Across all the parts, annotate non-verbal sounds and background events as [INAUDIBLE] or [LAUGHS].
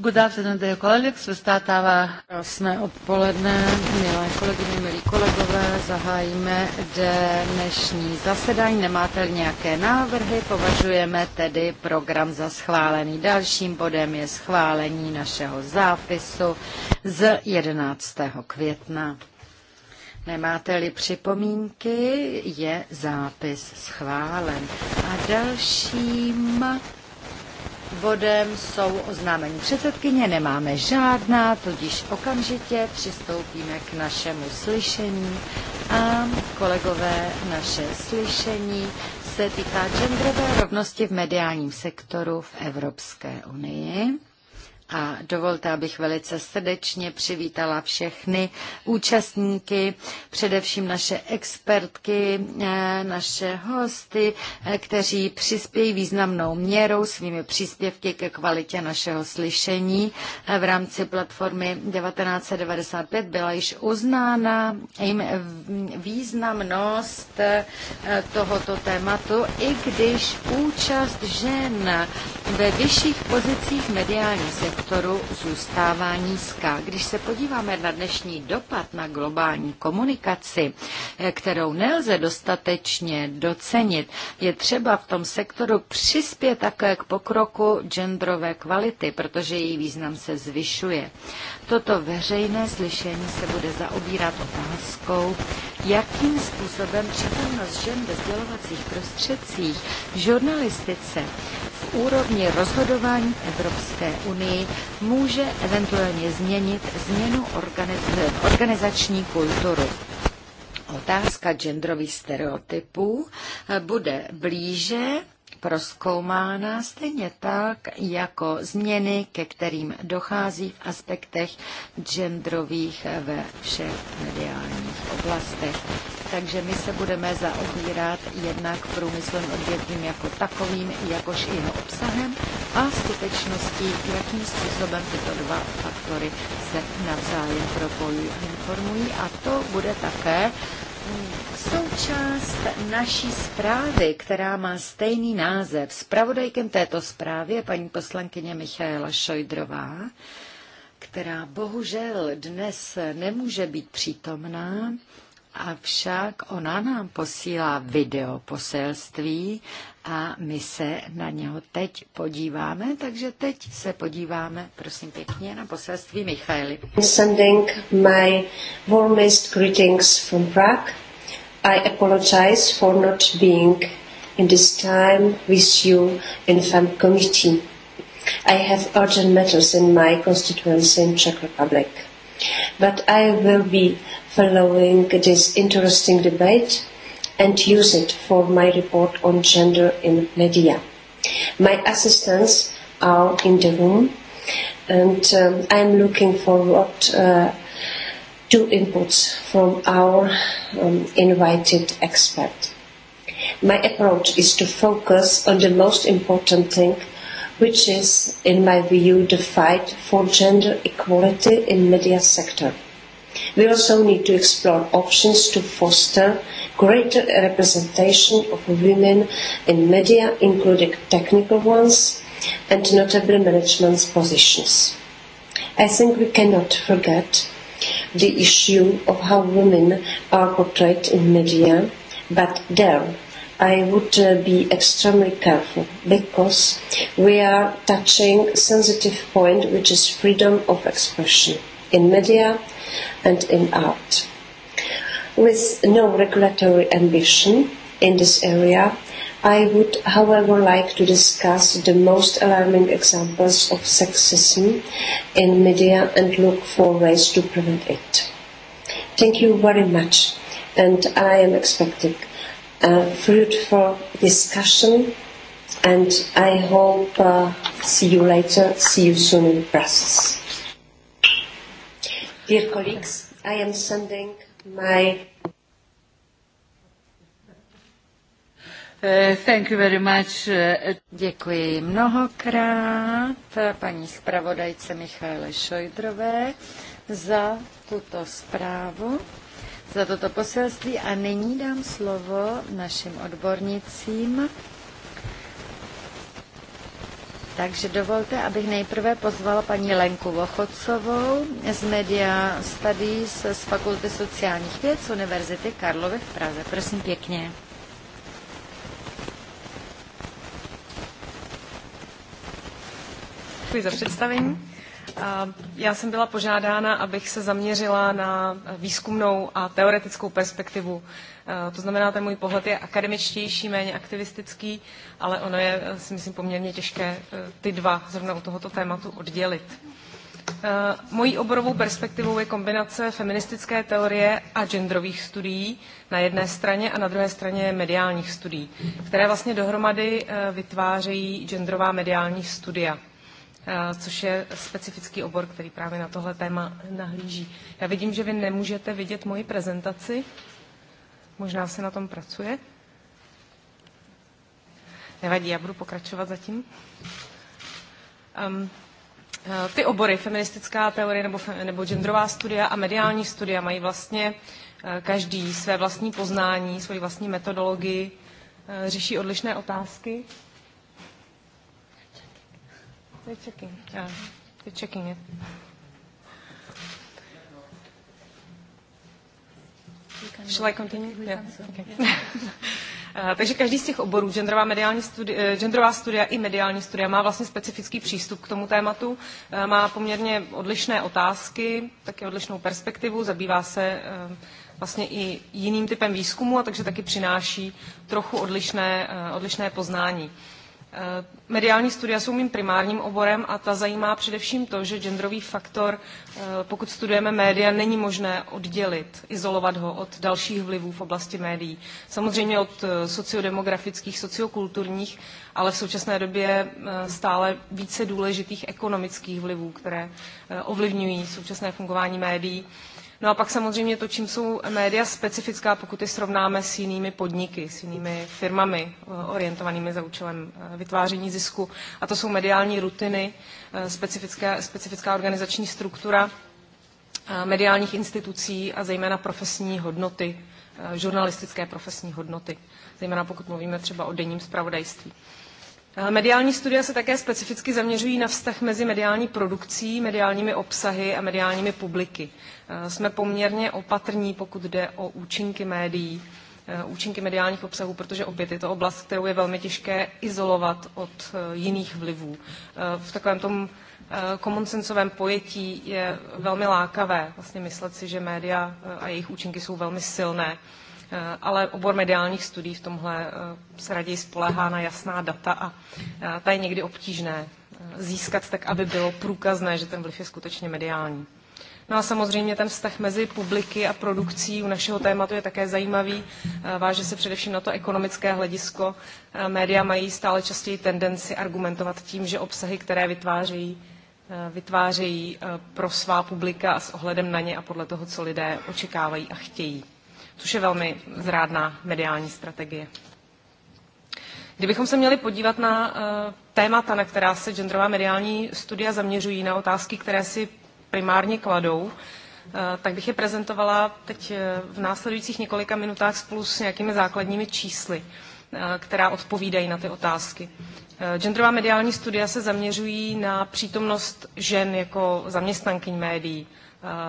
Good afternoon, dear colleagues. We Krásné odpoledne, milé kolegyně, milí kolegové. Zahájíme dnešní zasedání. Nemáte nějaké návrhy, považujeme tedy program za schválený. Dalším bodem je schválení našeho zápisu z 11. května. Nemáte-li připomínky, je zápis schválen. A dalším bodem jsou oznámení předsedkyně. Nemáme žádná, tudíž okamžitě přistoupíme k našemu slyšení. A kolegové, naše slyšení se týká genderové rovnosti v mediálním sektoru v Evropské unii. A dovolte, abych velice srdečně přivítala všechny účastníky, především naše expertky, eh, naše hosty, eh, kteří přispějí významnou měrou svými příspěvky ke kvalitě našeho slyšení. Eh, v rámci platformy 1995 byla již uznána jim významnost tohoto tématu, i když účast žen ve vyšších pozicích mediálních sektoru zůstává nízká. Když se podíváme na dnešní dopad na globální komunikaci, eh, kterou nelze dostatečně docenit, je třeba v tom sektoru přispět také k pokroku genderové kvality, protože její význam se zvyšuje. Toto veřejné slyšení se bude zaobírat otázkou, jakým způsobem přítomnost žen ve sdělovacích prostředcích, v žurnalistice, v úrovni rozhodování Evropské unii může eventuálně změnit změnu organizační kulturu. Otázka genderových stereotypů bude blíže proskoumána stejně tak jako změny, ke kterým dochází v aspektech genderových ve všech mediálních oblastech. Takže my se budeme zaobírat jednak průmyslem odvětvím jako takovým, jakož i jeho obsahem a skutečností, jakým způsobem tyto dva faktory se navzájem propojují a informují. A to bude také součást naší zprávy, která má stejný název. Spravodajkem této zprávy je paní poslankyně Michaela Šojdrová, která bohužel dnes nemůže být přítomná, avšak ona nám posílá video poselství a my se na něho teď podíváme, takže teď se podíváme, prosím pěkně, na poselství Michaely. Sending my warmest greetings from Prague i apologize for not being in this time with you in the committee. I have urgent matters in my constituency in Czech Republic. But I will be following this interesting debate and use it for my report on gender in media. My assistants are in the room and um, I'm looking forward uh, two inputs from our um, invited expert. My approach is to focus on the most important thing, which is, in my view, the fight for gender equality in media sector. We also need to explore options to foster greater representation of women in media, including technical ones and notable management positions. I think we cannot forget the issue of how women are portrayed in media, but there I would uh, be extremely careful because we are touching sensitive point which is freedom of expression in media and in art. With no regulatory ambition in this area, i would, however, like to discuss the most alarming examples of sexism in media and look for ways to prevent it. Thank you very much, and I am expecting a fruitful discussion, and I hope uh, see you later, see you soon in Brussels. Dear colleagues, I am sending my Eh, eh, Děkuji mnohokrát paní zpravodajce Michaele Šojdrové za tuto zprávu, za toto poselství a nyní dám slovo našim odbornicím. Takže dovolte, abych nejprve pozvala paní Lenku Vochodcovou z Media Studies z Fakulty sociálních věd Univerzity Karlovy v Praze. Prosím pěkně. děkuji za představení. Já jsem byla požádána, abych se zaměřila na výzkumnou a teoretickou perspektivu. To znamená, ten můj pohled je akademičtější, méně aktivistický, ale ono je, eh, si myslím, poměrně těžké eh, ty dva zrovna u tohoto tématu oddělit. Eh, mojí oborovou perspektivou je kombinace feministické teorie a genderových studií na jedné straně a na druhé straně mediálních studií, které vlastně dohromady vytvářejí genderová mediální studia. Eh, což je specifický obor, který právě na tohle téma nahlíží. Já vidím, že vy nemůžete vidět moji prezentaci. Možná se na tom pracuje. Nevadí, já budu pokračovat zatím. Um, ty obory, feministická teorie nebo, nebo genderová studia a mediální studia, mají vlastně eh, každý své vlastní poznání, svoji vlastní metodologii, řeší odlišné otázky They're checking. they're checking it. Shall I continue? Yeah. Okay. [LAUGHS] Eh, takže každý z těch oborů, genderová, mediální studi- eh, genderová studia i mediální studia, má vlastně specifický přístup k tomu tématu, eh, má poměrně odlišné otázky, také odlišnou perspektivu, zabývá se vlastně i jiným typem výzkumu a takže taky přináší trochu odlišné, odlišné poznání. Eh, mediální studia jsou mým primárním oborem a ta zajímá především to, že genderový faktor, eh, pokud studujeme média, není možné oddělit, izolovat ho od dalších vlivů v oblasti médií. Samozřejmě od eh, sociodemografických, sociokulturních, ale v současné době stále více důležitých ekonomických vlivů, které ovlivňují současné fungování médií. No a pak samozřejmě to, čím jsou média specifická, pokud je srovnáme s jinými podniky, s jinými firmami eh, orientovanými za účelem eh, vytváření zisku. A to jsou mediální rutiny, eh, specifická, specifická organizační struktura mediálních institucí a zejména profesní hodnoty, žurnalistické profesní hodnoty, zejména pokud mluvíme třeba o denním zpravodajství. Eh, mediální studia se také specificky zaměřují na vztah mezi mediální produkcí, mediálními obsahy a mediálními publiky. Eh, jsme poměrně opatrní, pokud jde o účinky médií, eh, účinky mediálních obsahů, protože opět je to oblast, kterou je velmi těžké izolovat od jiných vlivů. V takovém tom komonsensovém pojetí je velmi lákavé vlastně myslet si, že média a jejich účinky jsou velmi silné Eh, ale obor mediálních studií v tomhle eh, se raději spolehá na jasná data a eh, ta je někdy obtížné získat tak, aby bylo průkazné, že ten vliv je skutečně mediální. No a samozřejmě ten vztah mezi publiky a produkcí u našeho tématu je také zajímavý. Váže se především na to ekonomické hledisko. Média mají stále častěji tendenci argumentovat tím, že obsahy, které vytvářejí, vytvářejí pro svá publika a s ohledem na ně a podle toho, co lidé očekávají a chtějí což je velmi zrádná mediální strategie. Kdybychom se měli podívat na eh, témata, na která se genderová mediální studia zaměřují, na otázky, které si primárně kladou, eh, tak bych je prezentovala teď eh, v následujících několika minutách spolu s nějakými základními čísly, která odpovídají na ty otázky. Genderová mediální studia se zaměřují na přítomnost žen jako zaměstnankyň médií,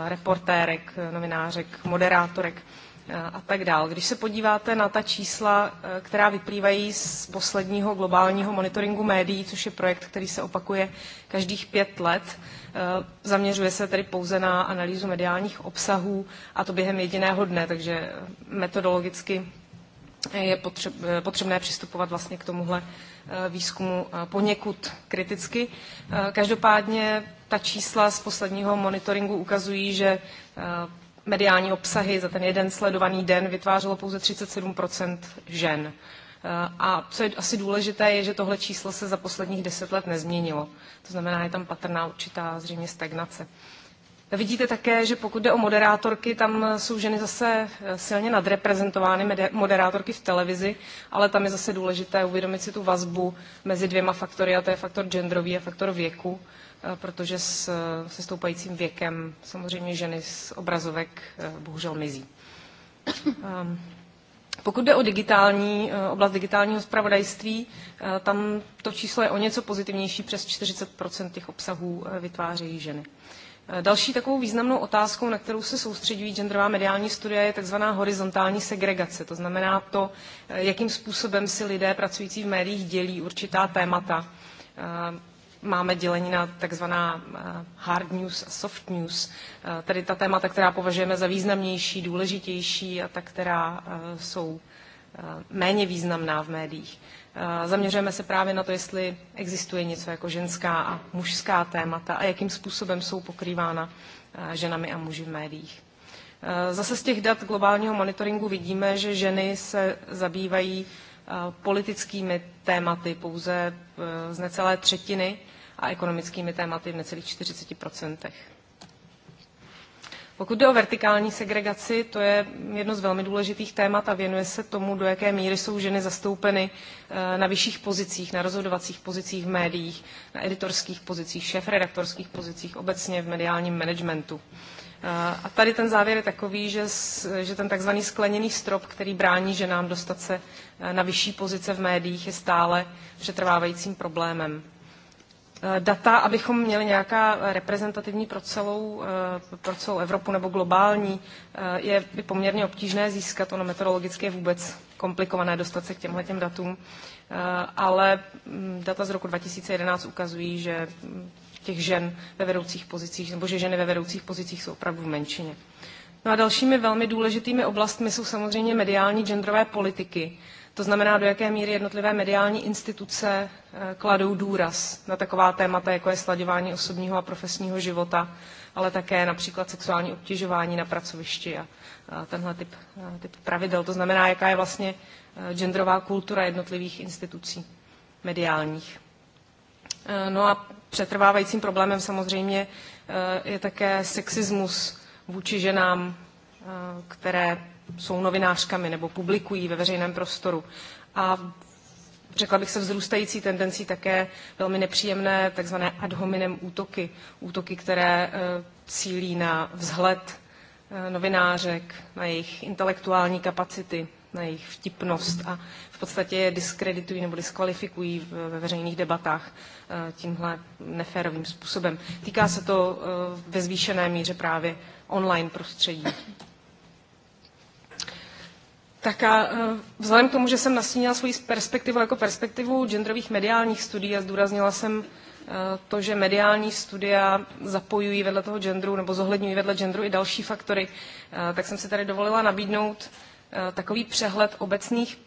reportérek, novinářek, moderátorek a tak dál. Když se podíváte na ta čísla, e, která vyplývají z posledního globálního monitoringu médií, což je projekt, který se opakuje každých pět let, e, zaměřuje se tedy pouze na analýzu mediálních obsahů a to během jediného dne, takže e, metodologicky je potřebné přistupovat vlastně k tomuhle výzkumu poněkud kriticky. Každopádně ta čísla z posledního monitoringu ukazují, že mediální obsahy za ten jeden sledovaný den vytvářelo pouze 37 žen. Eh, a co je asi důležité, je, že tohle číslo se za posledních deset let nezměnilo. To znamená, je tam patrná určitá zřejmě stagnace. Vidíte také, že pokud jde o moderátorky, tam jsou ženy zase eh, silně nadreprezentovány, moderátorky v televizi, ale tam je zase důležité uvědomit si tu vazbu mezi dvěma faktory, a to je faktor genderový a faktor věku, eh, protože s, eh, se stoupajícím věkem samozřejmě ženy z obrazovek bohužel mizí. Ehm, pokud jde o digitální, oblast digitálního zpravodajství, tam to číslo je o něco pozitivnější, přes 40 těch obsahů vytvářejí ženy. Eh, další takovou významnou otázkou, na kterou se soustředují genderová mediální studia, je tzv. horizontální segregace. To znamená to, eh, jakým způsobem si lidé pracující v médiích dělí určitá témata. Eh, máme dělení na tzv. hard news a soft news, tedy ta témata, která považujeme za významnější, důležitější a ta, která jsou Eh, méně významná v médiích. Eh, zaměřujeme se právě na to, jestli existuje něco jako ženská a mužská témata a jakým způsobem jsou pokrývána eh, ženami a muži v médiích. Zase z těch dat globálního monitoringu vidíme, že ženy se zabývají politickými tématy pouze z necelé třetiny a ekonomickými tématy v necelých 40 pokud jde o vertikální segregaci, to je jedno z velmi důležitých témat a věnuje se tomu, do jaké míry jsou ženy zastoupeny eh, na vyšších pozicích, na rozhodovacích pozicích v médiích, na editorských pozicích, šéfredaktorských pozicích, obecně v mediálním managementu. Eh, a tady ten závěr je takový, že, že ten takzvaný skleněný strop, který brání ženám dostat se eh, na vyšší pozice v médiích, je stále přetrvávajícím problémem. Eh, data, abychom měli nějaká reprezentativní pro celou, eh, pro celou Evropu nebo globální, eh, je poměrně obtížné získat. Ono meteorologicky je vůbec komplikované dostat se k těmhle těm datům, ale mm, data z roku 2011 ukazují, že mm, těch žen ve vedoucích pozicích, nebo že ženy ve vedoucích pozicích jsou opravdu v menšině. No a dalšími velmi důležitými oblastmi jsou samozřejmě mediální genderové politiky, to znamená, do jaké míry jednotlivé mediální instituce eh, kladou důraz na taková témata, jako je sladěvání osobního a profesního života, ale také například sexuální obtěžování na pracovišti a tenhle typ, eh, typ pravidel. To znamená, jaká je vlastně eh, genderová kultura jednotlivých institucí mediálních. No a přetrvávajícím problémem samozřejmě je také sexismus vůči ženám, které jsou novinářkami nebo publikují ve veřejném prostoru. A řekla bych se vzrůstající tendencí také velmi nepříjemné takzvané ad hominem útoky. Útoky, které e, cílí na vzhled e, novinářek, na jejich intelektuální kapacity, na jejich vtipnost a v podstatě je diskreditují nebo diskvalifikují ve veřejných debatách e, tímhle neférovým způsobem. Týká se to ve zvýšené míře právě online prostředí tak a e, vzhledem k tomu, že jsem nastínila svoji perspektivu jako perspektivu genderových mediálních studií a zdůraznila jsem e, to, že mediální studia zapojují vedle toho genderu nebo zohledňují vedle genderu i další faktory, e, tak jsem si tady dovolila nabídnout takový přehled obecných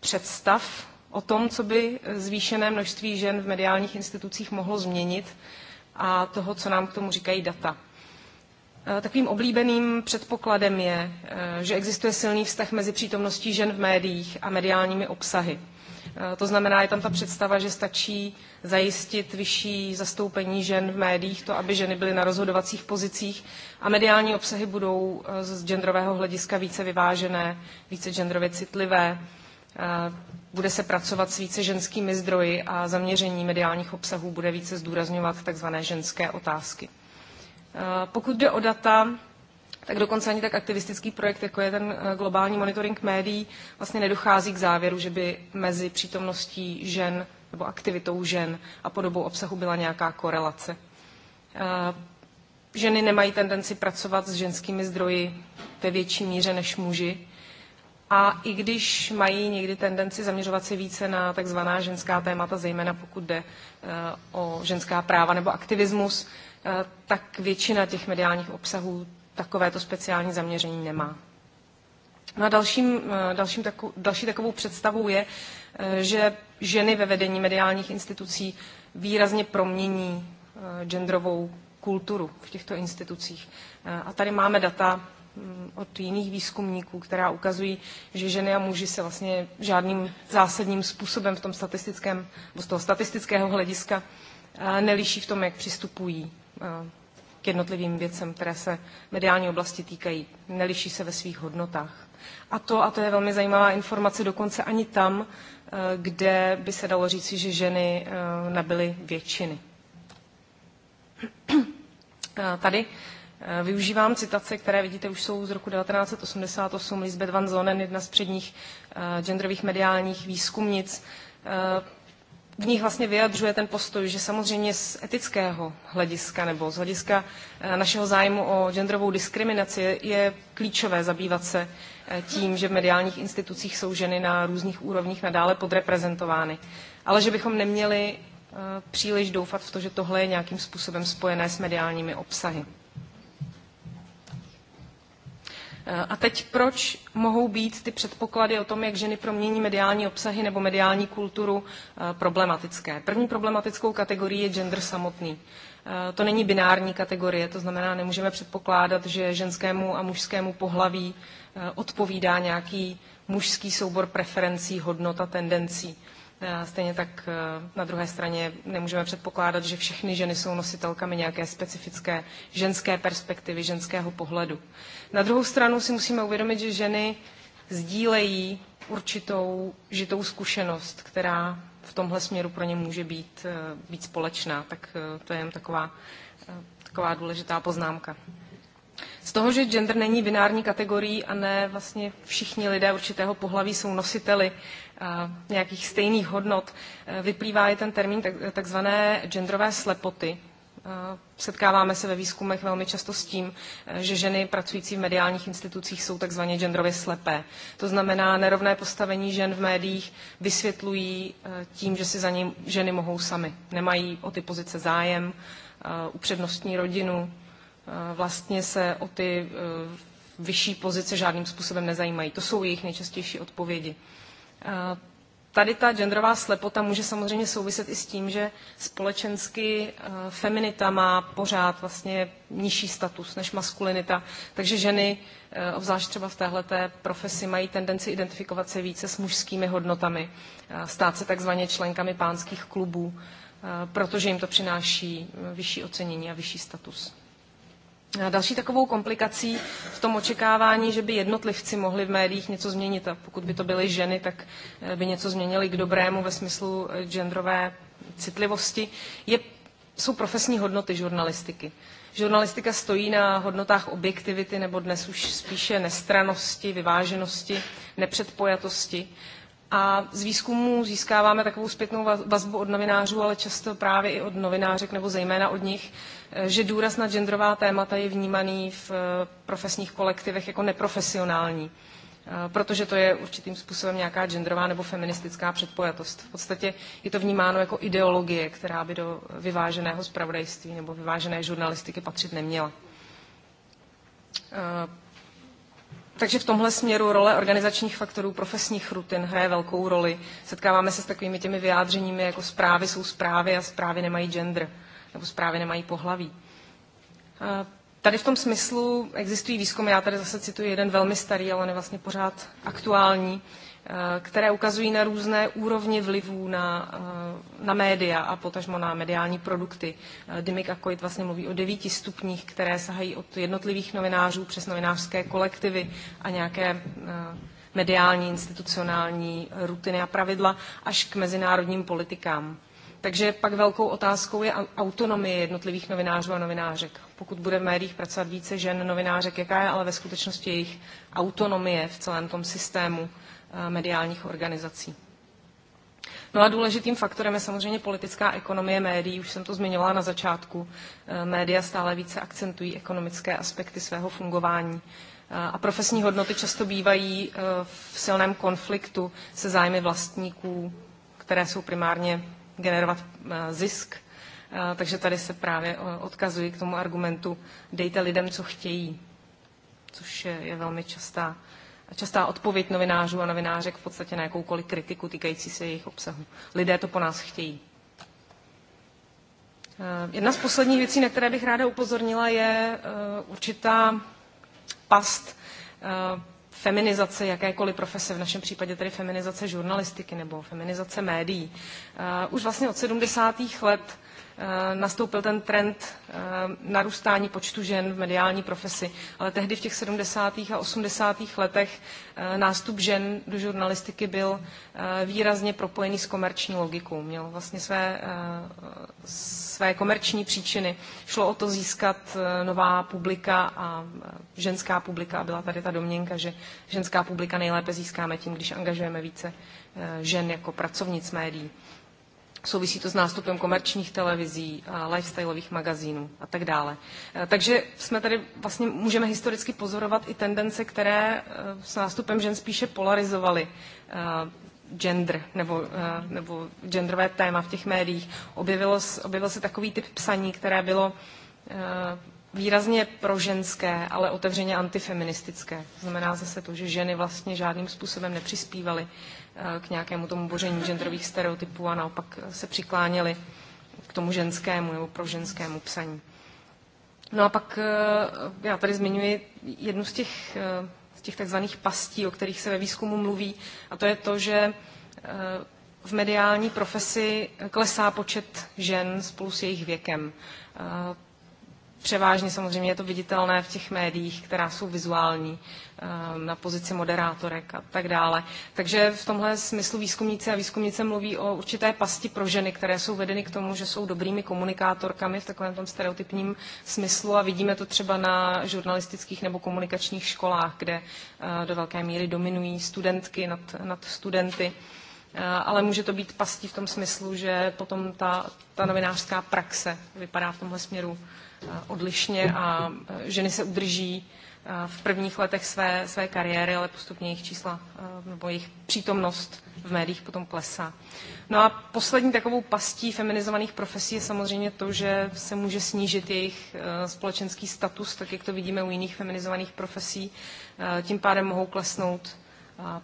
představ o tom, co by zvýšené množství žen v mediálních institucích mohlo změnit a toho, co nám k tomu říkají data. Eh, takovým oblíbeným předpokladem je, eh, že existuje silný vztah mezi přítomností žen v médiích a mediálními obsahy. Eh, to znamená, je tam ta představa, že stačí zajistit vyšší zastoupení žen v médiích, to, aby ženy byly na rozhodovacích pozicích a mediální obsahy budou z genderového hlediska více vyvážené, více genderově citlivé. Bude se pracovat s více ženskými zdroji a zaměření mediálních obsahů bude více zdůrazňovat tzv. ženské otázky. Eh, pokud jde o data, tak dokonce ani tak aktivistický projekt, jako je ten eh, globální monitoring médií, vlastně nedochází k závěru, že by mezi přítomností žen nebo aktivitou žen a podobou obsahu byla nějaká korelace. Eh, ženy nemají tendenci pracovat s ženskými zdroji ve větší míře než muži. A i když mají někdy tendenci zaměřovat se více na takzvaná ženská témata, zejména pokud jde o ženská práva nebo aktivismus, Eh, tak většina těch mediálních obsahů takovéto speciální zaměření nemá. No a dalším, eh, dalším tako, další takovou představou je, eh, že ženy ve vedení mediálních institucí výrazně promění genderovou kulturu v těchto institucích. A tady máme data mm, od jiných výzkumníků, která ukazují, že ženy a muži se vlastně žádným zásadním způsobem v tom statistickém, z toho statistického hlediska neliší v tom, jak přistupují Eh, k jednotlivým věcem, které se mediální oblasti týkají. Neliší se ve svých hodnotách. A to, a to je velmi zajímavá informace, dokonce ani tam, eh, kde by se dalo říci, že ženy eh, nabyly většiny. [CLEARS THROAT] Tady Využívám citace, které vidíte už jsou z roku 1988. Lisbeth van Zonen, jedna z předních genderových mediálních výzkumnic, v nich vlastně vyjadřuje ten postoj, že samozřejmě z etického hlediska nebo z hlediska eh, našeho zájmu o genderovou diskriminaci je klíčové zabývat se eh, tím, že v mediálních institucích jsou ženy na různých úrovních nadále podreprezentovány. Ale že bychom neměli eh, příliš doufat v to, že tohle je nějakým způsobem spojené s mediálními obsahy. Eh, a teď proč mohou být ty předpoklady o tom, jak ženy promění mediální obsahy nebo mediální kulturu eh, problematické? První problematickou kategorií je gender samotný. Eh, to není binární kategorie, to znamená, nemůžeme předpokládat, že ženskému a mužskému pohlaví odpovídá nějaký mužský soubor preferencí, hodnot a tendencí. Stejně tak e, na druhé straně nemůžeme předpokládat, že všechny ženy jsou nositelkami nějaké specifické ženské perspektivy, ženského pohledu. Na druhou stranu si musíme uvědomit, že ženy sdílejí určitou žitou zkušenost, která v tomhle směru pro ně může být, e, být společná. Tak e, to je jen taková, taková důležitá poznámka. Z toho, že gender není binární kategorií a ne vlastně všichni lidé určitého pohlaví jsou nositeli nějakých stejných hodnot eh, vyplývá i ten termín takzvané genderové slepoty. Eh, setkáváme se ve výzkumech velmi často s tím, eh, že ženy pracující v mediálních institucích jsou takzvaně genderově slepé. To znamená, nerovné postavení žen v médiích vysvětlují tím, že si za ním ženy mohou sami. Nemají o ty pozice zájem, upřednostní rodinu, vlastně se o ty vyšší pozice žádným způsobem nezajímají. To jsou jejich nejčastější odpovědi. Tady ta genderová slepota může samozřejmě souviset i s tím, že společensky eh, feminita má pořád vlastně nižší status než maskulinita, takže ženy, eh, obzvlášť třeba v téhleté profesi, mají tendenci identifikovat se více s mužskými hodnotami, eh, stát se takzvaně členkami pánských klubů, protože jim to přináší vyšší ocenění a vyšší status. Další takovou komplikací v tom očekávání, že by jednotlivci mohli v médiích něco změnit a pokud by to byly ženy, tak eh, by něco změnili k dobrému ve smyslu eh, genderové citlivosti, je, jsou profesní hodnoty žurnalistiky. Žurnalistika stojí na hodnotách objektivity nebo dnes už spíše nestranosti, vyváženosti, nepředpojatosti. A z výzkumů získáváme takovou zpětnou vazbu od novinářů, ale často právě i od novinářek nebo zejména od nich, že důraz na genderová témata je vnímaný v eh, profesních kolektivech jako neprofesionální, eh, protože to je určitým způsobem nějaká genderová nebo feministická předpojatost. V podstatě je to vnímáno jako ideologie, která by do vyváženého zpravodajství nebo vyvážené žurnalistiky patřit neměla. Eh, takže v tomhle směru role organizačních faktorů, profesních rutin hraje velkou roli. Setkáváme se s takovými těmi vyjádřeními, jako zprávy jsou zprávy a zprávy nemají gender. Uh, nebo zprávy nemají pohlaví. Eh, tady v tom smyslu existují výzkumy, já tady zase cituji jeden velmi starý, ale on je vlastně pořád aktuální, eh, které ukazují na různé úrovně vlivů na, eh, na média a potažmo na mediální produkty. Dimik Kojit vlastně mluví o devíti stupních, které sahají od jednotlivých novinářů přes novinářské kolektivy a nějaké mediální, institucionální rutiny a pravidla až k mezinárodním politikám. Takže pak velkou otázkou je autonomie jednotlivých novinářů a novinářek. Pokud bude v médiích pracovat více žen novinářek, jaká je ale ve skutečnosti jejich autonomie v celém tom systému eh, mediálních organizací. No a důležitým faktorem je samozřejmě politická ekonomie médií, už jsem to zmiňovala na začátku. Eh, média stále více akcentují ekonomické aspekty svého fungování. Eh, a profesní hodnoty často bývají v silném konfliktu se zájmy vlastníků, které jsou primárně generovat eh, zisk. Eh, takže tady se právě eh, odkazuji k tomu argumentu dejte lidem, co chtějí, což je velmi častá, častá odpověď novinářů a novinářek v podstatě na jakoukoliv kritiku týkající se jejich obsahu. Lidé to po nás chtějí. Jedna z posledních věcí, na které bych ráda upozornila, je určitá past feminizace jakékoliv profese, v našem případě tedy feminizace žurnalistiky nebo feminizace médií. Eh, už vlastně od 70. let Eh, nastoupil ten trend eh, narůstání počtu žen v mediální profesi. Ale tehdy v těch 70. a 80. letech eh, nástup žen do žurnalistiky byl výrazně propojený s komerční logikou. Měl vlastně své, své komerční příčiny. Šlo o to získat nová publika a ženská publika. byla tady ta domněnka, že ženská publika nejlépe získáme tím, když angažujeme více žen jako pracovnic médií. Souvisí to s nástupem komerčních televizí, lifestyleových magazínů a tak dále. Eh, takže jsme tady vlastně můžeme historicky pozorovat i tendence, které eh, s nástupem žen spíše polarizovaly eh, gender nebo, nebo genderové téma v těch médiích. Objevilo, objevil se takový typ psaní, které bylo výrazně proženské, ale otevřeně antifeministické. To znamená zase to, že ženy vlastně žádným způsobem nepřispívaly eh, k nějakému tomu boření genderových stereotypů a naopak eh, se přikláněly k tomu ženskému nebo proženskému psaní. No a pak eh, já tady zmiňuji jednu z těch, z těch takzvaných pastí, o kterých se ve výzkumu mluví, a to je to, že v mediální profesi klesá počet žen spolu s jejich věkem. Převážně samozřejmě je to viditelné v těch médiích, která jsou vizuální, ehm, na pozici moderátorek a tak dále. Takže v tomhle smyslu výzkumníci a výzkumnice mluví o určité pasti pro ženy, které jsou vedeny k tomu, že jsou dobrými komunikátorkami v takovém tom stereotypním smyslu a vidíme to třeba na žurnalistických nebo komunikačních školách, kde eh, do velké míry dominují studentky nad, nad studenty eh, ale může to být pastí v tom smyslu, že potom ta, ta novinářská praxe vypadá v tomhle směru Eh, odlišně a eh, ženy se udrží eh, v prvních letech své, své kariéry, ale postupně jejich čísla nebo jejich přítomnost v médiích potom klesá. No a poslední takovou pastí feminizovaných profesí je samozřejmě to, že se může snížit jejich společenský status, tak jak to vidíme u jiných feminizovaných profesí. Tím pádem mohou klesnout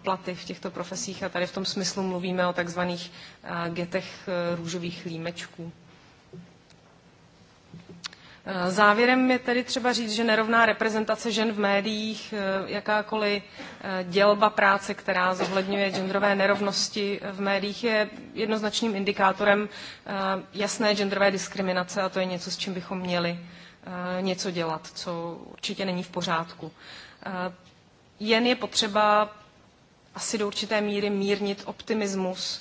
platy v těchto profesích a tady v tom smyslu mluvíme o takzvaných getech růžových límečků. Eh, závěrem je tedy třeba říct, že nerovná reprezentace žen v médiích, eh, jakákoliv eh, dělba práce, která zohledňuje genderové nerovnosti v médiích, je jednoznačným indikátorem jasné genderové diskriminace a to je něco, s čím bychom měli něco dělat, co určitě není v pořádku. Jen je potřeba asi do určité míry mírnit optimismus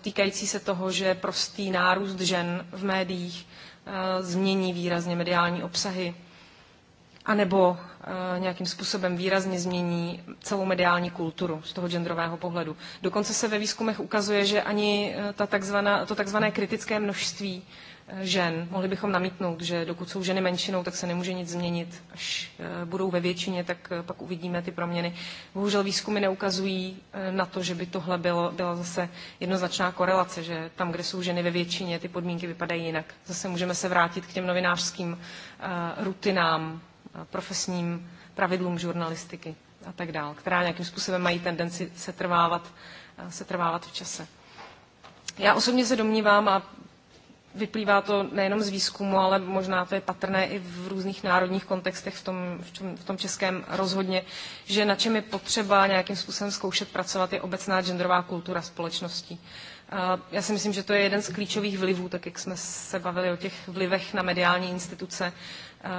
týkající se toho, že prostý nárůst žen v médiích Eh, změní výrazně mediální obsahy, anebo eh, nějakým způsobem výrazně změní celou mediální kulturu z toho genderového pohledu. Dokonce se ve výzkumech ukazuje, že ani eh, ta takzvaná, to takzvané kritické množství žen. Mohli bychom namítnout, že dokud jsou ženy menšinou, tak se nemůže nic změnit. Až eh, budou ve většině, tak eh, pak uvidíme ty proměny. Bohužel výzkumy neukazují eh, na to, že by tohle bylo, byla zase jednoznačná korelace, že tam, kde jsou ženy ve většině, ty podmínky vypadají jinak. Zase můžeme se vrátit k těm novinářským rutinám, profesním pravidlům žurnalistiky a tak dále, která nějakým způsobem mají tendenci se trvávat, se trvávat v čase. Já osobně se domnívám, a Vyplývá to nejenom z výzkumu, ale možná to je patrné i v různých národních kontextech, v tom, v tom, v tom českém rozhodně, že na čem je potřeba nějakým způsobem zkoušet pracovat, je obecná genderová kultura společností. Já si myslím, že to je jeden z klíčových vlivů, tak jak jsme se bavili o těch vlivech na mediální instituce,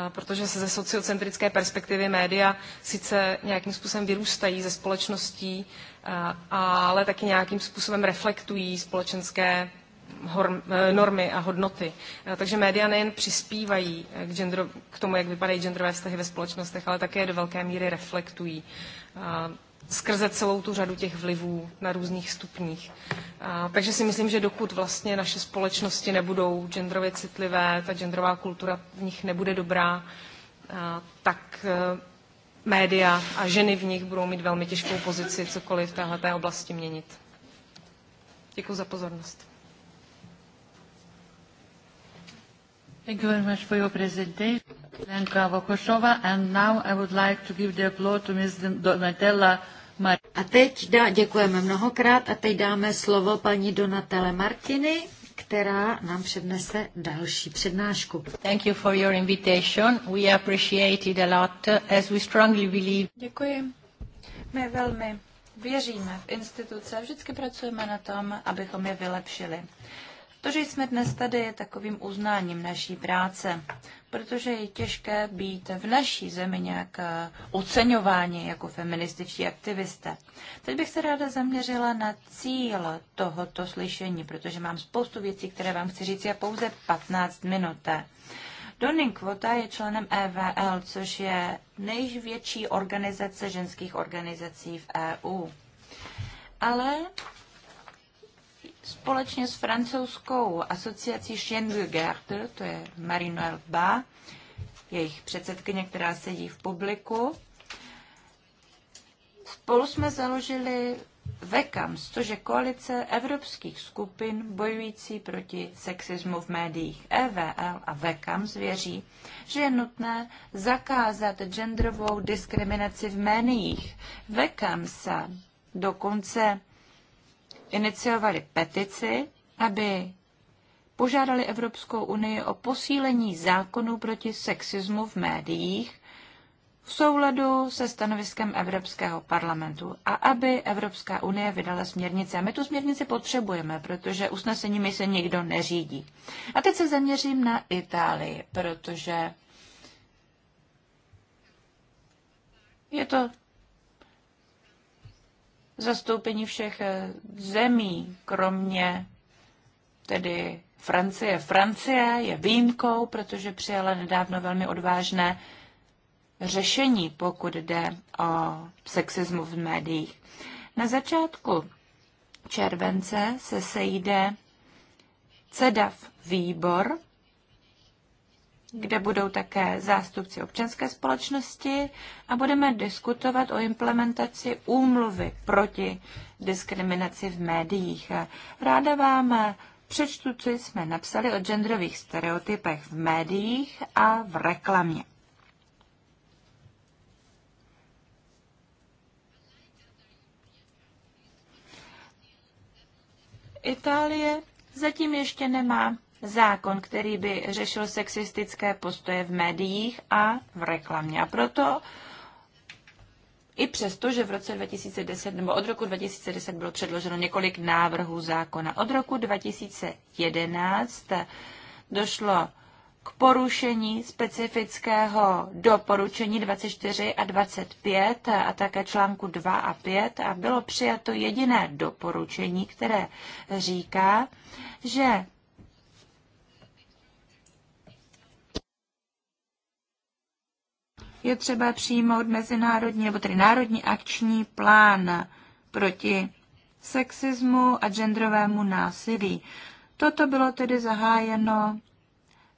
protože se ze sociocentrické perspektivy média sice nějakým způsobem vyrůstají ze společností, ale taky nějakým způsobem reflektují společenské Eh, normy a hodnoty. Eh, takže média nejen přispívají eh, k, gender, k tomu, jak vypadají genderové vztahy ve společnostech, ale také do velké míry reflektují skrze celou tu řadu těch vlivů na různých stupních. takže si myslím, že dokud vlastně naše společnosti nebudou genderově citlivé, ta genderová kultura v nich nebude dobrá, tak média a ženy v nich budou mít velmi těžkou pozici cokoliv v této oblasti měnit. Děkuji za pozornost. Thank you very much for your presentation, Lenka Vokošova. And now I would like to give the floor to Ms. Donatella a teď dá, děkujeme mnohokrát a teď dáme slovo paní Donatele Martiny, která nám přednese další přednášku. Thank you for your invitation. We appreciate it a lot as we strongly believe. Děkuji. My velmi věříme v instituce a vždycky pracujeme na tom, abychom je vylepšili. To, že jsme dnes tady, je takovým uznáním naší práce, protože je těžké být v naší zemi nějak eh, oceňováni jako feminističtí aktivisté. Teď bych se ráda zaměřila na cíl tohoto slyšení, protože mám spoustu věcí, které vám chci říct, je pouze 15 minut. Donning Kvota je členem EVL, což je největší organizace ženských organizací v EU. Ale společně s francouzskou asociací Chien de to je Marie-Noël Ba, jejich předsedkyně, která sedí v publiku. Spolu jsme založili VECAM, což je koalice evropských skupin bojující proti sexismu v médiích. EVL a VECAM zvěří, že je nutné zakázat genderovou diskriminaci v médiích. se dokonce iniciovali petici, aby požádali Evropskou unii o posílení zákonů proti sexismu v médiích v souladu se stanoviskem Evropského parlamentu a aby Evropská unie vydala směrnici. A my tu směrnici potřebujeme, protože usneseními se nikdo neřídí. A teď se zaměřím na Itálii, protože je to zastoupení všech eh, zemí, kromě tedy Francie. Francie je výjimkou, protože přijala nedávno velmi odvážné řešení, pokud jde o sexismu v médiích. Na začátku července se sejde CEDAV výbor kde budou také zástupci občanské společnosti a budeme diskutovat o implementaci úmluvy proti diskriminaci v médiích. Ráda vám přečtu, co jsme napsali o genderových stereotypech v médiích a v reklamě. Itálie zatím ještě nemá zákon, který by řešil sexistické postoje v médiích a v reklamě. A proto i přesto, že v roce 2010 nebo od roku 2010 bylo předloženo několik návrhů zákona, od roku 2011 došlo k porušení specifického doporučení 24 a 25 a také článku 2 a 5 a bylo přijato jediné doporučení, které říká, že je třeba přijmout mezinárodní nebo tedy národní akční plán proti sexismu a genderovému násilí. Toto bylo tedy zahájeno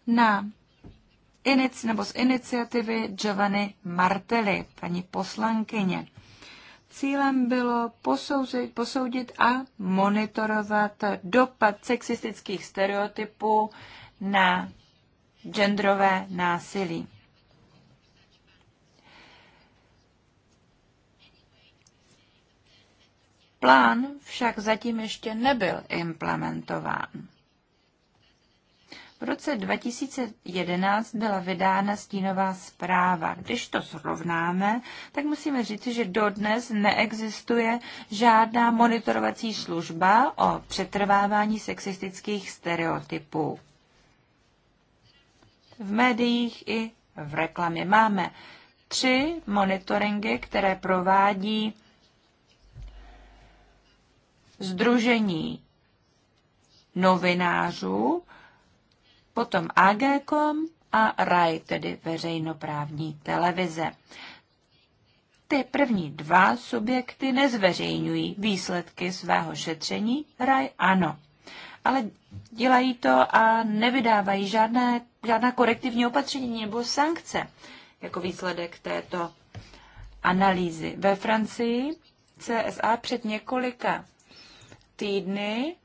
na inic, nebo z iniciativy Giovanni Martelli, paní poslankyně. Cílem bylo posouzit, posoudit a monitorovat dopad sexistických stereotypů na genderové násilí. Plán však zatím ještě nebyl implementován. V roce 2011 byla vydána stínová zpráva. Když to srovnáme, tak musíme říct, že dodnes neexistuje žádná monitorovací služba o přetrvávání sexistických stereotypů. V médiích i v reklamě máme tři monitoringy, které provádí Združení novinářů, potom AGCOM a RAI, tedy veřejnoprávní televize. Ty první dva subjekty nezveřejňují výsledky svého šetření, RAI ano. Ale dělají to a nevydávají žádné, žádná korektivní opatření nebo sankce jako výsledek této analýzy. Ve Francii CSA před několika týdny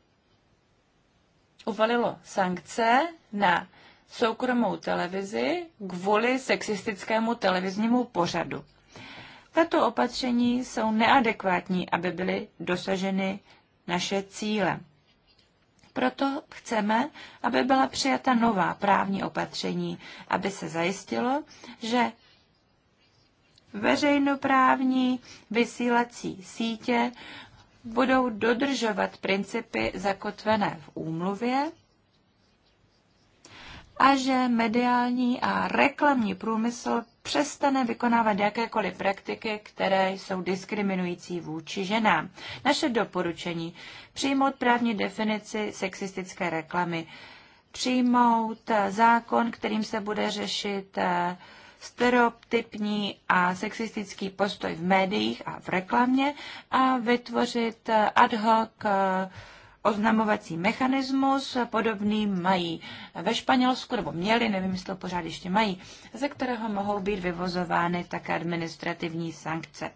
uvalilo sankce na soukromou televizi kvůli sexistickému televiznímu pořadu. Tato opatření jsou neadekvátní, aby byly dosaženy naše cíle. Proto chceme, aby byla přijata nová právní opatření, aby se zajistilo, že veřejnoprávní vysílací sítě budou dodržovat principy zakotvené v úmluvě a že mediální a reklamní průmysl přestane vykonávat jakékoliv praktiky, které jsou diskriminující vůči ženám. Naše doporučení přijmout právní definici sexistické reklamy, přijmout zákon, kterým se bude řešit eh, stereotypní a sexistický postoj v médiích a v reklamě a vytvořit eh, ad hoc eh, oznamovací mechanismus, eh, podobný mají ve Španělsku, nebo měli, nevím, jestli to pořád ještě mají, ze kterého mohou být vyvozovány také administrativní sankce.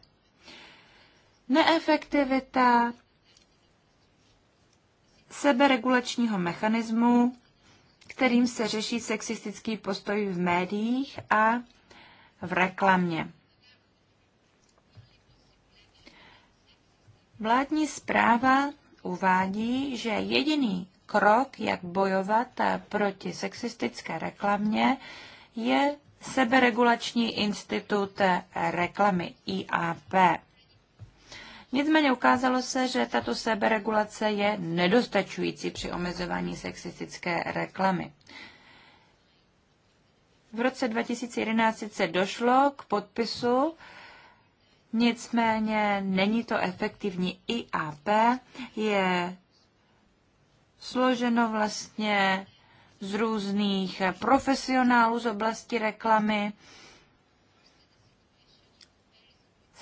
Neefektivita seberegulačního mechanismu, kterým se řeší sexistický postoj v médiích a v reklamě. Vládní zpráva uvádí, že jediný krok, jak bojovat proti sexistické reklamě, je seberegulační institut reklamy IAP. Nicméně ukázalo se, že tato seberegulace je nedostačující při omezování sexistické reklamy. V roce 2011 se došlo k podpisu, nicméně není to efektivní. IAP je složeno vlastně z různých profesionálů z oblasti reklamy,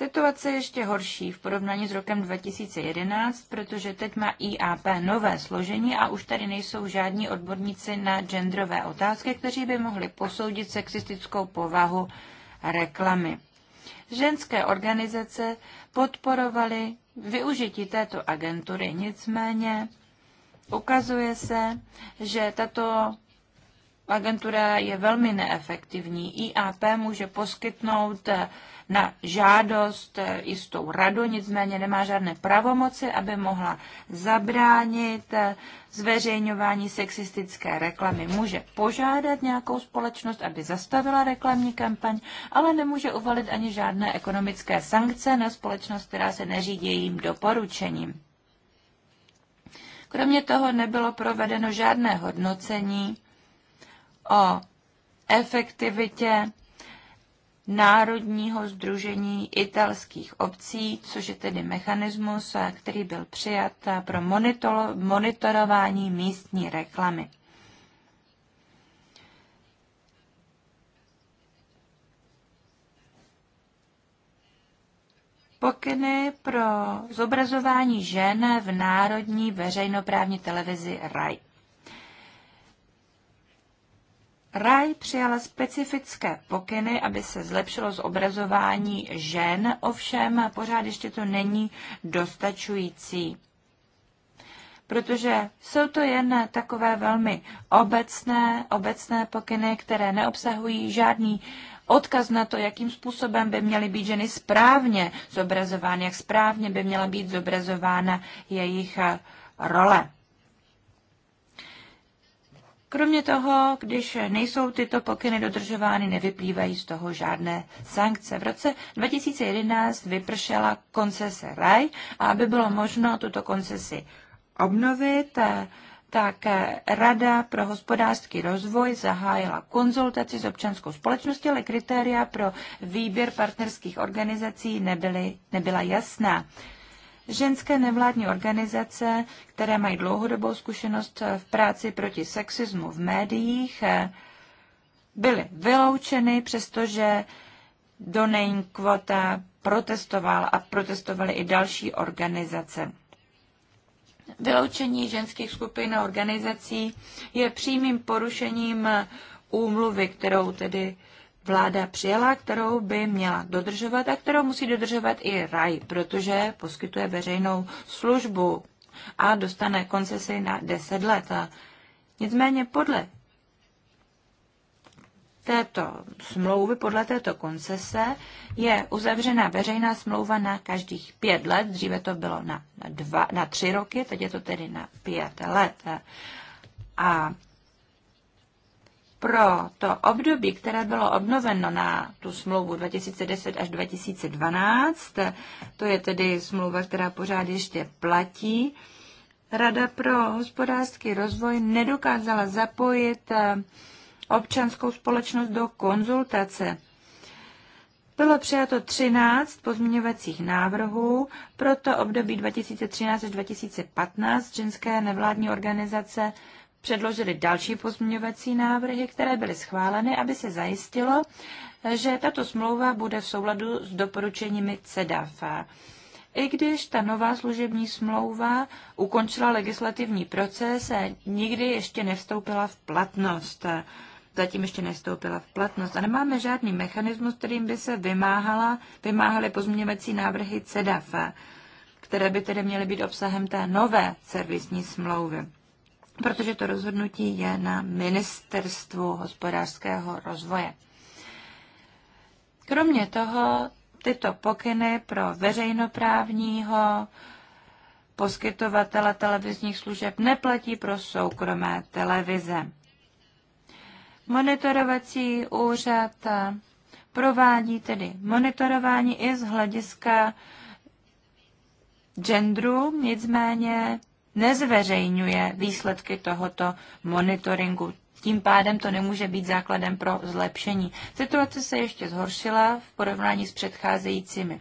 Situace je ještě horší v porovnání s rokem 2011, protože teď má IAP nové složení a už tady nejsou žádní odborníci na genderové otázky, kteří by mohli posoudit sexistickou povahu reklamy. Ženské organizace podporovaly využití této agentury, nicméně ukazuje se, že tato agentura je velmi neefektivní. IAP může poskytnout na žádost eh, jistou radu, nicméně nemá žádné pravomoci, aby mohla zabránit eh, zveřejňování sexistické reklamy. Může požádat nějakou společnost, aby zastavila reklamní kampaň, ale nemůže uvalit ani žádné ekonomické sankce na společnost, která se neřídí jejím doporučením. Kromě toho nebylo provedeno žádné hodnocení o efektivitě Národního združení italských obcí, což je tedy mechanismus, eh, který byl přijat eh, pro monitorování místní reklamy. Pokyny pro zobrazování žen v národní veřejnoprávní televizi RAI. Raj přijala specifické pokyny, aby se zlepšilo zobrazování žen, ovšem pořád ještě to není dostačující. Protože jsou to jen takové velmi obecné, obecné pokyny, které neobsahují žádný odkaz na to, jakým způsobem by měly být ženy správně zobrazovány, jak správně by měla být zobrazována jejich role. Kromě toho, když nejsou tyto pokyny dodržovány, nevyplývají z toho žádné sankce. V roce 2011 vypršela koncese RAI a aby bylo možno tuto koncesi obnovit, tak Rada pro hospodářský rozvoj zahájila konzultaci s občanskou společností, ale kritéria pro výběr partnerských organizací nebyly, nebyla jasná. Ženské nevládní organizace, které mají dlouhodobou zkušenost v práci proti sexismu v médiích, eh, byly vyloučeny, přestože Donain Kvota protestoval a protestovaly i další organizace. Vyloučení ženských skupin a organizací je přímým porušením úmluvy, kterou tedy vláda přijala, kterou by měla dodržovat a kterou musí dodržovat i RAI, protože poskytuje veřejnou službu a dostane koncesi na 10 let. Nicméně podle této smlouvy, podle této koncese, je uzavřena veřejná smlouva na každých pět let. Dříve to bylo na, dva, na tři roky, teď je to tedy na pět let. A pro to období, které bylo obnoveno na tu smlouvu 2010 až 2012, to je tedy smlouva, která pořád ještě platí, Rada pro hospodářský rozvoj nedokázala zapojit eh, občanskou společnost do konzultace. Bylo přijato 13 pozměňovacích návrhů, proto období 2013 až 2015 ženské nevládní organizace předložili další pozměňovací návrhy, které byly schváleny, aby se zajistilo, že tato smlouva bude v souladu s doporučeními CEDAF. I když ta nová služební smlouva ukončila legislativní proces, nikdy ještě nevstoupila v platnost. Zatím ještě nevstoupila v platnost. A nemáme žádný mechanismus, kterým by se vymáhala, vymáhaly pozměňovací návrhy CEDAF, které by tedy měly být obsahem té nové servisní smlouvy protože to rozhodnutí je na ministerstvu hospodářského rozvoje. Kromě toho tyto pokyny pro veřejnoprávního poskytovatele televizních služeb neplatí pro soukromé televize. Monitorovací úřad provádí tedy monitorování i z hlediska genderu, nicméně nezveřejňuje výsledky tohoto monitoringu. Tím pádem to nemůže být základem pro zlepšení. Situace se ještě zhoršila v porovnání s předcházejícími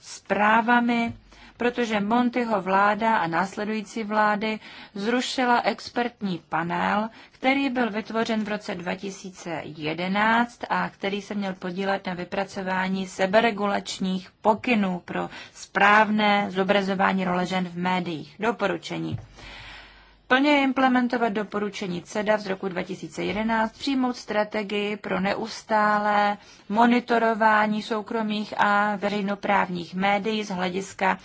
zprávami protože Montyho vláda a následující vlády zrušila expertní panel, který byl vytvořen v roce 2011 a který se měl podílet na vypracování seberegulačních pokynů pro správné zobrazování role žen v médiích. Doporučení. Plně implementovat doporučení CEDA z roku 2011, přijmout strategii pro neustálé monitorování soukromých a veřejnoprávních médií z hlediska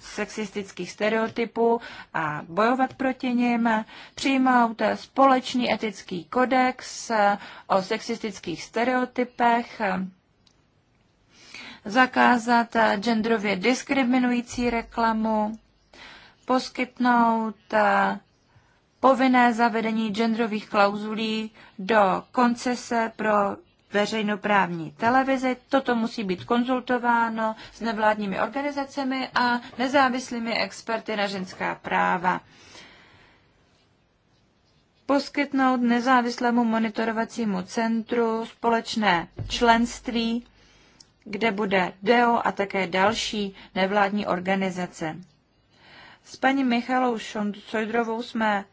sexistických stereotypů a bojovat proti nim, přijmout společný etický kodex o sexistických stereotypech, zakázat genderově diskriminující reklamu, poskytnout povinné zavedení genderových klauzulí do koncese pro veřejnoprávní televizi. Toto musí být konzultováno s nevládními organizacemi a nezávislými experty na ženská práva. Poskytnout nezávislému monitorovacímu centru společné členství, kde bude DEO a také další nevládní organizace. S paní Michalou Šojdrovou jsme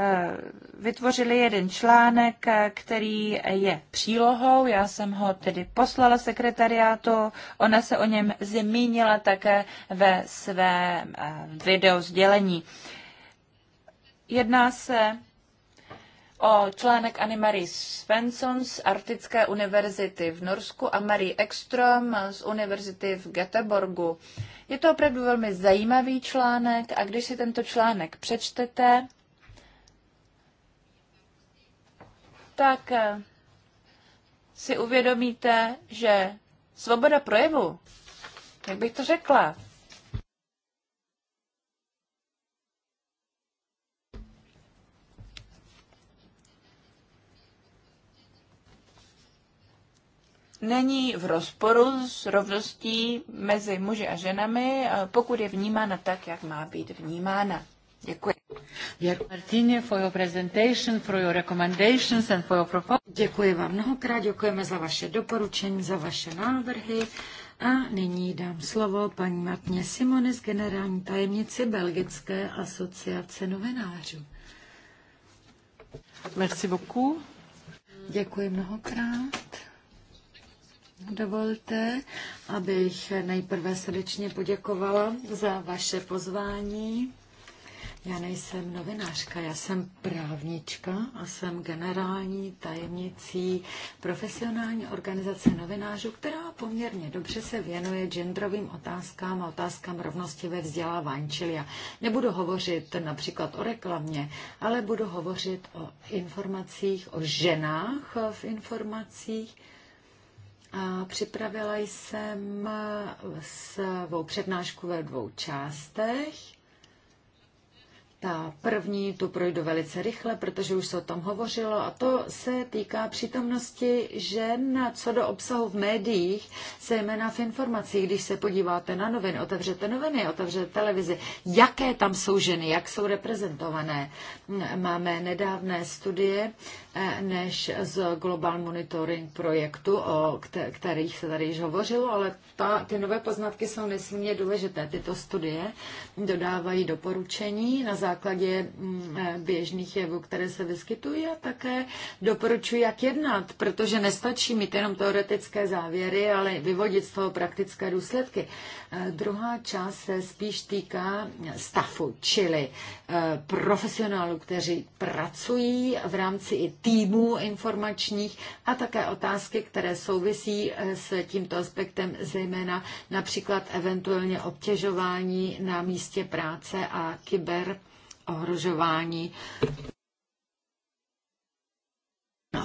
Eh, vytvořili jeden článek, eh, který je přílohou. Já jsem ho tedy poslala sekretariátu. Ona se o něm zmínila také ve svém eh, video sdělení. Jedná se o článek Anny marie Svensson z artické univerzity v Norsku a Marie Ekstrom z univerzity v Göteborgu. Je to opravdu velmi zajímavý článek a když si tento článek přečtete, tak eh, si uvědomíte, že svoboda projevu, jak bych to řekla, není v rozporu s rovností mezi muži a ženami, eh, pokud je vnímána tak, jak má být vnímána. Děkuji. Děkuji vám mnohokrát, děkujeme za vaše doporučení, za vaše návrhy. A nyní dám slovo paní Martně Simonis, generální tajemnici Belgické asociace novinářů. Merci beaucoup. Děkuji mnohokrát. Dovolte, abych nejprve srdečně poděkovala za vaše pozvání já nejsem novinářka, já jsem právnička a jsem generální tajemnicí profesionální organizace novinářů, která poměrně dobře se věnuje genderovým otázkám a otázkám rovnosti ve vzdělávání. Čili já nebudu hovořit například o reklamě, ale budu hovořit o informacích, o ženách v informacích, a připravila jsem svou přednášku ve dvou částech. Ta první tu projdu velice rychle, protože už se o tom hovořilo a to se týká přítomnosti žen co do obsahu v médiích, zejména v informacích. Když se podíváte na noviny, otevřete noviny, otevřete televizi, jaké tam jsou ženy, jak jsou reprezentované. Máme nedávné studie eh, než z Global Monitoring projektu, o kterých se tady již hovořilo, ale ta, ty nové poznatky jsou nesmírně důležité. Tyto studie dodávají doporučení na základě základě mm, eh, běžných jevů, které se vyskytují a také doporučuji, jak jednat, protože nestačí mít jenom teoretické závěry, ale vyvodit z toho praktické důsledky. Eh, druhá část se spíš týká stafu, čili eh, profesionálů, kteří pracují v rámci i týmů informačních a také otázky, které souvisí s tímto aspektem, zejména například eventuálně obtěžování na místě práce a kyber ohrožování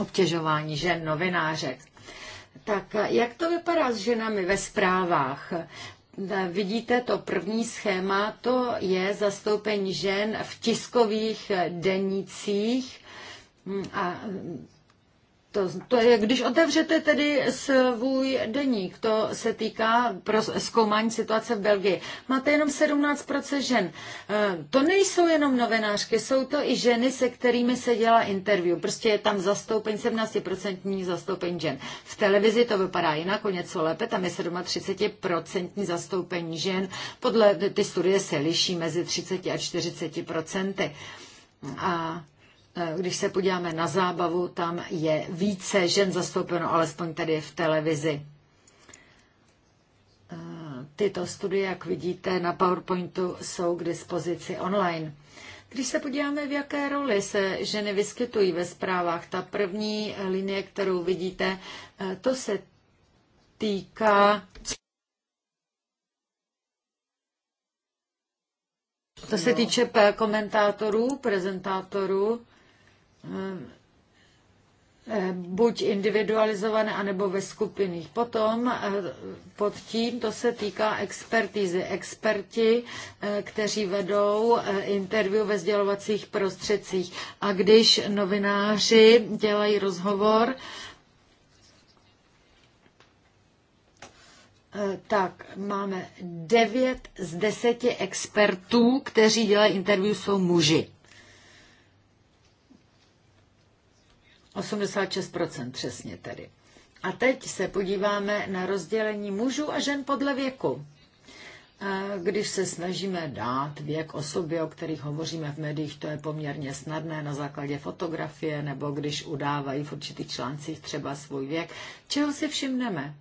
obtěžování žen novinářek. Tak jak to vypadá s ženami ve zprávách? Vidíte to první schéma, to je zastoupení žen v tiskových denících a to, to je, když otevřete tedy svůj deník, to se týká pro zkoumání situace v Belgii. Máte jenom 17% žen. Eh, to nejsou jenom novinářky, jsou to i ženy, se kterými se dělá interview. Prostě je tam zastoupení, 17% zastoupení žen. V televizi to vypadá jinak, o něco lépe, tam je 37% zastoupení žen. Podle ty studie se liší mezi 30 a 40%. A Eh, když se podíváme na zábavu, tam je více žen zastoupeno, alespoň tady v televizi. Eh, tyto studie, jak vidíte na PowerPointu, jsou k dispozici online. Když se podíváme, v jaké roli se ženy vyskytují ve zprávách, ta první linie, kterou vidíte, eh, to se týká To se týče komentátorů, prezentátorů, Ehm, ehm, buď individualizované, anebo ve skupinách. Potom eh, pod tím to se týká expertízy. Experti, eh, kteří vedou eh, interview ve sdělovacích prostředcích. A když novináři dělají rozhovor, tak máme devět z deseti expertů, kteří dělají interview, jsou muži. 86% přesně tedy. A teď se podíváme na rozdělení mužů a žen podle věku. Když se snažíme dát věk osobě, o kterých hovoříme v médiích, to je poměrně snadné na základě fotografie, nebo když udávají v určitých článcích třeba svůj věk, čeho si všimneme?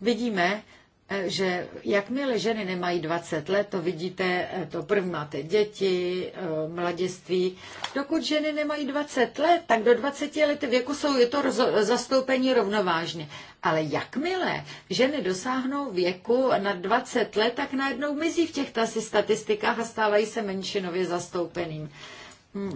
Vidíme, Eh, že jakmile ženy nemají 20 let, to vidíte, eh, to první máte děti, eh, mladiství. Dokud ženy nemají 20 let, tak do 20 let věku jsou je to zastoupení rovnovážně. Ale jakmile ženy dosáhnou věku na 20 let, tak najednou mizí v těch statistikách a stávají se menšinově zastoupeným.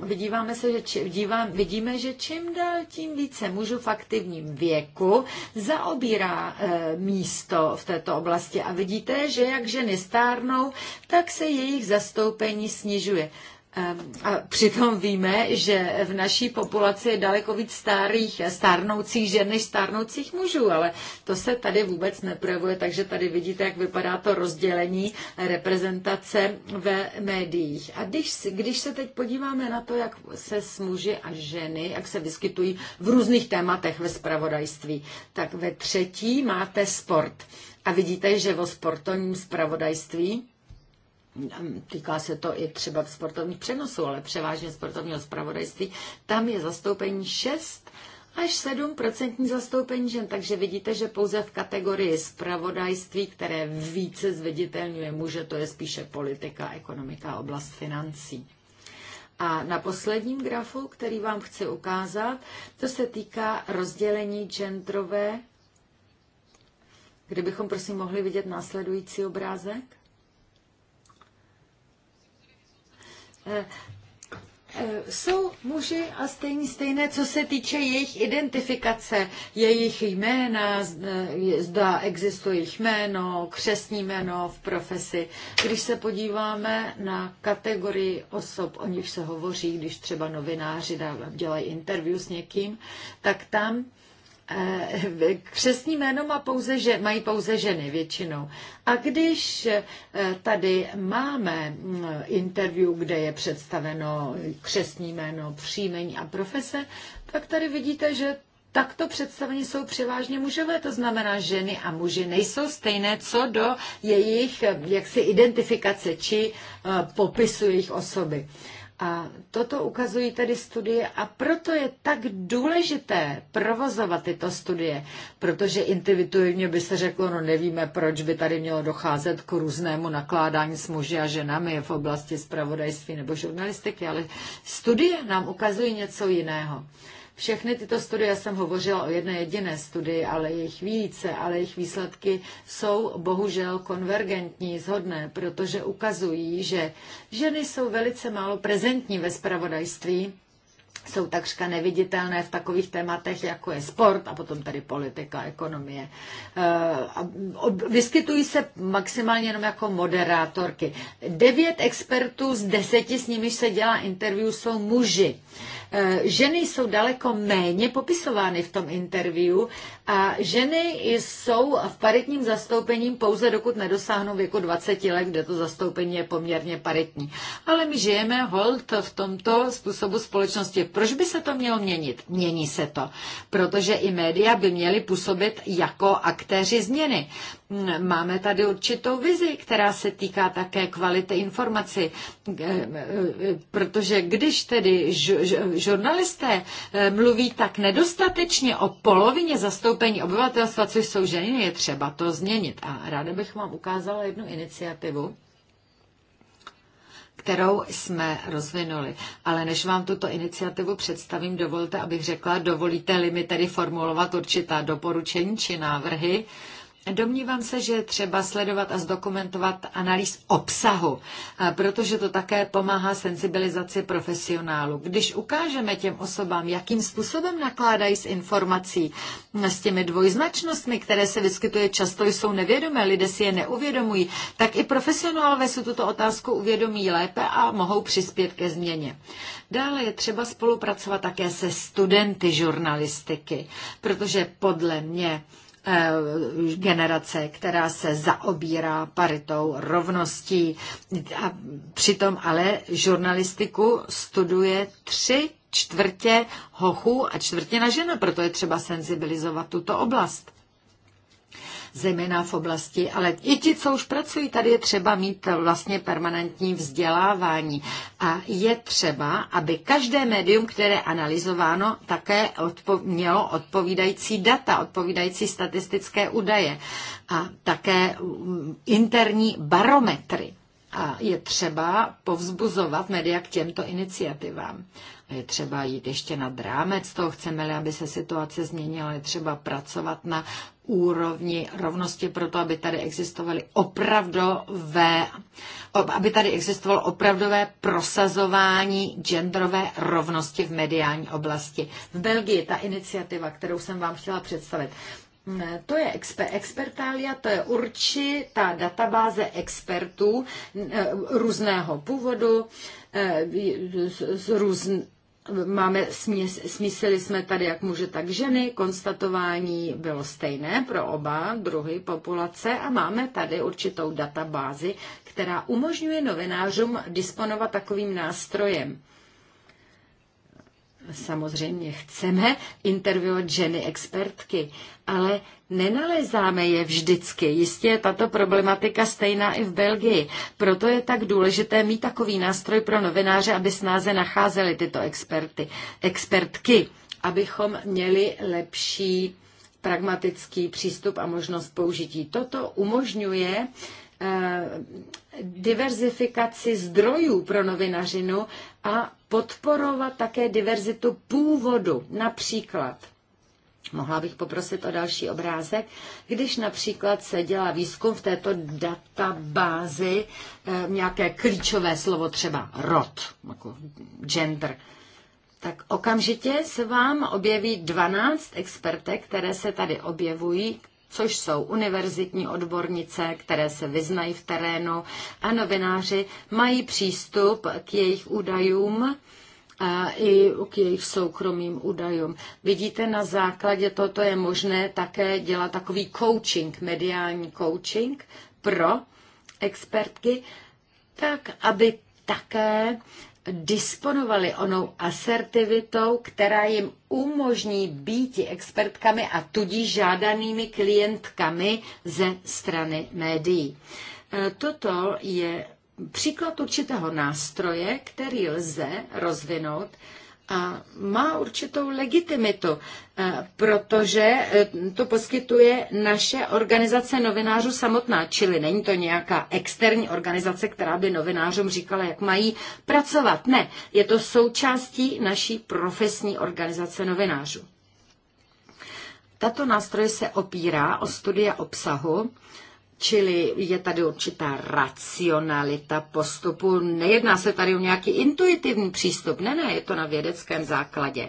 Vidíváme se, že či, dívám, vidíme, že čím dál tím více mužů v aktivním věku zaobírá e, místo v této oblasti. A vidíte, že jak ženy stárnou, tak se jejich zastoupení snižuje. Ehm, a přitom víme, že v naší populaci je daleko víc starých, stárnoucích žen než stárnoucích mužů, ale to se tady vůbec neprojevuje, takže tady vidíte, jak vypadá to rozdělení reprezentace ve médiích. A když, když se teď podíváme na to, jak se s muži a ženy, jak se vyskytují v různých tématech ve spravodajství, tak ve třetí máte sport. A vidíte, že o sportovním spravodajství týká se to i třeba v sportovních přenosů, ale převážně sportovního zpravodajství, tam je zastoupení 6 až 7% zastoupení žen. Takže vidíte, že pouze v kategorii zpravodajství, které více zviditelňuje muže, to je spíše politika, ekonomika, oblast financí. A na posledním grafu, který vám chci ukázat, to se týká rozdělení gendrové. Kdybychom prosím mohli vidět následující obrázek. Eh, eh, jsou muži a stejně stejné, co se týče jejich identifikace, jejich jména, eh, zda existuje jejich jméno, křesní jméno v profesi. Když se podíváme na kategorii osob, o nich se hovoří, když třeba novináři dělají interview s někým, tak tam Eh, křesní jméno má pouze, že, mají pouze ženy většinou. A když eh, tady máme mm, interview, kde je představeno křesní jméno, příjmení a profese, tak tady vidíte, že Takto představení jsou převážně mužové, to znamená, ženy a muži nejsou stejné co do jejich eh, jaksi identifikace či popisu jejich osoby. Uh, a toto ukazují tedy studie a proto je tak důležité provozovat tyto studie, protože intuitivně by se řeklo, no nevíme, proč by tady mělo docházet k různému nakládání s muži a ženami v oblasti spravodajství nebo žurnalistiky, ale studie nám ukazují něco jiného. Všechny tyto studie, já jsem hovořila o jedné jediné studii, ale jejich více, ale jejich výsledky jsou bohužel konvergentní, zhodné, protože ukazují, že ženy jsou velice málo prezentní ve spravodajství, jsou takřka neviditelné v takových tématech, jako je sport a potom tady politika, ekonomie. Eh, vyskytují se maximálně jenom jako moderátorky. Devět expertů z deseti, s nimiž se dělá interview, jsou muži. Eh, ženy jsou daleko méně popisovány v tom interview a ženy jsou v paritním zastoupením pouze dokud nedosáhnou věku 20 let, kde to zastoupení je poměrně paritní. Ale my žijeme hold v tomto způsobu společnosti. Proč by se to mělo měnit? Mění se to, protože i média by měly působit jako aktéři změny. Máme tady určitou vizi, která se týká také kvality informací, eh, eh, protože když tedy žurnalisté eh, mluví tak nedostatečně o polovině zastoupení obyvatelstva, což jsou ženy, je třeba to změnit. A ráda bych vám ukázala jednu iniciativu kterou jsme rozvinuli. Ale než vám tuto iniciativu představím, dovolte, abych řekla, dovolíte-li mi tedy formulovat určitá doporučení či návrhy, Domnívám se, že je třeba sledovat a zdokumentovat analýz obsahu, protože to také pomáhá sensibilizaci profesionálu. Když ukážeme těm osobám, jakým způsobem nakládají s informací, s těmi dvojznačnostmi, které se vyskytuje často, jsou nevědomé, lidé si je neuvědomují, tak i profesionálové si tuto otázku uvědomí lépe a mohou přispět ke změně. Dále je třeba spolupracovat také se studenty žurnalistiky, protože podle mě Eh, generace, která se zaobírá paritou, rovností. A přitom ale žurnalistiku studuje tři čtvrtě hochů a čtvrtina žena, proto je třeba senzibilizovat tuto oblast zejména v oblasti, ale i ti, co už pracují, tady je třeba mít vlastně permanentní vzdělávání. A je třeba, aby každé médium, které je analyzováno, také odpo- mělo odpovídající data, odpovídající statistické údaje a také mm, interní barometry. A je třeba povzbuzovat média k těmto iniciativám. A je třeba jít ještě nad rámec toho, chceme-li, aby se situace změnila, je třeba pracovat na úrovni rovnosti pro to, aby tady existovaly opravdové, aby tady existovalo opravdové prosazování genderové rovnosti v mediální oblasti. V Belgii ta iniciativa, kterou jsem vám chtěla představit, mm, to je expertália, to je určitá databáze expertů mm, eh, různého původu, eh, z, z různých máme, smísili jsme tady jak muže, tak ženy. Konstatování bylo stejné pro oba druhy populace a máme tady určitou databázi, která umožňuje novinářům disponovat takovým nástrojem samozřejmě chceme intervjuovat ženy expertky, ale nenalézáme je vždycky. Jistě je tato problematika stejná i v Belgii. Proto je tak důležité mít takový nástroj pro novináře, aby snáze nacházeli tyto experty, expertky, abychom měli lepší pragmatický přístup a možnost použití. Toto umožňuje Eh, diverzifikaci zdrojů pro novinařinu a podporovat také diverzitu původu. Například Mohla bych poprosit o další obrázek. Když například se dělá výzkum v této databázi, eh, nějaké klíčové slovo třeba rod, jako gender, tak okamžitě se vám objeví 12 expertek, které se tady objevují, což jsou univerzitní odbornice, které se vyznají v terénu a novináři mají přístup k jejich údajům a e, i k jejich soukromým údajům. Vidíte, na základě toto je možné také dělat takový coaching, mediální coaching pro expertky, tak aby také disponovali onou asertivitou, která jim umožní být expertkami a tudíž žádanými klientkami ze strany médií. E, toto je příklad určitého nástroje, který lze rozvinout, a má určitou legitimitu, e, protože e, to poskytuje naše organizace novinářů samotná, čili není to nějaká externí organizace, která by novinářům říkala, jak mají pracovat. Ne, je to součástí naší profesní organizace novinářů. Tato nástroj se opírá o studia obsahu, Čili je tady určitá racionalita postupu. Nejedná se tady o nějaký intuitivní přístup. Ne, ne, je to na vědeckém základě.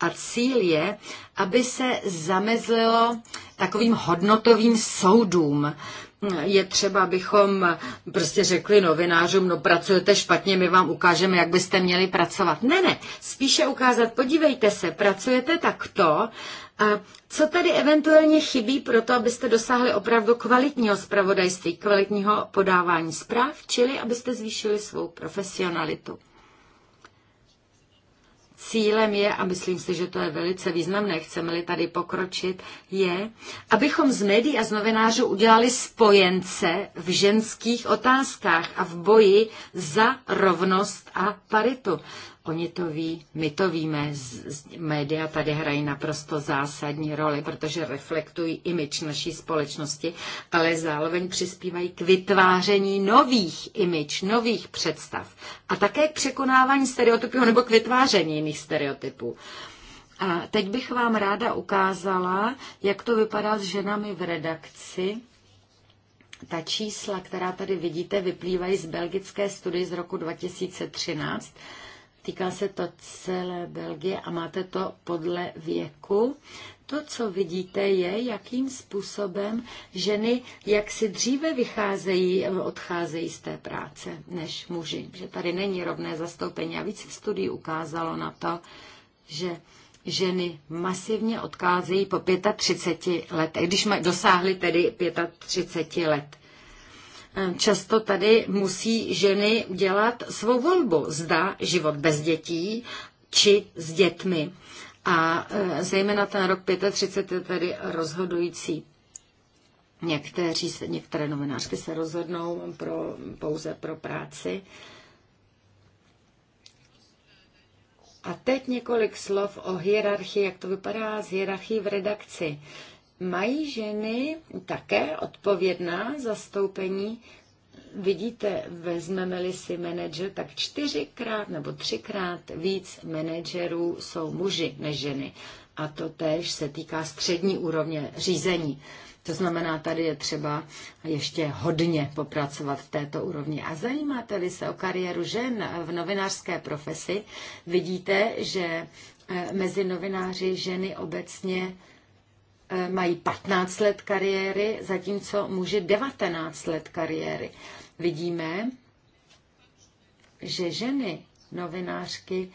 A cíl je, aby se zamezlilo takovým hodnotovým soudům. Je třeba, abychom prostě řekli novinářům, no pracujete špatně, my vám ukážeme, jak byste měli pracovat. Ne, ne, spíše ukázat, podívejte se, pracujete takto co tedy eventuálně chybí pro to, abyste dosáhli opravdu kvalitního zpravodajství, kvalitního podávání zpráv, čili abyste zvýšili svou profesionalitu? Cílem je, a myslím si, že to je velice významné, chceme-li tady pokročit, je, abychom z médií a z novinářů udělali spojence v ženských otázkách a v boji za rovnost a paritu. Oni to ví, my to víme, média tady hrají naprosto zásadní roli, protože reflektují imič naší společnosti, ale zároveň přispívají k vytváření nových imič, nových představ a také k překonávání stereotypů nebo k vytváření jiných stereotypů. A teď bych vám ráda ukázala, jak to vypadá s ženami v redakci. Ta čísla, která tady vidíte, vyplývají z belgické studie z roku 2013 Týká se to celé Belgie a máte to podle věku. To, co vidíte, je, jakým způsobem ženy jak si dříve vycházejí, odcházejí z té práce než muži. Že tady není rovné zastoupení. A více studií ukázalo na to, že ženy masivně odcházejí po 35 letech, když dosáhly tedy 35 let. Často tady musí ženy dělat svou volbu, zda život bez dětí či s dětmi. A e, zejména ten rok 35 je tady rozhodující. Někteří, některé novinářky se rozhodnou pro, pouze pro práci. A teď několik slov o hierarchii, jak to vypadá s hierarchií v redakci. Mají ženy také odpovědná zastoupení? Vidíte, vezmeme-li si manager, tak čtyřikrát nebo třikrát víc manažerů jsou muži než ženy. A to též se týká střední úrovně řízení. To znamená, tady je třeba ještě hodně popracovat v této úrovni. A zajímáte-li se o kariéru žen v novinářské profesi, vidíte, že eh, mezi novináři ženy obecně Eh, mají 15 let kariéry, zatímco muži 19 let kariéry. Vidíme, že ženy novinářky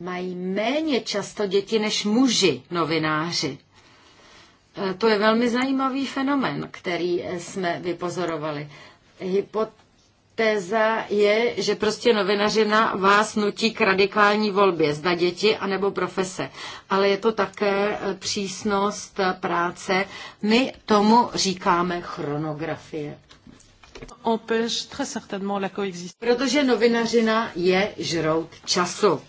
mají méně často děti než muži novináři. Eh, to je velmi zajímavý fenomen, který eh, jsme vypozorovali. Hypot- Téza je, že prostě novinařina vás nutí k radikální volbě, zda děti anebo profese. Ale je to také eh, přísnost eh, práce. My tomu říkáme chronografie. Protože novinařina je žrout času.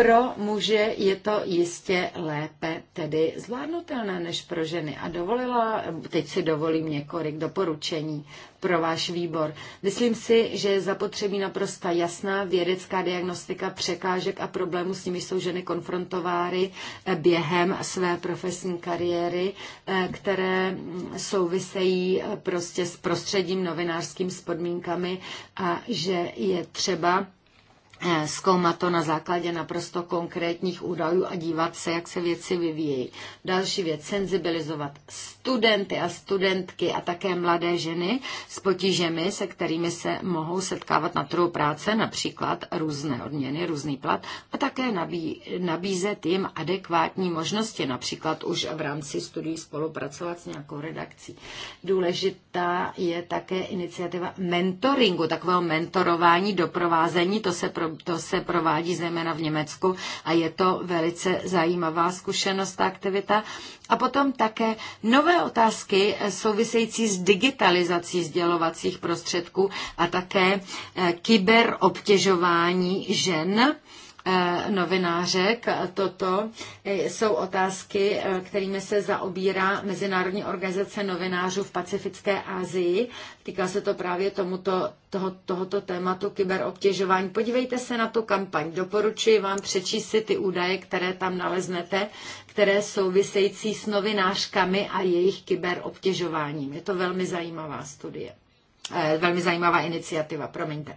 Pro muže je to jistě lépe tedy zvládnutelné než pro ženy. A dovolila, teď si dovolím několik doporučení pro váš výbor. Myslím si, že je zapotřebí naprosto jasná vědecká diagnostika překážek a problémů, s nimi jsou ženy konfrontovány eh, během své profesní kariéry, eh, které souvisejí eh, prostě s prostředím novinářským, s podmínkami a že je třeba Eh, zkoumat to na základě naprosto konkrétních údajů a dívat se, jak se věci vyvíjejí. Další věc, senzibilizovat studenty a studentky a také mladé ženy s potížemi, se kterými se mohou setkávat na trhu práce, například různé odměny, různý plat a také nabí, nabízet jim adekvátní možnosti, například už v rámci studií spolupracovat s nějakou redakcí. Důležitá je také iniciativa mentoringu, takového mentorování, doprovázení, to se pro to se provádí zejména v Německu a je to velice zajímavá zkušenost a aktivita. A potom také nové otázky související s digitalizací sdělovacích prostředků a také eh, kyberobtěžování žen Eh, novinářek. Toto eh, jsou otázky, eh, kterými se zaobírá Mezinárodní organizace novinářů v Pacifické Asii. Týká se to právě tomuto, toho, tohoto tématu kyberobtěžování. Podívejte se na tu kampaň. Doporučuji vám přečíst si ty údaje, které tam naleznete, které související s novinářkami a jejich kyberobtěžováním. Je to velmi zajímavá studie. Velmi zajímavá iniciativa, promiňte.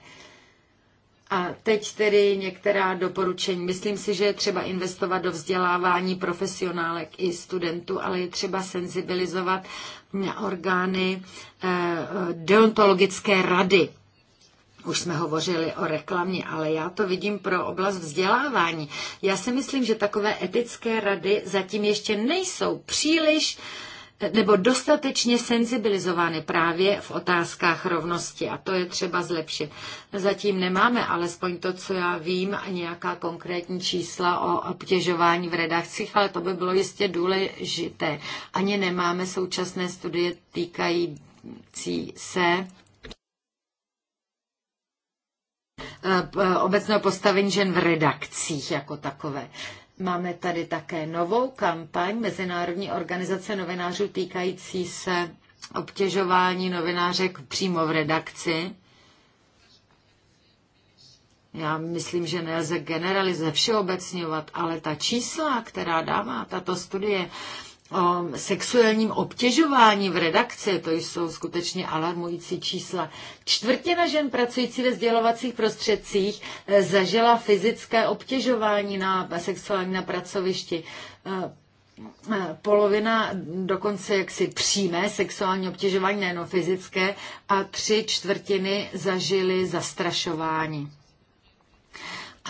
A teď tedy některá doporučení. Myslím si, že je třeba investovat do vzdělávání profesionálek i studentů, ale je třeba senzibilizovat orgány eh, deontologické rady. Už jsme hovořili o reklamě, ale já to vidím pro oblast vzdělávání. Já si myslím, že takové etické rady zatím ještě nejsou příliš uh, nebo dostatečně senzibilizovány právě v otázkách rovnosti a to je třeba zlepšit. Zatím nemáme, alespoň to, co já vím, nějaká konkrétní čísla o obtěžování v redakcích, ale to by bylo jistě důležité. Ani nemáme současné studie týkající se eh, obecného postavení žen v redakcích jako takové. Máme tady také novou kampaň Mezinárodní organizace novinářů týkající se obtěžování novinářek přímo v redakci. Já myslím, že nelze generalizovat, všeobecňovat, ale ta čísla, která dává tato studie, Um, sexuálním obtěžování v redakci, to jsou skutečně alarmující čísla. Čtvrtina žen pracující ve sdělovacích prostředcích eh, zažila fyzické obtěžování na sexuální na pracovišti eh, eh, polovina dokonce jaksi přímé sexuální obtěžování, nejenom fyzické, a tři čtvrtiny zažily zastrašování.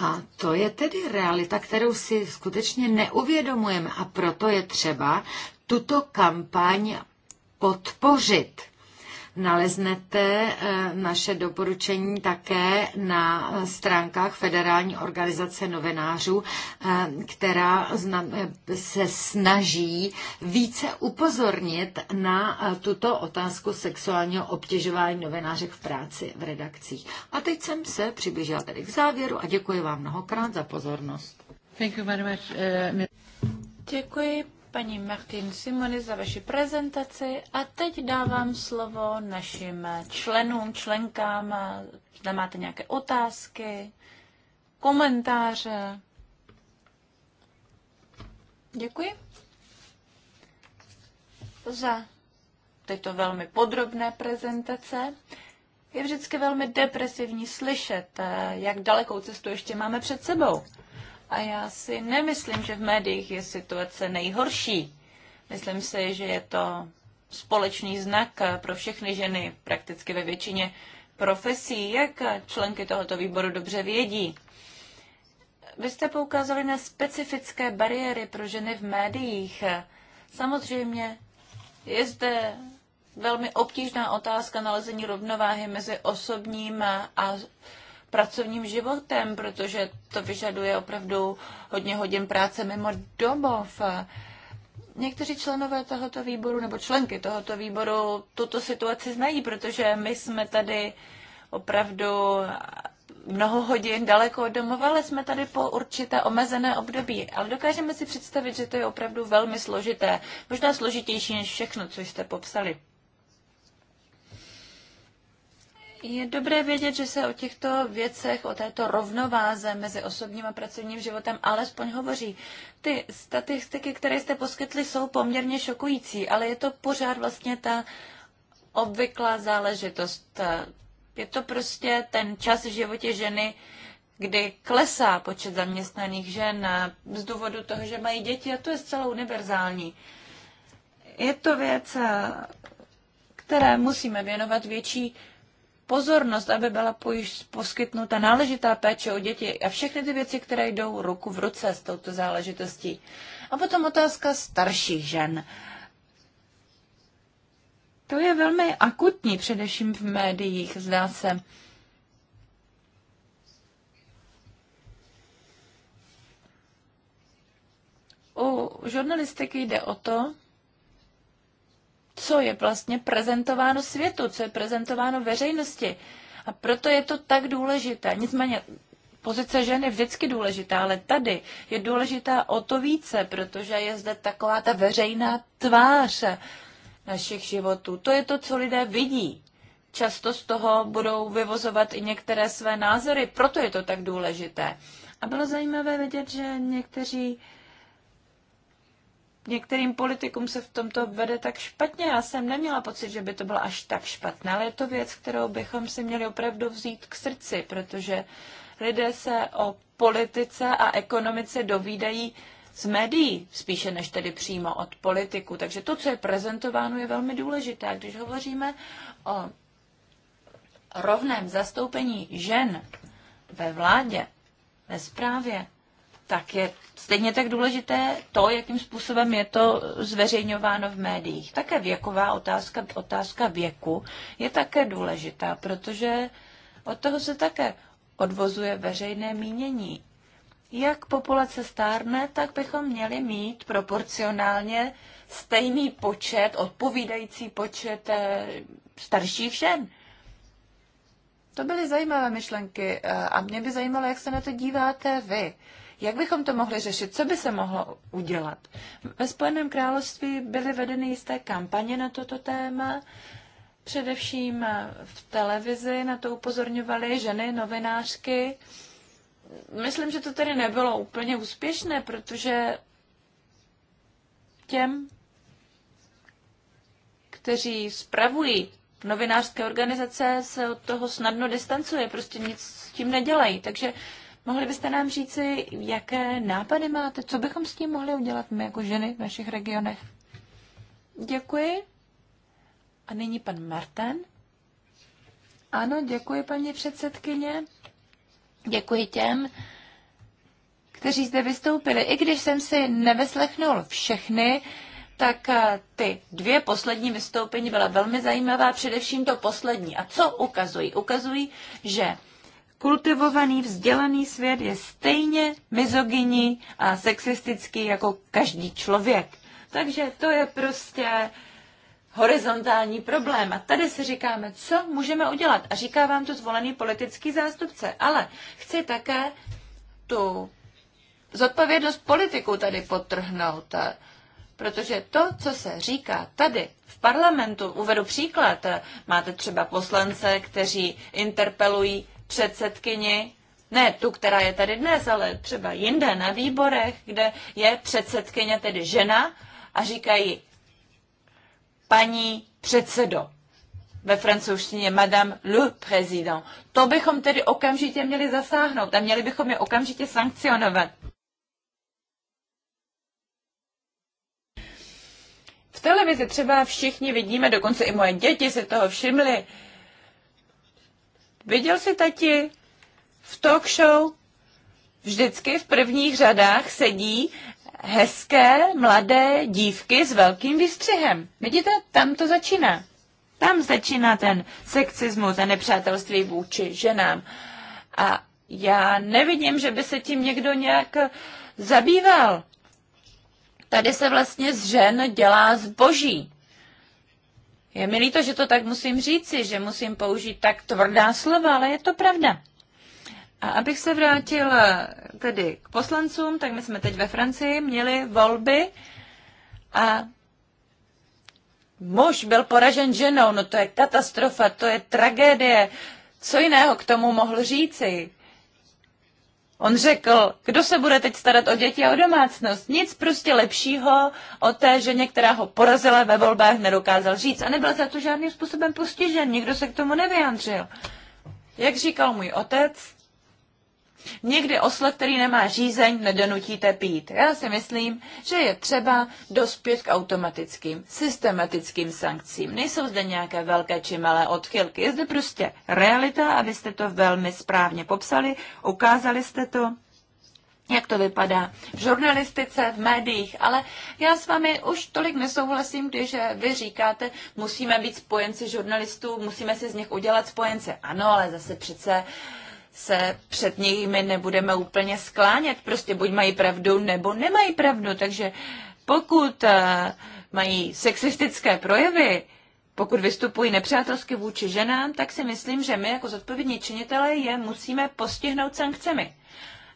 A to je tedy realita, kterou si skutečně neuvědomujeme a proto je třeba tuto kampaň podpořit Naleznete eh, naše doporučení také na stránkách Federální organizace novinářů, eh, která eh, se snaží více upozornit na tuto otázku sexuálního obtěžování novinářek v práci v redakcích. A teď jsem se přiblížila tedy k závěru a děkuji vám mnohokrát za pozornost. Thank you very much. Děkuji, paní Martin Simony, za vaši prezentaci a teď dávám slovo našim členům, členkám, zda máte nějaké otázky, komentáře. Děkuji za tyto velmi podrobné prezentace. Je vždycky velmi depresivní slyšet, jak dalekou cestu ještě máme před sebou. A já si nemyslím, že v médiích je situace nejhorší. Myslím si, že je to společný znak pro všechny ženy, prakticky ve většině profesí, jak členky tohoto výboru dobře vědí. Vy jste poukázali na specifické bariéry pro ženy v médiích. Samozřejmě je zde velmi obtížná otázka nalezení rovnováhy mezi osobním a pracovním životem, protože to vyžaduje opravdu hodně hodin práce mimo domov. Někteří členové tohoto výboru nebo členky tohoto výboru tuto situaci znají, protože my jsme tady opravdu mnoho hodin daleko od domova, ale jsme tady po určité omezené období. Ale dokážeme si představit, že to je opravdu velmi složité, možná složitější než všechno, co jste popsali. Je dobré vědět, že se o těchto věcech, o této rovnováze mezi osobním a pracovním životem alespoň hovoří. Ty statistiky, které jste poskytli, jsou poměrně šokující, ale je to pořád vlastně ta obvyklá záležitost. Je to prostě ten čas v životě ženy, kdy klesá počet zaměstnaných žen z důvodu toho, že mají děti a to je zcela univerzální. Je to věc, které musíme věnovat větší pozornost, aby byla poskytnuta náležitá péče o děti a všechny ty věci, které jdou ruku v ruce s touto záležitostí. A potom otázka starších žen. To je velmi akutní, především v médiích, zdá se. U žurnalistiky jde o to, co je vlastně prezentováno světu, co je prezentováno veřejnosti. A proto je to tak důležité. Nicméně pozice žen je vždycky důležitá, ale tady je důležitá o to více, protože je zde taková ta veřejná tvář našich životů. To je to, co lidé vidí. Často z toho budou vyvozovat i některé své názory, proto je to tak důležité. A bylo zajímavé vidět, že někteří uh, některým politikům se v tomto vede tak špatně. Já jsem neměla pocit, že by to byla až tak špatné, ale je to věc, kterou bychom si měli opravdu vzít k srdci, protože lidé se o politice a ekonomice dovídají z médií, spíše než tedy přímo od politiku. Takže to, co je prezentováno, je velmi důležité. Když hovoříme o rovném zastoupení žen ve vládě, ve zprávě tak je stejně tak důležité to, jakým způsobem je to zveřejňováno v médiích. Také věková otázka, otázka věku je také důležitá, protože od toho se také odvozuje veřejné mínění. Jak populace stárne, tak bychom měli mít proporcionálně stejný počet, odpovídající počet eh, starších žen. To byly zajímavé myšlenky eh, a mě by zajímalo, jak se na to díváte vy. Jak bychom to mohli řešit? Co by se mohlo udělat? Ve Spojeném království byly vedeny jisté kampaně na toto téma. Především v televizi na to upozorňovaly ženy, novinářky. Myslím, že to tedy nebylo úplně úspěšné, protože těm, kteří spravují novinářské organizace, se od toho snadno distancuje, prostě nic s tím nedělají. Takže Mohli byste nám říci, jaké nápady máte, co bychom s tím mohli udělat my jako ženy v našich regionech? Děkuji. A nyní pan Martin. Ano, děkuji paní předsedkyně. Děkuji těm, kteří zde vystoupili. I když jsem si neveslechnul všechny, tak eh, ty dvě poslední vystoupení byla velmi zajímavá, především to poslední. A co ukazují? Ukazují, že kultivovaný, vzdělaný svět je stejně mizogyní a sexistický jako každý člověk. Takže to je prostě horizontální problém. A tady si říkáme, co můžeme udělat. A říká vám to zvolený politický zástupce. Ale chci také tu zodpovědnost politiku tady potrhnout, Protože to, co se říká tady v parlamentu, uvedu příklad, máte třeba poslance, kteří interpelují předsedkyni, ne tu, která je tady dnes, ale třeba jinde na výborech, kde je předsedkyně, tedy žena, a říkají paní předsedo. Ve francouzštině Madame le Président. To bychom tedy okamžitě měli zasáhnout a měli bychom je okamžitě sankcionovat. V televizi třeba všichni vidíme, dokonce i moje děti si toho všimly, Viděl jsi, tati, v talk show vždycky v prvních řadách sedí hezké mladé dívky s velkým výstřihem. Vidíte, tam to začíná. Tam začíná ten sexismus a nepřátelství vůči ženám. A já nevidím, že by se tím někdo nějak zabýval. Tady se vlastně z žen dělá zboží. Je mi líto, že to tak musím říci, že musím použít tak tvrdá slova, ale je to pravda. A abych se vrátil eh, tedy k poslancům, tak my jsme teď ve Francii měli volby a muž byl poražen ženou, no to je katastrofa, to je tragédie. Co jiného k tomu mohl říci? On řekl, kdo se bude teď starat o děti a o domácnost? Nic prostě lepšího o té ženě, která ho porazila ve volbách, nedokázal říct. A nebyl za to žádným způsobem postižen, nikdo se k tomu nevyjádřil. Jak říkal můj otec, Někdy osle, který nemá řízeň, nedonutíte pít. Já si myslím, že je třeba dospět k automatickým, systematickým sankcím. Nejsou zde nějaké velké či malé odchylky. Je zde prostě realita a vy jste to velmi správně popsali, ukázali jste to jak to vypadá v žurnalistice, v médiích, ale já s vámi už tolik nesouhlasím, když vy říkáte, musíme být spojenci žurnalistů, musíme si z nich udělat spojence. Ano, ale zase přece uh, se před nimi nebudeme úplně sklánět. Prostě buď mají pravdu, nebo nemají pravdu. Takže pokud eh, mají sexistické projevy, pokud vystupují nepřátelsky vůči ženám, tak si myslím, že my jako zodpovědní činitelé je musíme postihnout sankcemi.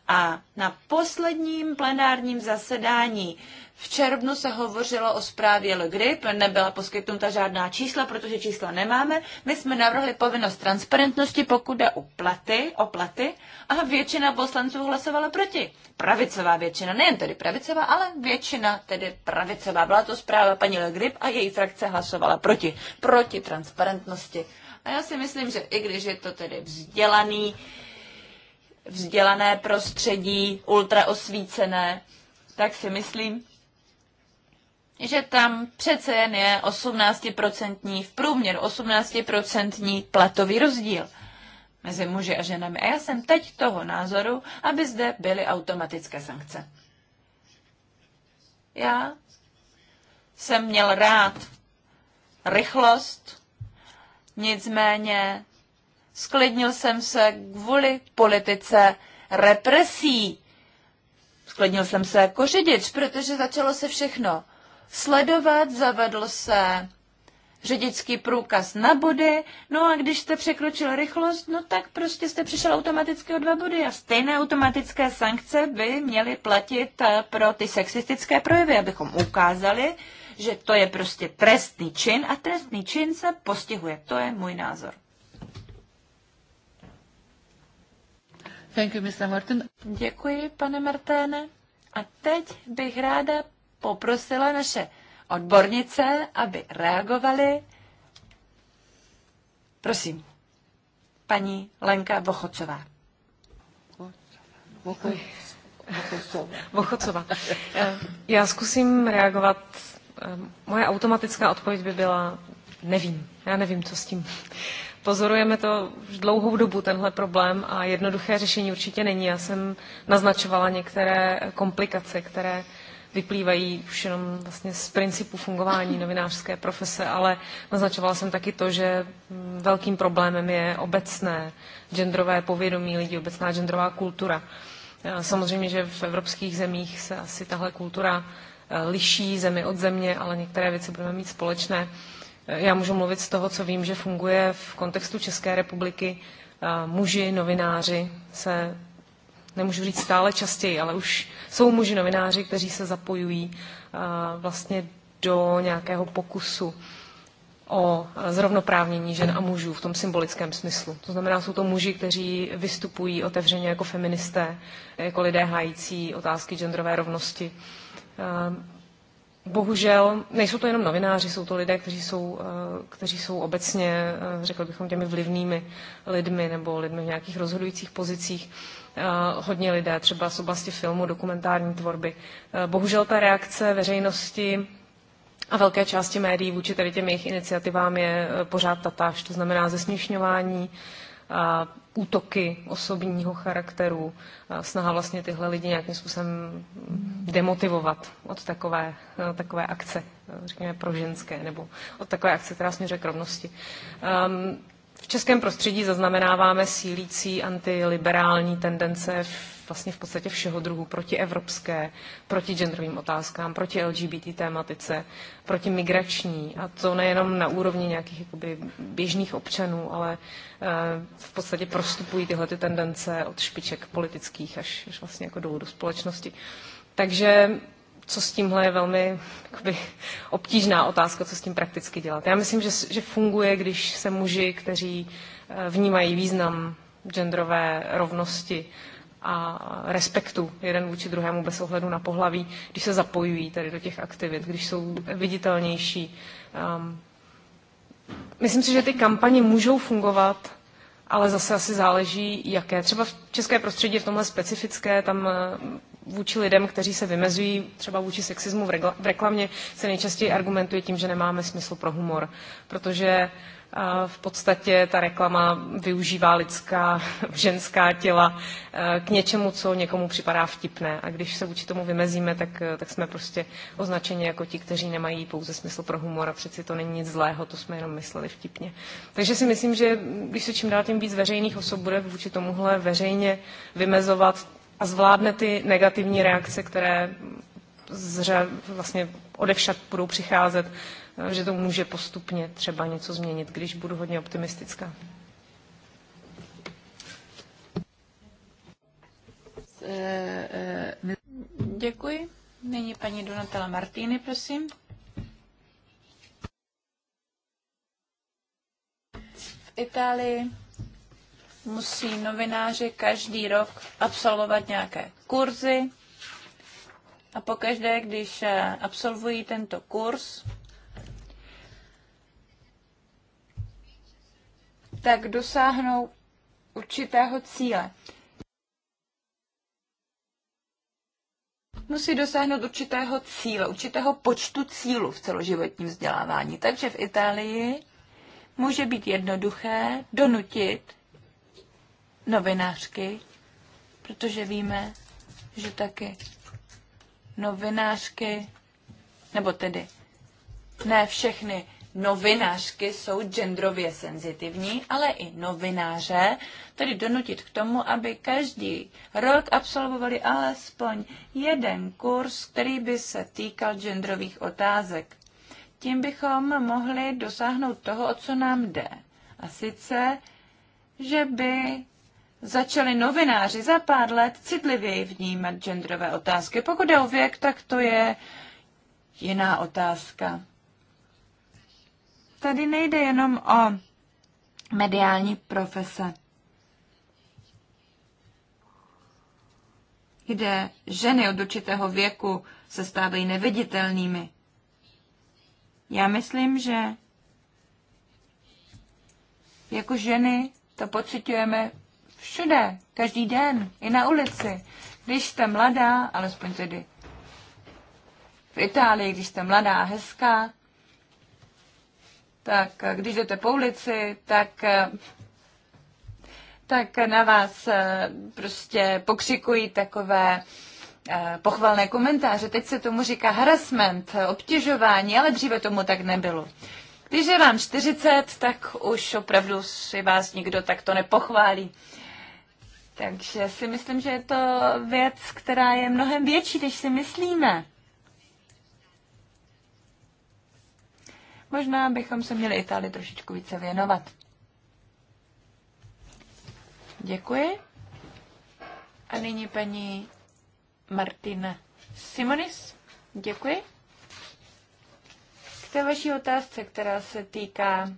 A na posledním plenárním zasedání v červnu se hovořilo o zprávě Le Grip, nebyla poskytnuta žádná čísla, protože čísla nemáme. My jsme navrhli povinnost transparentnosti, pokud jde o platy, o platy a většina poslanců hlasovala proti. Pravicová většina, nejen tedy pravicová, ale většina tedy pravicová. Byla to zpráva paní Le Grip a její frakce hlasovala proti. Proti transparentnosti. A já si myslím, že i když je to tedy vzdělaný, vzdělané prostředí, ultraosvícené, tak si myslím, že tam přece jen je 18% v průměru 18% platový rozdíl mezi muži a ženami. A já jsem teď toho názoru, aby zde byly automatické sankce. Já jsem měl rád rychlost, nicméně Sklidnil jsem se kvůli politice represí. Sklidnil jsem se jako řidič, protože začalo se všechno sledovat, zavedl se řidičský průkaz na body, no a když jste překročil rychlost, no tak prostě jste přišel automaticky o dva body a stejné automatické sankce by měly platit eh, pro ty sexistické projevy, abychom ukázali, že to je prostě trestný čin a trestný čin se postihuje. To je můj názor. Thank you, Mr. Martin. Děkuji, pane Marténe. A teď bych ráda poprosila naše odbornice, aby reagovali. Prosím, paní Lenka Bochocová. Bochocová. Já zkusím reagovat. Moje automatická odpověď by byla nevím. Já nevím, co s tím. Uh, Pozorujeme to už dlouhou dobu, tenhle problém, a jednoduché řešení určitě není. Já jsem naznačovala některé komplikace, které vyplývají už jenom vlastně z principu fungování novinářské profese, ale naznačovala jsem taky to, že velkým problémem je obecné genderové povědomí lidí, obecná genderová kultura. Eh, samozřejmě, že v evropských zemích se asi tahle kultura eh, liší zemi od země, ale některé věci budeme mít společné já můžu mluvit z toho, co vím, že funguje v kontextu České republiky. Muži, novináři se, nemůžu říct stále častěji, ale už jsou muži novináři, kteří se zapojují vlastně do nějakého pokusu o zrovnoprávnění žen a mužů v tom symbolickém smyslu. To znamená, jsou to muži, kteří vystupují otevřeně jako feministé, jako lidé hájící otázky genderové rovnosti bohužel nejsou to jenom novináři, jsou to lidé, kteří jsou, eh, kteří jsou obecně, eh, řekl bychom, těmi vlivnými lidmi nebo lidmi v nějakých rozhodujících pozicích. Eh, hodně lidé, třeba z oblasti filmu, dokumentární tvorby. Bohužel ta reakce veřejnosti a velké části médií vůči tady těm jejich iniciativám je pořád tatáž, to znamená zesměšňování, útoky osobního charakteru, snaha vlastně tyhle lidi nějakým způsobem demotivovat od takové, e, takové akce, e, řekněme pro ženské, nebo od takové akce, která směřuje k rovnosti. Ehm, v českém prostředí zaznamenáváme sílící antiliberální tendence v vlastně v podstatě všeho druhu, proti evropské, proti genderovým otázkám, proti LGBT tématice, proti migrační. A to nejenom na úrovni nějakých jakoby, běžných občanů, ale eh, v podstatě prostupují tyhle ty tendence od špiček politických až, až vlastně jako dolů do společnosti. Takže co s tímhle je velmi jakoby, obtížná otázka, co s tím prakticky dělat. Já myslím, že, že funguje, když se muži, kteří eh, vnímají význam genderové rovnosti a respektu jeden vůči druhému bez ohledu na pohlaví, když se zapojují tady do těch aktivit, když jsou viditelnější. Um, myslím si, že ty kampaně můžou fungovat, ale zase asi záleží, jaké. Třeba v české prostředí je v tomhle specifické, tam eh, vůči lidem, kteří se vymezují třeba vůči sexismu v reklamě, se nejčastěji argumentuje tím, že nemáme smysl pro humor, protože uh, v podstatě ta reklama využívá lidská, [LAUGHS] ženská těla eh, k něčemu, co někomu připadá vtipné. A když se vůči tomu vymezíme, tak, eh, tak jsme prostě označeni jako ti, kteří nemají pouze smysl pro humor a přeci to není nic zlého, to jsme jenom mysleli vtipně. Takže si myslím, že když se čím dál tím víc veřejných osob bude vůči tomuhle veřejně vymezovat a zvládne ty negativní reakce, které zře, vlastně odevšad budou přicházet, že to může postupně třeba něco změnit, když budu hodně optimistická. Děkuji. Nyní paní Donatela Martíny, prosím. V Itálii musí novináři každý rok absolvovat nějaké kurzy a pokaždé, když eh, absolvují tento kurz, tak dosáhnou určitého cíle. musí dosáhnout určitého cíle, určitého počtu cílů v celoživotním vzdělávání. Takže v Itálii může být jednoduché donutit novinářky, protože víme, že taky novinářky, nebo tedy ne všechny novinářky jsou genderově senzitivní, ale i novináře, tedy donutit k tomu, aby každý rok absolvovali alespoň jeden kurz, který by se týkal genderových otázek. Tím bychom mohli dosáhnout toho, o co nám jde. A sice, že by začali novináři za pár let citlivěji vnímat genderové otázky. Pokud je o věk, tak to je jiná otázka. Tady nejde jenom o mediální profese. kde ženy od určitého věku se stávají neviditelnými. Já myslím, že jako ženy to pocitujeme všude, každý den, i na ulici. Když jste mladá, alespoň tedy v Itálii, když jste mladá a hezká, tak když jdete po ulici, tak tak na vás eh, prostě pokřikují takové eh, pochvalné komentáře. Teď se tomu říká harassment, obtěžování, ale dříve tomu tak nebylo. Když je vám 40, tak už opravdu si vás nikdo takto nepochválí. Takže si myslím, že je to věc, která je mnohem větší, než si myslíme. Možná bychom se měli Itálii trošičku více věnovat. Děkuji. A nyní paní Martina Simonis. Děkuji. K té vaší otázce, která se týká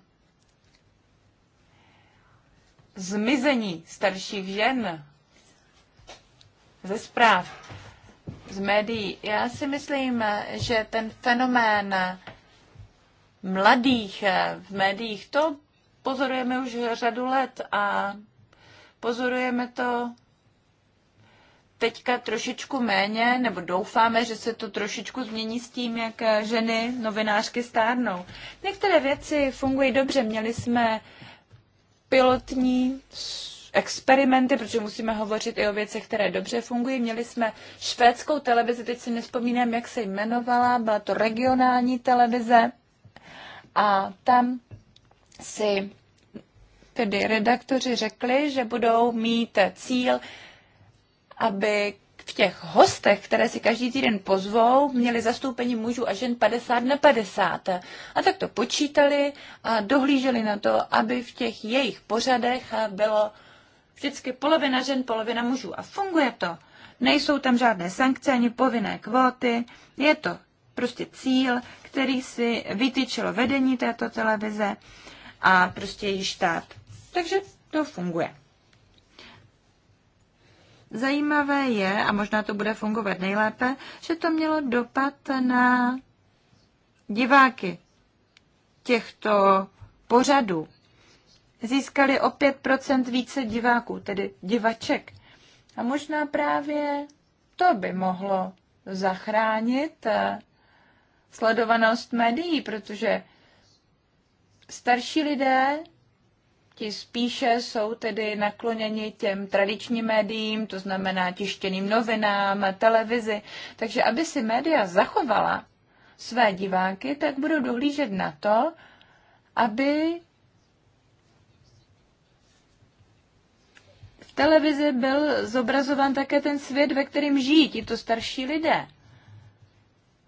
zmizení starších žen ze zpráv, z médií. Já si myslím, že ten fenomén mladých eh, v médiích, to pozorujeme už řadu let a pozorujeme to teďka trošičku méně, nebo doufáme, že se to trošičku změní s tím, jak eh, ženy novinářky stárnou. Některé věci fungují dobře. Měli jsme pilotní experimenty, protože musíme hovořit i o věcech, které dobře fungují. Měli jsme švédskou televizi, teď si nespomínám, jak se jmenovala, byla to regionální televize a tam si tedy redaktoři řekli, že budou mít cíl, aby v těch hostech, které si každý týden pozvou, měli zastoupení mužů a žen 50 na 50. A tak to počítali a dohlíželi na to, aby v těch jejich pořadech bylo vždycky polovina žen, polovina mužů. A funguje to. Nejsou tam žádné sankce ani povinné kvóty. Je to prostě cíl, který si vytyčilo vedení této televize a prostě její štát. Takže to funguje. Zajímavé je, a možná to bude fungovat nejlépe, že to mělo dopad na diváky těchto pořadů. Získali o 5% více diváků, tedy divaček. A možná právě to by mohlo zachránit eh, sledovanost médií, protože starší lidé ti spíše jsou tedy nakloněni těm tradičním médiím, to znamená tištěným novinám, televizi. Takže aby si média zachovala své diváky, tak budou dohlížet na to, aby v televizi byl zobrazován také ten svět, ve kterém žijí tito starší lidé.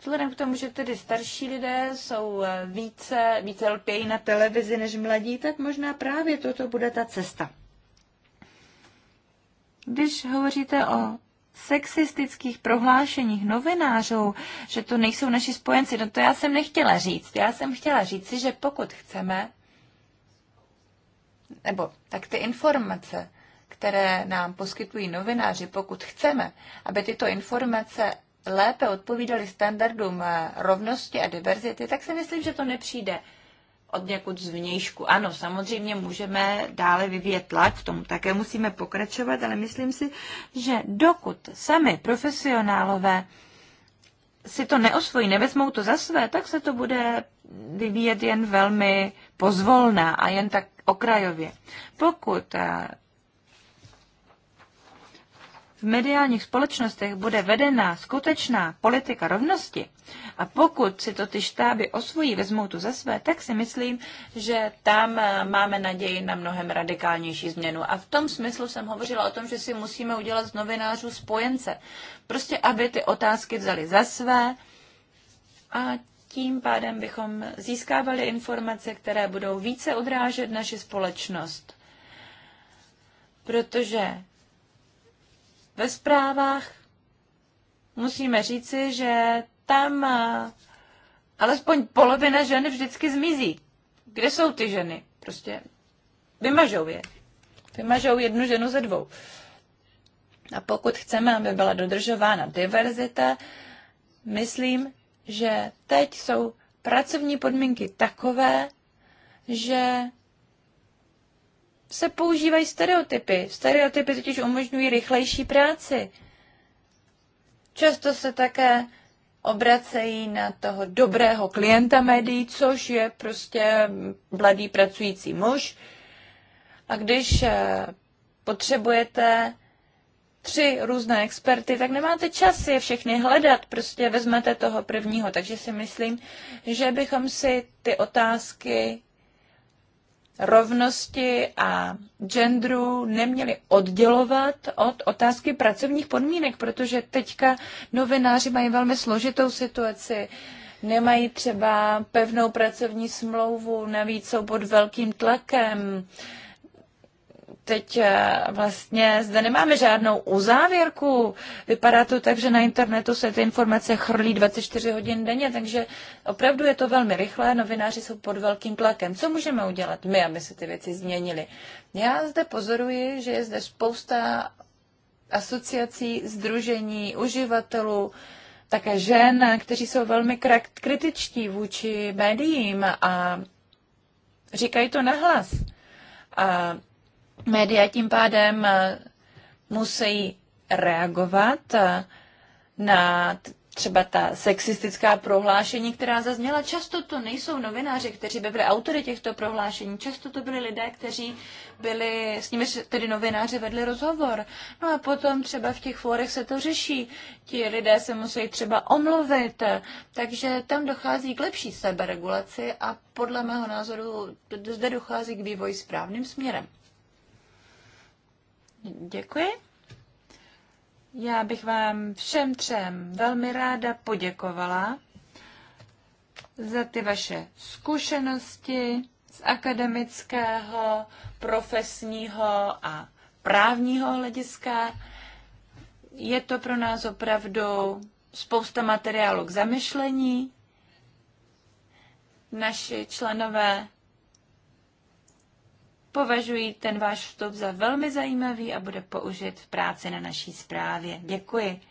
Vzhledem k tomu, že tedy starší lidé jsou eh, více, více lpějí na televizi než mladí, tak možná právě toto bude ta cesta. Když hovoříte o sexistických prohlášeních novinářů, že to nejsou naši spojenci, no to já jsem nechtěla říct. Já jsem chtěla říct, že pokud chceme, nebo tak ty informace, které nám poskytují novináři, pokud chceme, aby tyto informace lépe odpovídali standardům eh, rovnosti a diverzity, tak si myslím, že to nepřijde od někud zvnějšku. Ano, samozřejmě můžeme dále vyvíjet tlak, v tom také musíme pokračovat, ale myslím si, že dokud sami profesionálové si to neosvojí, nevezmou to za své, tak se to bude vyvíjet jen velmi pozvolná a jen tak okrajově. Pokud eh, v mediálních společnostech bude vedená skutečná politika rovnosti a pokud si to ty štáby osvojí, vezmou tu za své, tak si myslím, že tam eh, máme naději na mnohem radikálnější změnu. A v tom smyslu jsem hovořila o tom, že si musíme udělat z novinářů spojence. Prostě, aby ty otázky vzali za své a tím pádem bychom získávali informace, které budou více odrážet naši společnost. Protože ve zprávách musíme říci, že tam eh, alespoň polovina žen vždycky zmizí. Kde jsou ty ženy? Prostě vymažou je. Vymažou jednu ženu ze dvou. A pokud chceme, aby byla dodržována diverzita, myslím, že teď jsou pracovní podmínky takové, že se používají stereotypy. Stereotypy totiž umožňují rychlejší práci. Často se také obracejí na toho dobrého klienta médií, což je prostě mladý pracující muž. A když eh, potřebujete tři různé experty, tak nemáte čas je všechny hledat, prostě vezmete toho prvního. Takže si myslím, že bychom si ty otázky rovnosti a genderu neměli oddělovat od otázky pracovních podmínek, protože teďka novináři mají velmi složitou situaci. Nemají třeba pevnou pracovní smlouvu, navíc jsou pod velkým tlakem. Uh, teď eh, vlastně zde nemáme žádnou uzávěrku. Vypadá to tak, že na internetu se ty informace chrlí 24 hodin denně, takže opravdu je to velmi rychlé, novináři jsou pod velkým tlakem. Co můžeme udělat my, aby se ty věci změnily? Já zde pozoruji, že je zde spousta asociací, združení, uživatelů, také žen, kteří jsou velmi kritičtí vůči médiím a říkají to nahlas. A Média tím pádem eh, musí reagovat eh, na třeba ta sexistická prohlášení, která zazněla. Často to nejsou novináři, kteří by byli autory těchto prohlášení. Často to byli lidé, kteří byli, s nimi tedy novináři vedli rozhovor. No a potom třeba v těch fórech se to řeší. Ti lidé se musí třeba omluvit. Takže tam dochází k lepší seberegulaci a podle mého názoru zde dochází k vývoji správným směrem. Děkuji. Já bych vám všem třem velmi ráda poděkovala za ty vaše zkušenosti z akademického, profesního a právního hlediska. Je to pro nás opravdu spousta materiálu k zamyšlení. Naši členové Považuji ten váš vstup za velmi zajímavý a bude použit v práci na naší zprávě. Děkuji.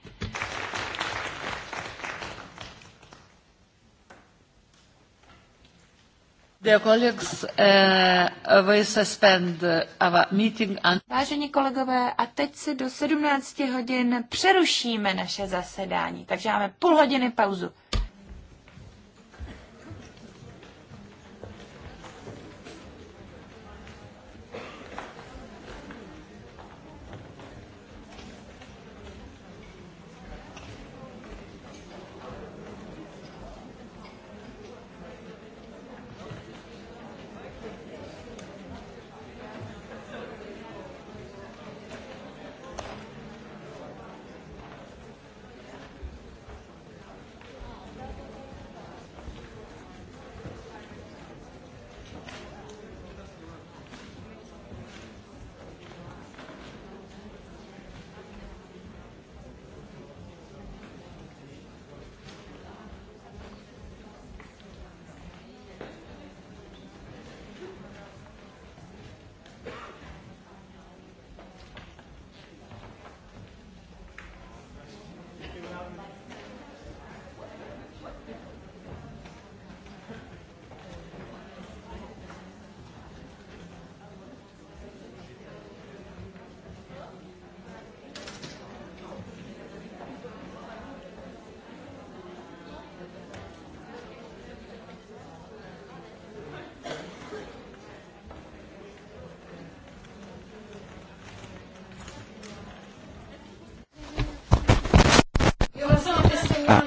Uh, uh, uh, Vážení kolegové, a teď si do 17 hodin přerušíme naše zasedání, takže máme půl hodiny pauzu.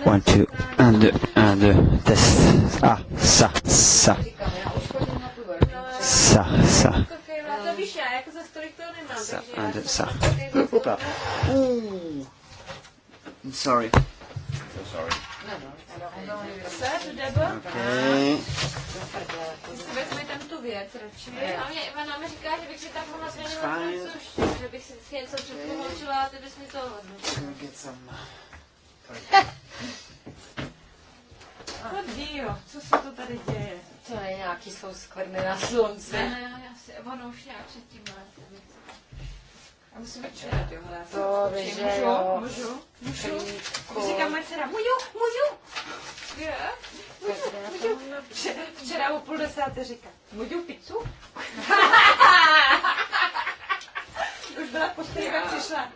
One, two, and, 2, 1, 2, test. Ah, sa, sa. Sa, sa. Ça, 1, sa. ça. Opa. Ouh. I'm sorry. So sorry. Alors, on va enlever ça tout d'abord. Okay. Musíme si tam tu věc radši. A mě Ivana mi říká, že bych si tam pomoc věnovala francouzštinu, že bych si něco předtlumočila a ty bys mi to hodnotila. Uh, Dio, co se to tady děje? To je nějaký jsou skvrny na slunci. Ne, ne, já si, ono už nějak předtím má. A musím vyčinat, jo, hele, já se to vy, že jo. Můžu? Můžu? Můžu? Říká moje dcera, můžu? Můžu? Je? Můžu? Můžu? Včera, včera o půl desáté říká, můžu pizzu? [LAUGHS] Už byla v posteli, přišla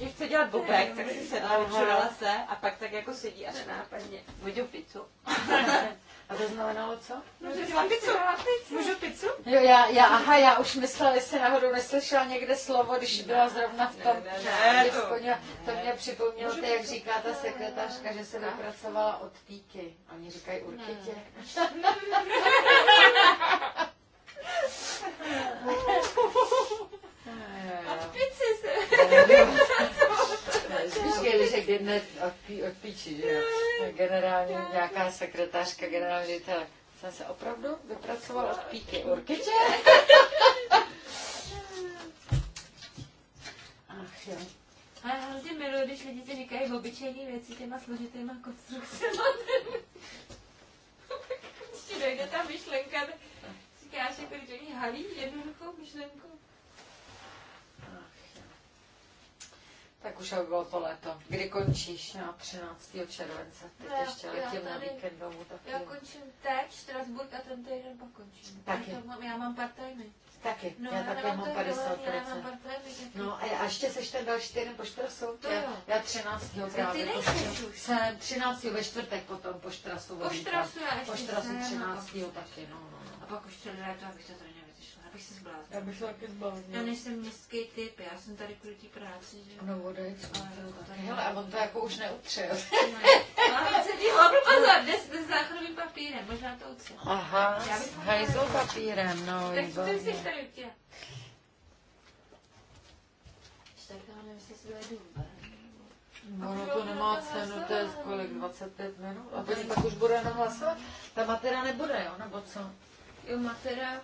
že chce dělat bobek, tak si sedla, vyčurala se a pak tak jako sedí až nápadně. Můžu pizzu? [LAUGHS] A to znamenalo co? Můžu no, dělat pizzu. Můžu pizzu? Jo, já, já, aha, já už myslela, jestli náhodou neslyšela někde slovo, když byla zrovna v tom. Ne, ne, ne, to, ne. to mě připomnělo, to, jak říká ta sekretářka, že se vypracovala od píky. Oni říkají určitě. [LAUGHS] [LAUGHS] Od pici se. Spíš [LAUGHS] když od, pí, od píči, že Generální, nějaká sekretářka, generální ředitel. Jsem se opravdu vypracoval od píky. Určitě. [LAUGHS] Ach jo. A já hrozně miluji, když lidi si říkají obyčejné věci těma složitýma konstrukcema. Ještě [LAUGHS] dojde ta myšlenka, říkáš, jako když oni halí jednoduchou myšlenku. Tak už bylo to léto. Kdy končíš? Já no, 13. července. Teď no, ještě letím na víkend domů. Tak já končím teď, Strasburg a ten týden pak končím. Taky. Já, mám, já mám part time. Taky, no, já, já taky mám 50 No a, já, a ještě seš ten další týden po štrasu? To já, jo. Já 13. právě. Ty nejsi už. Jsem 13. ve čtvrtek potom po štrasu. Po štrasu já ještě Po štrasu 13. No. taky, no, no, no. A pak už celé léto, abych to tady bych se zbláznila. Já bych se taky zbláznila. Já nejsem městský typ, já jsem tady kvůli té práci, že? No, voda ale to taky. Hele, a on to jako už neutře. Ne, Máme se ti hlavu pozor, jde s záchodovým papírem, možná to utře. Aha, s hajzl papírem, no. Tak to jsi tady utěla. Tak já nevím, jestli se dojedu Ono to no, no, nemá cenu, to je kolik, 25 minut? A pak už bude jenom hlasovat? Ta matera nebude, jo, nebo co? Jo, matera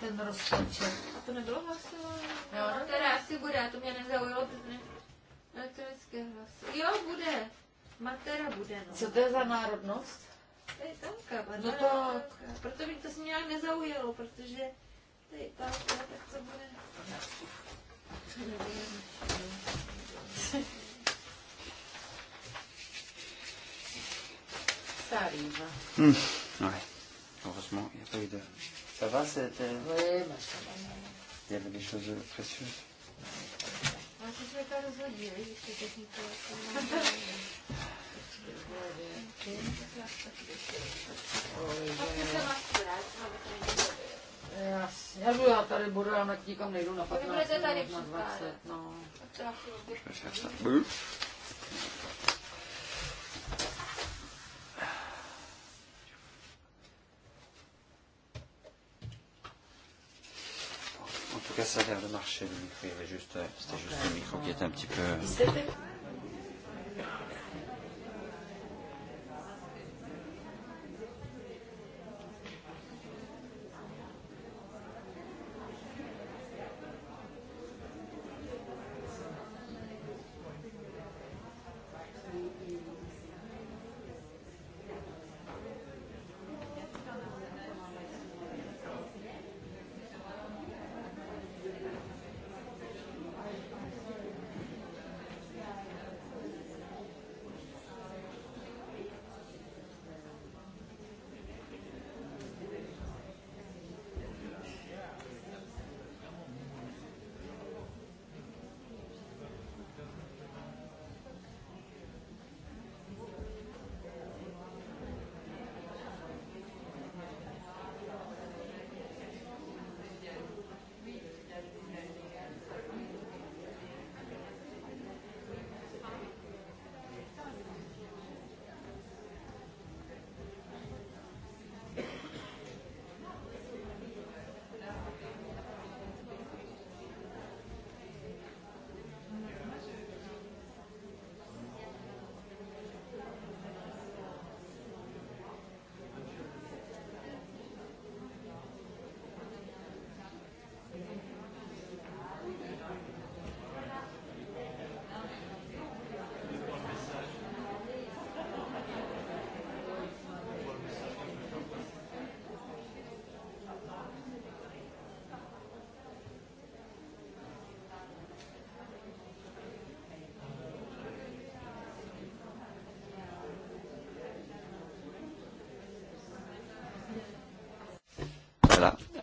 ten rozpočet. To nebylo hlasování? No, no teda asi bude, to mě nezaujalo, ne, elektronické hlasy. Jo, bude. Matera bude, no. Co to je za národnost? To je tamka, no to... Proto mi to se nějak nezaujalo, protože to je italka, tak co bude? Nevím. No. Hm, Hmm, no, no, to vezmu, já to Ça va, c'était... Oui, bah, ça va. Il y avait des choses précieuses. Já budu, já tady budu, já nad nikam nejdu na 15 minut, na 20, no. cas, ça a l'air de marcher le micro. Il y avait juste, c'était juste le micro qui était un petit peu.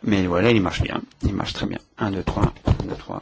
Mais voilà, il marche bien. Il marche très bien. 1, 2, 3, 1, 2, 3.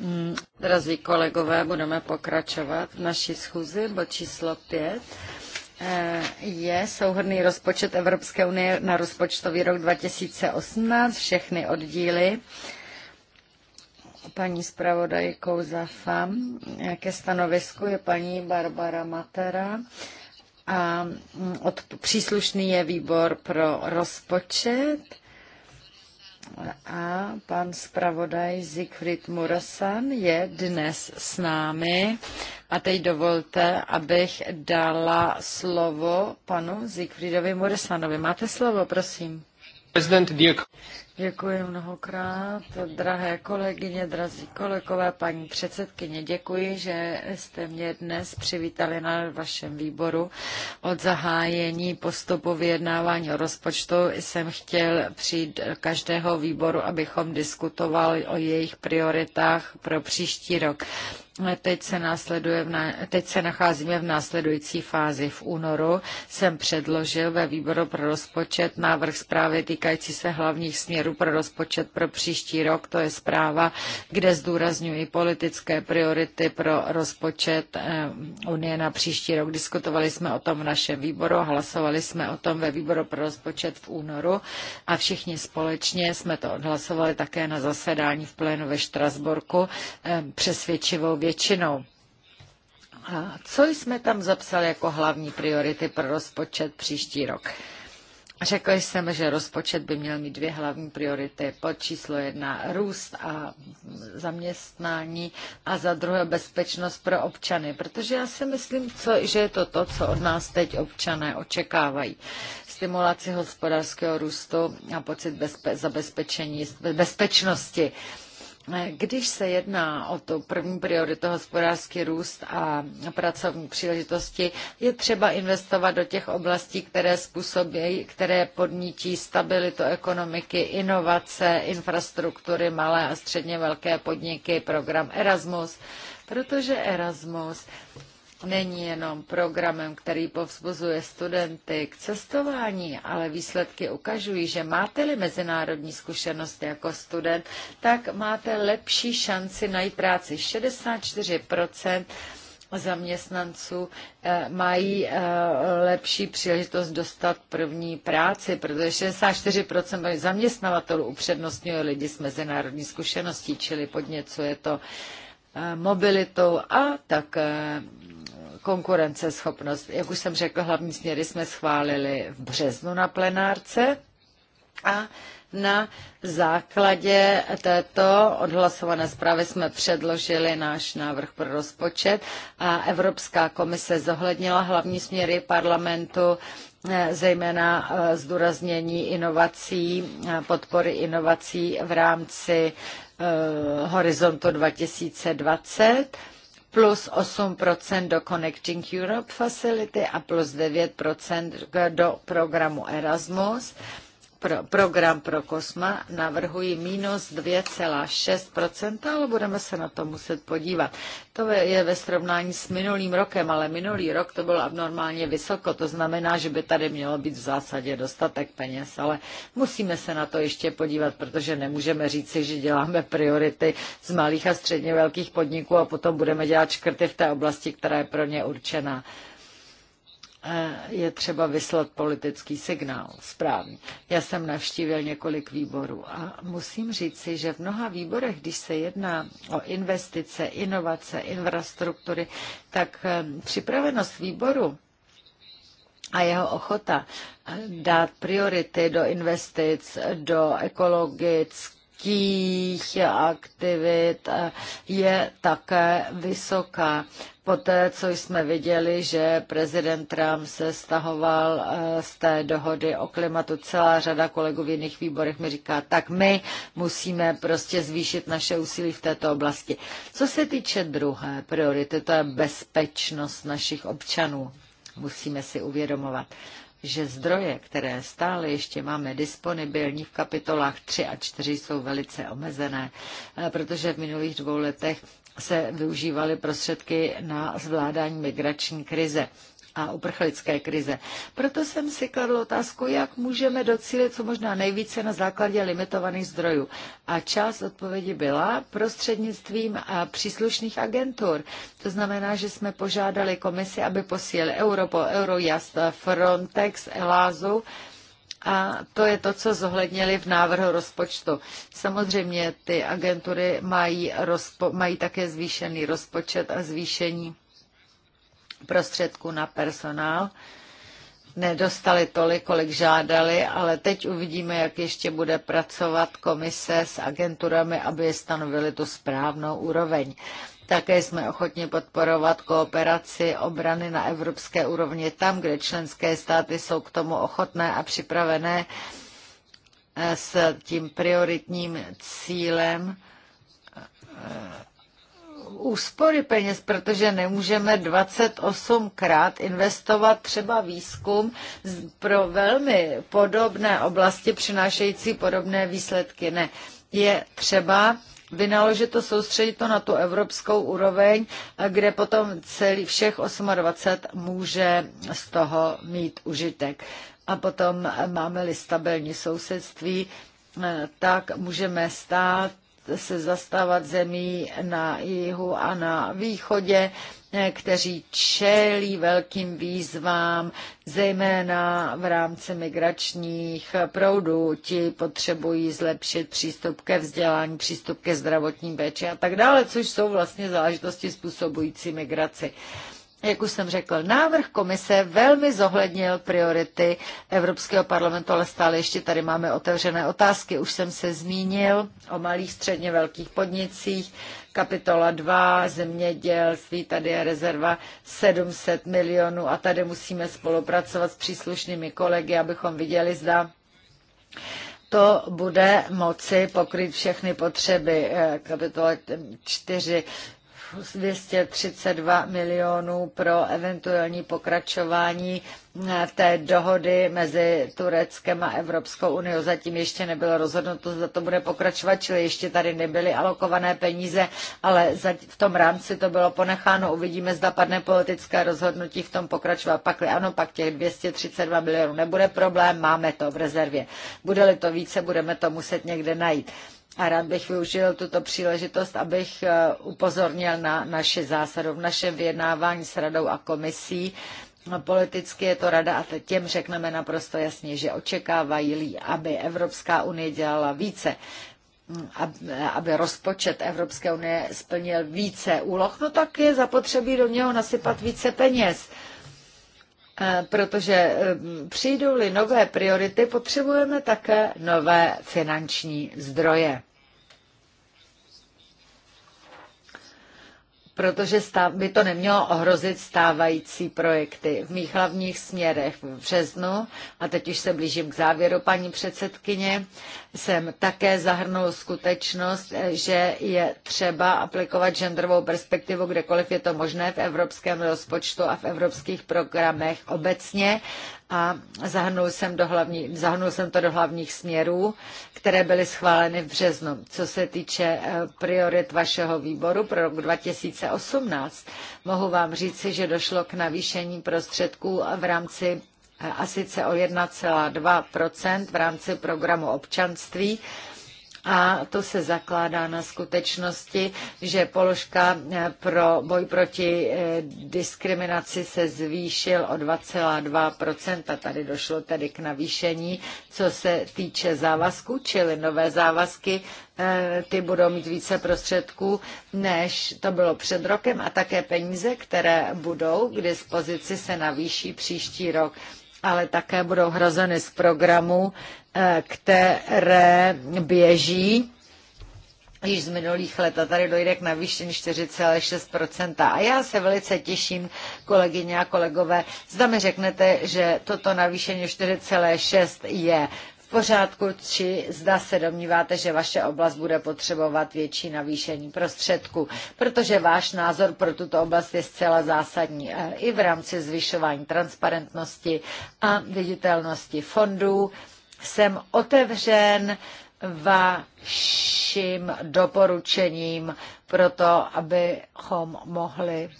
Mm, Drazí kolegové, budeme pokračovat v naší schůzi, bod číslo 5 eh, je souhrný rozpočet Evropské unie na rozpočtový rok 2018, všechny oddíly. Paní zpravodajkou za FAM eh, ke stanovisku je paní Barbara Matera a mm, od, příslušný je výbor pro rozpočet. Pan zpravodaj Siegfried Murasan je dnes s námi. A teď dovolte, abych dala slovo panu Siegfriedovi Murasanovi. Máte slovo, prosím. Děkuji mnohokrát, drahé kolegyně, drazí kolegové, paní předsedkyně, děkuji, že jste mě dnes přivítali na vašem výboru. Od zahájení postupu vyjednávání o rozpočtu jsem chtěl přijít každého výboru, abychom diskutovali o jejich prioritách pro příští rok. Teď se, následuje v na, teď se nacházíme v následující fázi. V únoru jsem předložil ve výboru pro rozpočet návrh zprávy týkající se hlavních směrů pro rozpočet pro příští rok. To je zpráva, kde zdůrazňuji politické priority pro rozpočet eh, Unie na příští rok. Diskutovali jsme o tom v našem výboru, hlasovali jsme o tom ve výboru pro rozpočet v únoru a všichni společně jsme to odhlasovali také na zasedání v plénu ve Štrasborku eh, přesvědčivou věcí většinou. A co jsme tam zapsali jako hlavní priority pro rozpočet příští rok? Řekl jsem, že rozpočet by měl mít dvě hlavní priority. Pod číslo jedna růst a zaměstnání a za druhé bezpečnost pro občany. Protože já si myslím, co, že je to to, co od nás teď občané očekávají. Stimulaci hospodářského růstu a pocit bezpe- zabezpečení, bezpečnosti. Když se jedná o tu první prioritu hospodářský růst a pracovní příležitosti, je třeba investovat do těch oblastí, které způsobí, které podnítí stabilitu ekonomiky, inovace, infrastruktury, malé a středně velké podniky, program Erasmus, protože Erasmus není jenom programem, který povzbuzuje studenty k cestování, ale výsledky ukazují, že máte-li mezinárodní zkušenost jako student, tak máte lepší šanci najít práci. 64% zaměstnanců eh, mají eh, lepší příležitost dostat první práci, protože 64% zaměstnavatelů upřednostňuje lidi s mezinárodní zkušeností, čili podněcuje to eh, mobilitou a také konkurenceschopnost. Jak už jsem řekl, hlavní směry jsme schválili v březnu na plenárce a na základě této odhlasované zprávy jsme předložili náš návrh pro rozpočet a Evropská komise zohlednila hlavní směry parlamentu eh, zejména eh, zdůraznění inovací, eh, podpory inovací v rámci horizontu 2020 plus 8% do Connecting Europe Facility a plus 9% do programu Erasmus pro program pro Kosma navrhuji minus 2,6%, ale budeme se na to muset podívat. To je ve srovnání s minulým rokem, ale minulý rok to bylo abnormálně vysoko, to znamená, že by tady mělo být v zásadě dostatek peněz, ale musíme se na to ještě podívat, protože nemůžeme říci, že děláme priority z malých a středně velkých podniků a potom budeme dělat škrty v té oblasti, která je pro ně určená je třeba vyslat politický signál správný. Já jsem navštívil několik výborů a musím si, že v mnoha výborech, když se jedná o investice, inovace, infrastruktury, tak eh, připravenost výboru a jeho ochota dát priority do investic, do ekologických Těch aktivit eh, je také vysoká. Poté, co jsme viděli, že prezident Trump se stahoval eh, z té dohody o klimatu, celá řada kolegů v jiných výborech mi říká, tak my musíme prostě zvýšit naše úsilí v této oblasti. Co se týče druhé priority, to je bezpečnost našich občanů. Musíme si uvědomovat, že zdroje, které stále ještě máme disponibilní v kapitolách 3 a 4, jsou velice omezené, eh, protože v minulých dvou letech se využívaly prostředky na zvládání migrační krize a uprchlické krize. Proto jsem si kladl otázku, jak můžeme docílit co možná nejvíce na základě limitovaných zdrojů. A část odpovědi byla prostřednictvím příslušných agentur. To znamená, že jsme požádali komisi, aby posílili Europol, Eurojust, Frontex, Elázu, a to je to, co zohlednili v návrhu rozpočtu. Samozřejmě ty agentury mají, rozpo, mají také zvýšený rozpočet a zvýšení prostředků na personál. Nedostali tolik, kolik žádali, ale teď uvidíme, jak ještě bude pracovat komise s agenturami, aby je stanovili tu správnou úroveň. Také jsme ochotni podporovat kooperaci obrany na evropské úrovni tam, kde členské státy jsou k tomu ochotné a připravené eh, s tím prioritním cílem eh, úspory peněz, protože nemůžeme 28krát investovat třeba výzkum pro velmi podobné oblasti přinášející podobné výsledky. Ne, je třeba vynaložit to, soustředit to na tu evropskou úroveň, kde potom celý, všech 28 může z toho mít užitek. A potom máme-li stabilní sousedství, eh, tak můžeme stát se zastávat zemí na jihu a na východě, eh, kteří čelí velkým výzvám, zejména v rámci migračních proudů. Ti potřebují zlepšit přístup ke vzdělání, přístup ke zdravotním péči a tak dále, což jsou vlastně záležitosti způsobující migraci jak už jsem řekl, návrh komise velmi zohlednil priority Evropského parlamentu, ale stále ještě tady máme otevřené otázky. Už jsem se zmínil o malých středně velkých podnicích. Kapitola 2, zemědělství, tady je rezerva 700 milionů a tady musíme spolupracovat s příslušnými kolegy, abychom viděli, zda to bude moci pokryt všechny potřeby. Eh, kapitola 4 232 milionů pro eventuální pokračování eh, té dohody mezi Tureckem a Evropskou unií. Zatím ještě nebylo rozhodnuto, zda to bude pokračovat, čili ještě tady nebyly alokované peníze, ale v tom rámci to bylo ponecháno. Uvidíme, zda padne politické rozhodnutí v tom pokračovat. Pakli ano, pak těch 232 milionů nebude problém, máme to v rezervě. Bude-li to více, budeme to muset někde najít. A rád bych využil tuto příležitost, abych eh, upozornil na naši zásadu v našem vyjednávání s radou a komisí. No, politicky je to rada a těm řekneme naprosto jasně, že očekávají, aby Evropská unie dělala více mm, aby rozpočet Evropské unie splnil více úloh, no tak je zapotřebí do něho nasypat více peněz. Eh, protože eh, přijdou-li nové priority, potřebujeme také nové finanční zdroje. protože stav, by to nemělo ohrozit stávající projekty v mých hlavních směrech v březnu, a teď už se blížím k závěru, paní předsedkyně, jsem také zahrnul skutečnost, že je třeba aplikovat genderovou perspektivu kdekoliv je to možné v evropském rozpočtu a v evropských programech obecně a zahrnul jsem, do hlavní, zahrnul jsem to do hlavních směrů, které byly schváleny v březnu. Co se týče eh, priorit vašeho výboru pro rok 2018, mohu vám říci, že došlo k navýšení prostředků v rámci a sice o 1,2 v rámci programu občanství. A to se zakládá na skutečnosti, že položka eh, pro boj proti eh, diskriminaci se zvýšil o 2,2%. Tady došlo tedy k navýšení, co se týče závazků, čili nové závazky, eh, ty budou mít více prostředků, než to bylo před rokem a také peníze, které budou k dispozici, se navýší příští rok ale také budou hrazeny z programu, eh, které běží již z minulých let a tady dojde k navýšení 4,6%. A já se velice těším, kolegyně a kolegové, zda mi řeknete, že toto navýšení 4,6 je v pořádku, či zda se domníváte, že vaše oblast bude potřebovat větší navýšení prostředků, protože váš názor pro tuto oblast je zcela zásadní eh, i v rámci zvyšování transparentnosti a viditelnosti fondů. Jsem otevřen vašim doporučením pro to, abychom mohli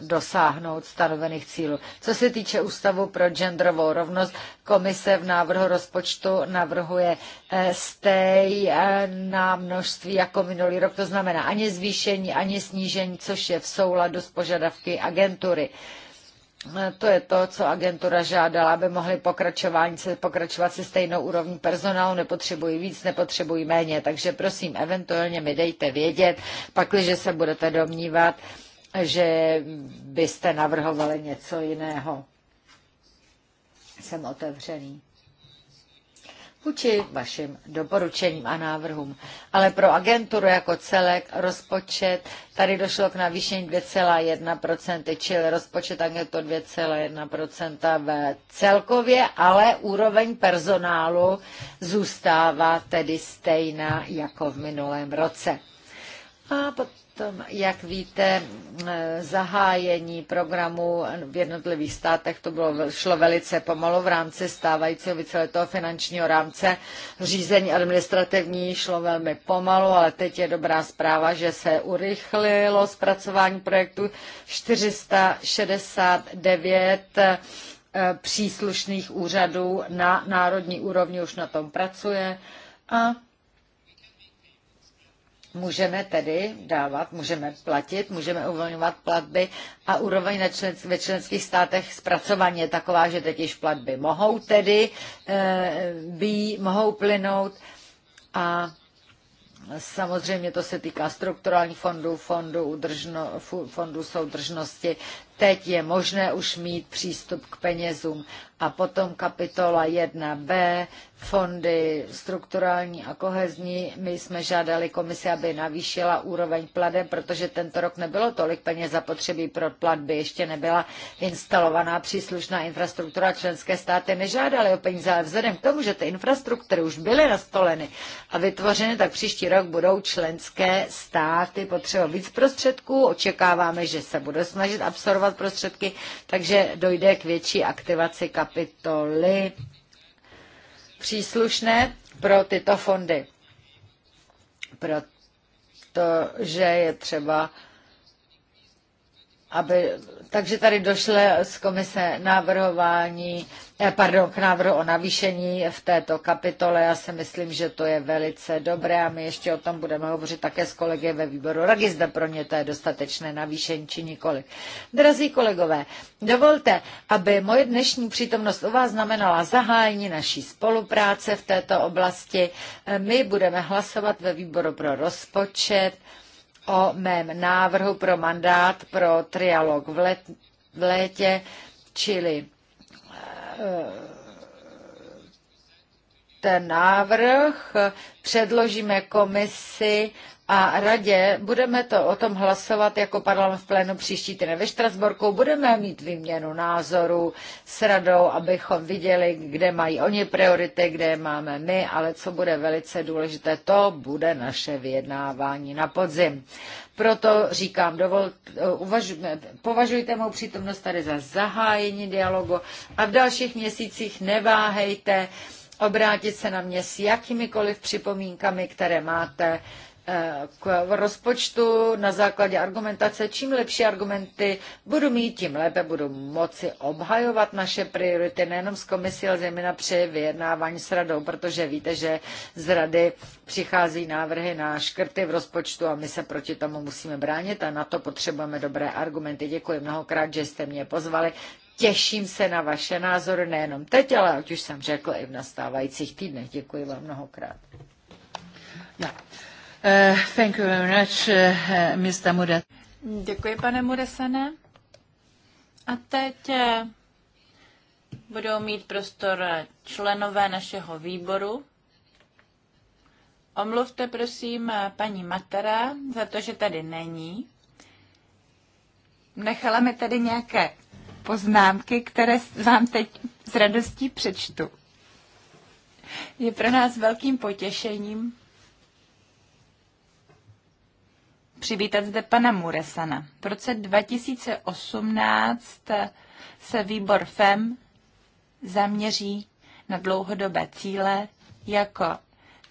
dosáhnout stanovených cílů. Co se týče Ústavu pro genderovou rovnost, komise v návrhu rozpočtu navrhuje eh, stej eh, na množství jako minulý rok, to znamená ani zvýšení, ani snížení, což je v souladu s požadavky agentury. Eh, to je to, co agentura žádala, aby mohly se, pokračovat se stejnou úrovní personálu, nepotřebují víc, nepotřebují méně. Takže prosím, eventuálně mi dejte vědět, pakliže se budete domnívat, že byste navrhovali něco jiného. Jsem otevřený vůči vašim doporučením a návrhům. Ale pro agenturu jako celek rozpočet, tady došlo k navýšení 2,1%, čili rozpočet to 2,1% v celkově, ale úroveň personálu zůstává tedy stejná jako v minulém roce. A tom, jak víte, eh, zahájení programu v jednotlivých státech to bylo, šlo velice pomalu v rámci stávajícího víceletého finančního rámce. Řízení administrativní šlo velmi pomalu, ale teď je dobrá zpráva, že se urychlilo zpracování projektu 469 eh, příslušných úřadů na národní úrovni už na tom pracuje a Můžeme tedy dávat, můžeme platit, můžeme uvolňovat platby a úroveň na člen, ve členských státech zpracování je taková, že teď již platby mohou tedy e, eh, být, mohou plynout a Samozřejmě to se týká strukturálních fondů, fondů, udržno, fondů soudržnosti. Teď je možné už mít přístup k penězům a potom kapitola 1b, fondy strukturální a kohezní. My jsme žádali komisi, aby navýšila úroveň plade, protože tento rok nebylo tolik peněz zapotřebí pro platby, ještě nebyla instalovaná příslušná infrastruktura. Členské státy Nežádali o peníze, ale vzhledem k tomu, že ty infrastruktury už byly nastoleny a vytvořeny, tak příští rok budou členské státy potřebovat víc prostředků. Očekáváme, že se budou snažit absorbovat prostředky, takže dojde k větší aktivaci kapitola kapitoly příslušné pro tyto fondy, protože je třeba aby, takže tady došle z komise návrhování, eh, pardon, k návrhu o navýšení v této kapitole. Já si myslím, že to je velice dobré a my ještě o tom budeme hovořit také s kolegy ve výboru Regi. Zde pro ně to je dostatečné navýšení či nikoli. Drazí kolegové, dovolte, aby moje dnešní přítomnost u vás znamenala zahájení naší spolupráce v této oblasti. Eh, my budeme hlasovat ve výboru pro rozpočet o mém návrhu pro mandát pro trialog v, let, v létě, čili eh, ten návrh předložíme komisi a radě budeme to o tom hlasovat jako parlament v plénu příští týden ve Štrasborku. Budeme mít výměnu názorů s radou, abychom viděli, kde mají oni priority, kde je máme my, ale co bude velice důležité, to bude naše vyjednávání na podzim. Proto říkám, dovol, uvažu, považujte mou přítomnost tady za zahájení dialogu a v dalších měsících neváhejte obrátit se na mě s jakýmikoliv připomínkami, které máte k rozpočtu na základě argumentace. Čím lepší argumenty budu mít, tím lépe budu moci obhajovat naše priority nejenom z komisí, ale zejména při vyjednávání s radou, protože víte, že z rady přichází návrhy na škrty v rozpočtu a my se proti tomu musíme bránit a na to potřebujeme dobré argumenty. Děkuji mnohokrát, že jste mě pozvali. Těším se na vaše názory nejenom teď, ale jak už jsem řekl, i v nastávajících týdnech. Děkuji vám mnohokrát. No. Eh, thank you very much, eh, Mr. Děkuji, pane Muresene. A teď eh, budou mít prostor členové našeho výboru. Omluvte prosím paní Matera za to, že tady není. Nechala mi tady nějaké poznámky, které vám teď s radostí přečtu. Je pro nás velkým potěšením, přivítat zde pana Muresana. V roce 2018 se výbor FEM zaměří na dlouhodobé cíle jako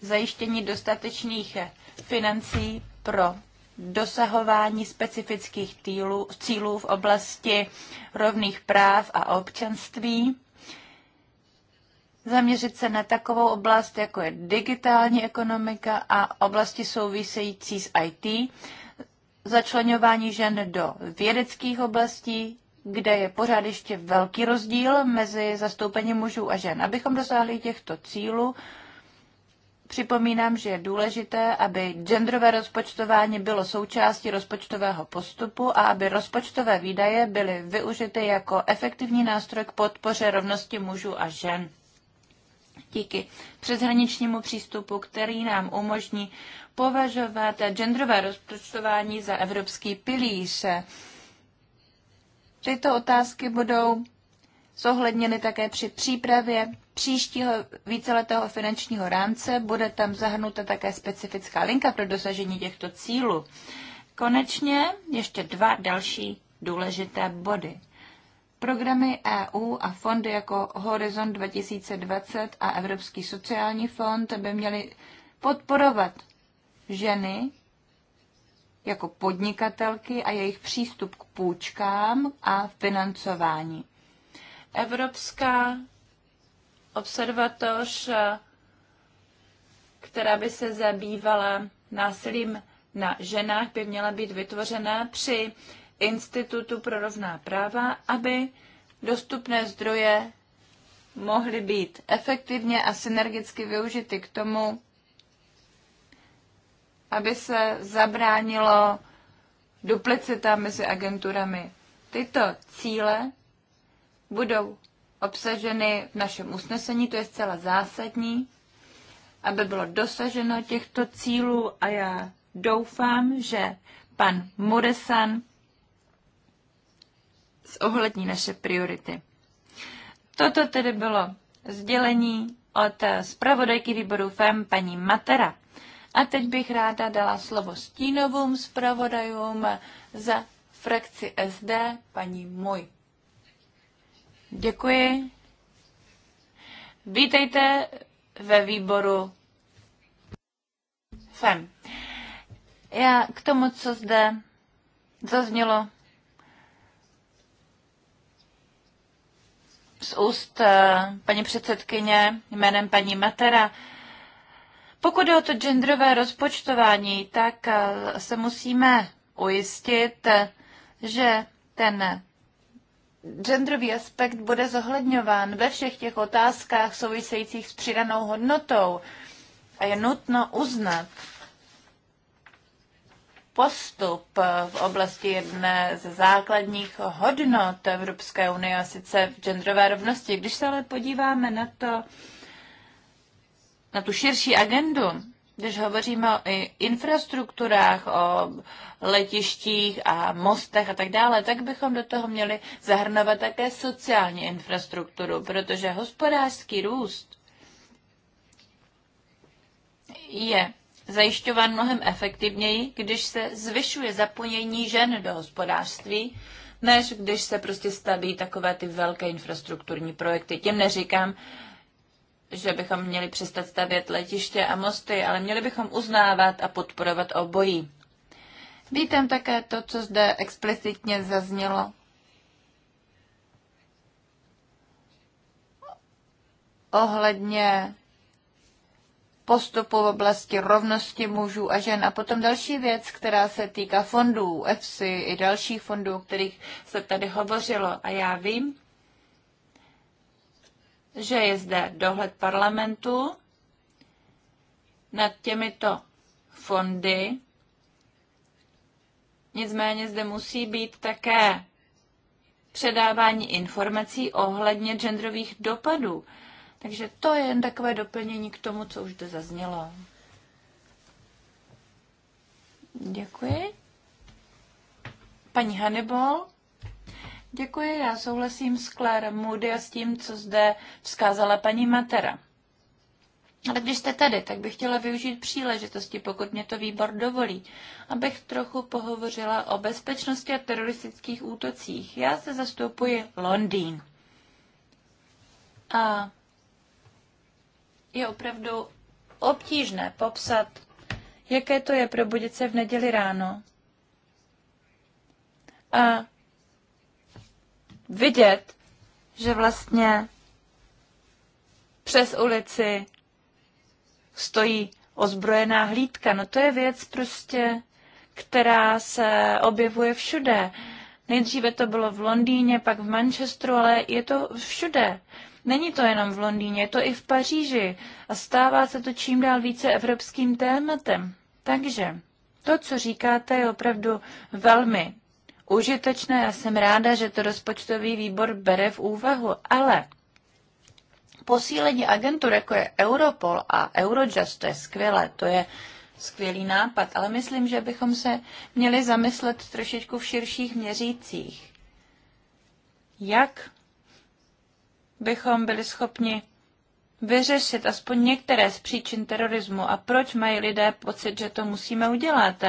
zajištění dostatečných financí pro dosahování specifických cílů v oblasti rovných práv a občanství, zaměřit se na takovou oblast, jako je digitální ekonomika a oblasti související s IT, začlenování žen do vědeckých oblastí, kde je pořád ještě velký rozdíl mezi zastoupením mužů a žen. Abychom dosáhli těchto cílů, připomínám, že je důležité, aby genderové rozpočtování bylo součástí rozpočtového postupu a aby rozpočtové výdaje byly využity jako efektivní nástroj k podpoře rovnosti mužů a žen díky přeshraničnímu přístupu, který nám umožní považovat genderové rozpočtování za evropský pilíř. Tyto otázky budou zohledněny také při přípravě příštího víceletého finančního rámce. Bude tam zahrnuta také specifická linka pro dosažení těchto cílů. Konečně ještě dva další důležité body. Programy EU a fondy jako Horizon 2020 a Evropský sociální fond by měly podporovat ženy jako podnikatelky a jejich přístup k půjčkám a financování. Evropská observatoř, která by se zabývala násilím na ženách, by měla být vytvořena při Institutu pro rovná práva, aby dostupné zdroje mohly být efektivně a synergicky využity k tomu, aby se zabránilo duplicita mezi agenturami. Tyto cíle budou obsaženy v našem usnesení, to je zcela zásadní, aby bylo dosaženo těchto cílů a já doufám, že pan Muresan zohlední naše priority. Toto tedy bylo sdělení od zpravodajky výboru FEM paní Matera. A teď bych ráda dala slovo stínovům zpravodajům za frakci SD paní Můj. Děkuji. Vítejte ve výboru FEM. Já k tomu, co zde zaznělo, z úst eh, paní předsedkyně jménem paní Matera. Pokud je o to genderové rozpočtování, tak eh, se musíme ujistit, eh, že ten genderový aspekt bude zohledňován ve všech těch otázkách souvisejících s přidanou hodnotou. A je nutno uznat, postup v oblasti jedné ze základních hodnot Evropské unie, a sice v genderové rovnosti. Když se ale podíváme na to, na tu širší agendu, když hovoříme o infrastrukturách, o letištích a mostech a tak dále, tak bychom do toho měli zahrnovat také sociální infrastrukturu, protože hospodářský růst je zajišťován mnohem efektivněji, když se zvyšuje zapojení žen do hospodářství, než když se prostě staví takové ty velké infrastrukturní projekty. Tím neříkám, že bychom měli přestat stavět letiště a mosty, ale měli bychom uznávat a podporovat obojí. Vítám také to, co zde explicitně zaznělo ohledně postupu v oblasti rovnosti mužů a žen. A potom další věc, která se týká fondů, EFSI i dalších fondů, o kterých se tady hovořilo. A já vím, že je zde dohled parlamentu nad těmito fondy. Nicméně zde musí být také předávání informací ohledně genderových dopadů. Takže to je jen takové doplnění k tomu, co už to zaznělo. Děkuji. Paní Hannibal. Děkuji, já souhlasím s Claire Moody a s tím, co zde vzkázala paní Matera. Ale když jste tady, tak bych chtěla využít příležitosti, pokud mě to výbor dovolí, abych trochu pohovořila o bezpečnosti a teroristických útocích. Já se zastupuji Londýn. A je opravdu obtížné popsat, jaké to je probudit se v neděli ráno a vidět, že vlastně přes ulici stojí ozbrojená hlídka. No to je věc prostě, která se objevuje všude. Nejdříve to bylo v Londýně, pak v Manchesteru, ale je to všude. Není to jenom v Londýně, je to i v Paříži a stává se to čím dál více evropským tématem. Takže to, co říkáte, je opravdu velmi užitečné. Já jsem ráda, že to rozpočtový výbor bere v úvahu, ale posílení agentur, jako je Europol a Eurojust, to je skvělé, to je skvělý nápad, ale myslím, že bychom se měli zamyslet trošičku v širších měřících. Jak bychom byli schopni vyřešit aspoň některé z příčin terorismu a proč mají lidé pocit, že to musíme udělat.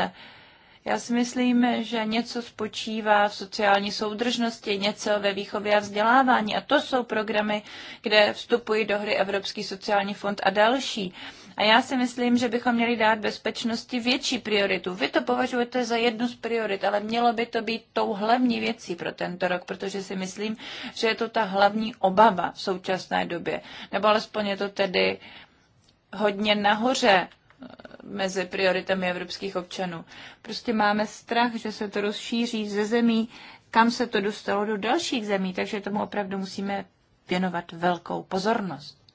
Já si myslím, že něco spočívá v sociální soudržnosti, něco ve výchově a vzdělávání. A to jsou programy, kde vstupují do hry Evropský sociální fond a další. A já si myslím, že bychom měli dát bezpečnosti větší prioritu. Vy to považujete za jednu z priorit, ale mělo by to být tou hlavní věcí pro tento rok, protože si myslím, že je to ta hlavní obava v současné době. Nebo alespoň je to tedy hodně nahoře eh, mezi prioritami evropských občanů. Prostě máme strach, že se to rozšíří ze zemí, kam se to dostalo do dalších zemí, takže tomu opravdu musíme věnovat velkou pozornost.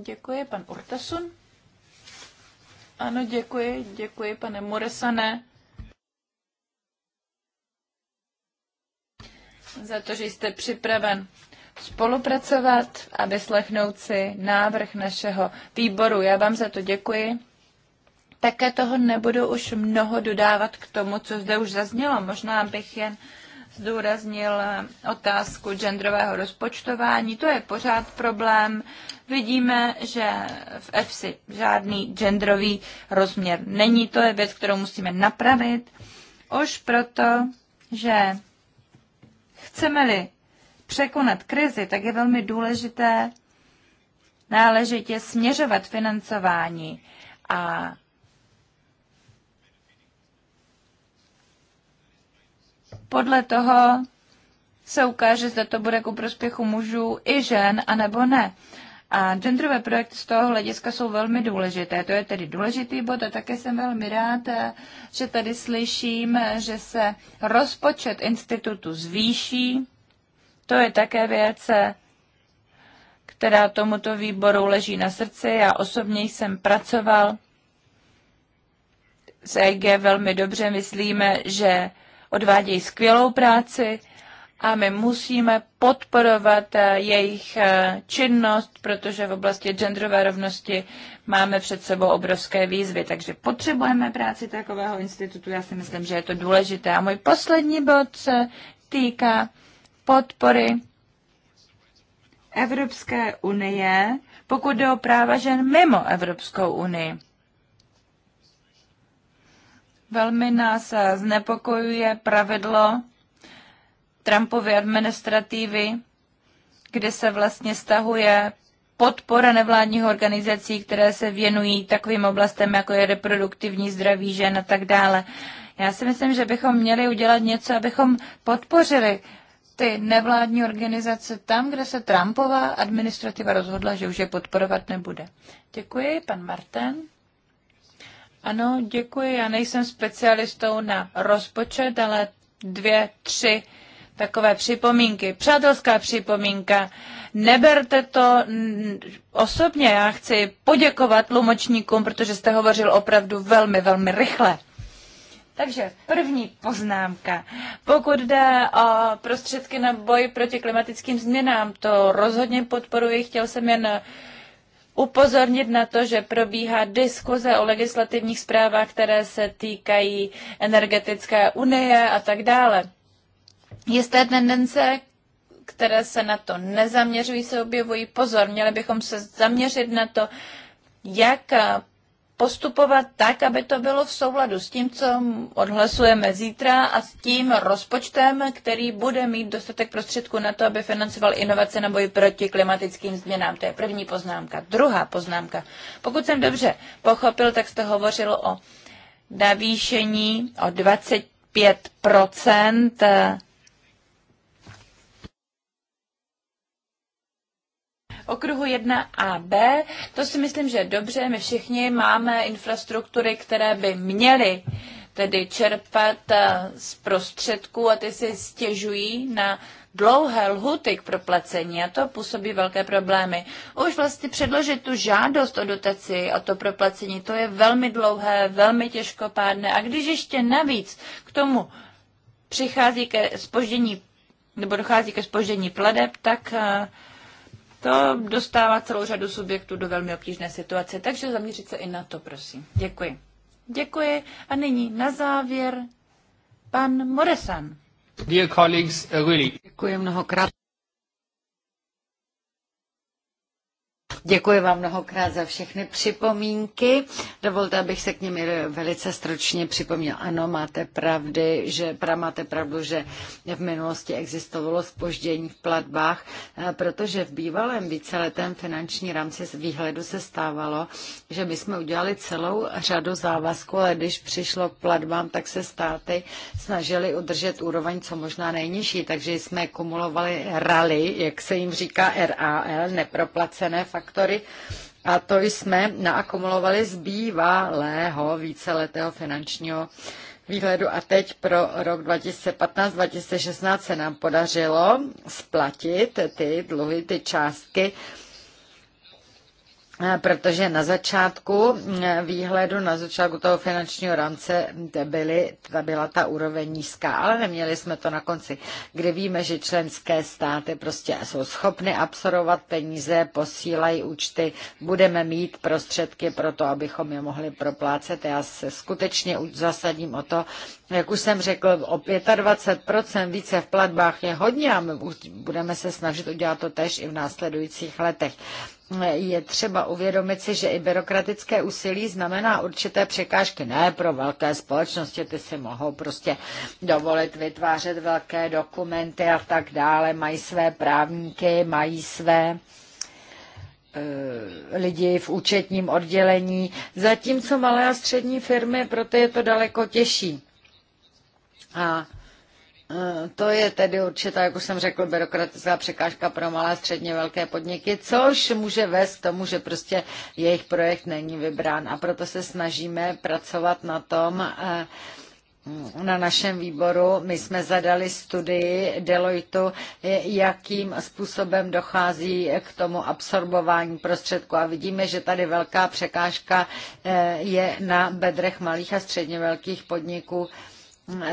Děkuji, pan Urtasun. Ano, děkuji, děkuji, pane Moresane. Za to, že jste připraven spolupracovat a vyslechnout si návrh našeho výboru. Já vám za to děkuji. Také toho nebudu už mnoho dodávat k tomu, co zde už zaznělo. Možná bych jen uh, zdůraznil otázku genderového rozpočtování. To je pořád problém. Vidíme, že v EFSI žádný genderový rozměr není. To je věc, kterou musíme napravit. Už proto, že chceme-li překonat krizi, tak je velmi důležité náležitě směřovat financování a podle toho se ukáže, zda to bude ku prospěchu mužů i žen, anebo ne. A genderové projekty z toho hlediska jsou velmi důležité. To je tedy důležitý bod a také jsem velmi rád, že tady slyším, že se rozpočet institutu zvýší. To je také věc, která tomuto výboru leží na srdci. Já osobně jsem pracoval s EG velmi dobře. Myslíme, že odvádějí skvělou práci a my musíme podporovat eh, jejich eh, činnost, protože v oblasti genderové rovnosti máme před sebou obrovské výzvy, takže potřebujeme práci takového institutu. Já si myslím, že je to důležité. A můj poslední bod se týká podpory Evropské unie, pokud jde o práva žen mimo Evropskou unii. Velmi nás eh, znepokojuje pravidlo Trumpovy administrativy, kde se vlastně stahuje podpora nevládních organizací, které se věnují takovým oblastem, jako je reproduktivní zdraví žen a tak dále. Já si myslím, že bychom měli udělat něco, abychom podpořili ty nevládní organizace tam, kde se Trumpová administrativa rozhodla, že už je podporovat nebude. Děkuji, pan Martin. Ano, děkuji. Já nejsem specialistou na rozpočet, ale dvě, tři takové připomínky. Přátelská připomínka. Neberte to osobně. Já chci poděkovat tlumočníkům, protože jste hovořil opravdu velmi, velmi rychle. Takže první poznámka. Pokud jde o prostředky na boj proti klimatickým změnám, to rozhodně podporuji. Chtěl jsem jen uh, upozornit na to, že probíhá diskuze o legislativních zprávách, které se týkají energetické unie a tak dále. Jisté tendence, které se na to nezaměřují, se objevují. Pozor, měli bychom se zaměřit na to, jak postupovat tak, aby to bylo v souladu s tím, co odhlasujeme zítra a s tím rozpočtem, který bude mít dostatek prostředků na to, aby financoval inovace na boji proti klimatickým změnám. To je první poznámka. Druhá poznámka. Pokud jsem dobře pochopil, tak jste hovořil o navýšení o 25 okruhu 1 a B. To si myslím, že je dobře. My všichni máme infrastruktury, které by měly tedy čerpat eh, z prostředků a ty si stěžují na dlouhé lhuty k proplacení a to působí velké problémy. Už vlastně předložit tu žádost o dotaci a to proplacení, to je velmi dlouhé, velmi těžkopádné a když ještě navíc k tomu přichází ke spoždění nebo dochází ke spoždění pladeb, tak eh, to dostává celou řadu subjektů do velmi obtížné situace, takže zaměřit se i na to, prosím. Děkuji. Děkuji a nyní na závěr pan Moresan. Dear colleagues, uh, really. Děkuji mnohokrát. Děkuji vám mnohokrát za všechny připomínky. Dovolte, abych se k nimi velice stručně připomněl. Ano, máte, pravdy, že, pra, máte pravdu, že v minulosti existovalo spoždění v platbách, eh, protože v bývalém víceletém finanční rámci z výhledu se stávalo, že my jsme udělali celou řadu závazků, ale když přišlo k platbám, tak se státy snažili udržet úroveň co možná nejnižší, takže jsme kumulovali rally, jak se jim říká RAL, neproplacené faktory faktory a to jsme naakumulovali z bývalého víceletého finančního výhledu a teď pro rok 2015-2016 se nám podařilo splatit ty dluhy, ty částky Eh, protože na začátku eh, výhledu, na začátku toho finančního rámce hm, byly, ta byla ta úroveň nízká, ale neměli jsme to na konci, kdy víme, že členské státy prostě jsou schopny absorbovat peníze, posílají účty, budeme mít prostředky pro to, abychom je mohli proplácet. Já se skutečně zasadím o to, jak už jsem řekl, o 25% více v platbách je hodně a my budeme se snažit udělat to tež i v následujících letech je třeba uvědomit si, že i byrokratické úsilí znamená určité překážky. Ne pro velké společnosti, ty si mohou prostě dovolit vytvářet velké dokumenty a tak dále, mají své právníky, mají své eh, lidi v účetním oddělení, zatímco malé a střední firmy, proto je to daleko těžší. A Eh, to je tedy určitá, jak už jsem řekl, byrokratická překážka pro malé a středně velké podniky, což může vést k tomu, že prostě jejich projekt není vybrán. A proto se snažíme pracovat na tom, eh, na našem výboru. My jsme zadali studii Deloitu, eh, jakým způsobem dochází k tomu absorbování prostředků. A vidíme, že tady velká překážka je na bedrech malých a středně velkých podniků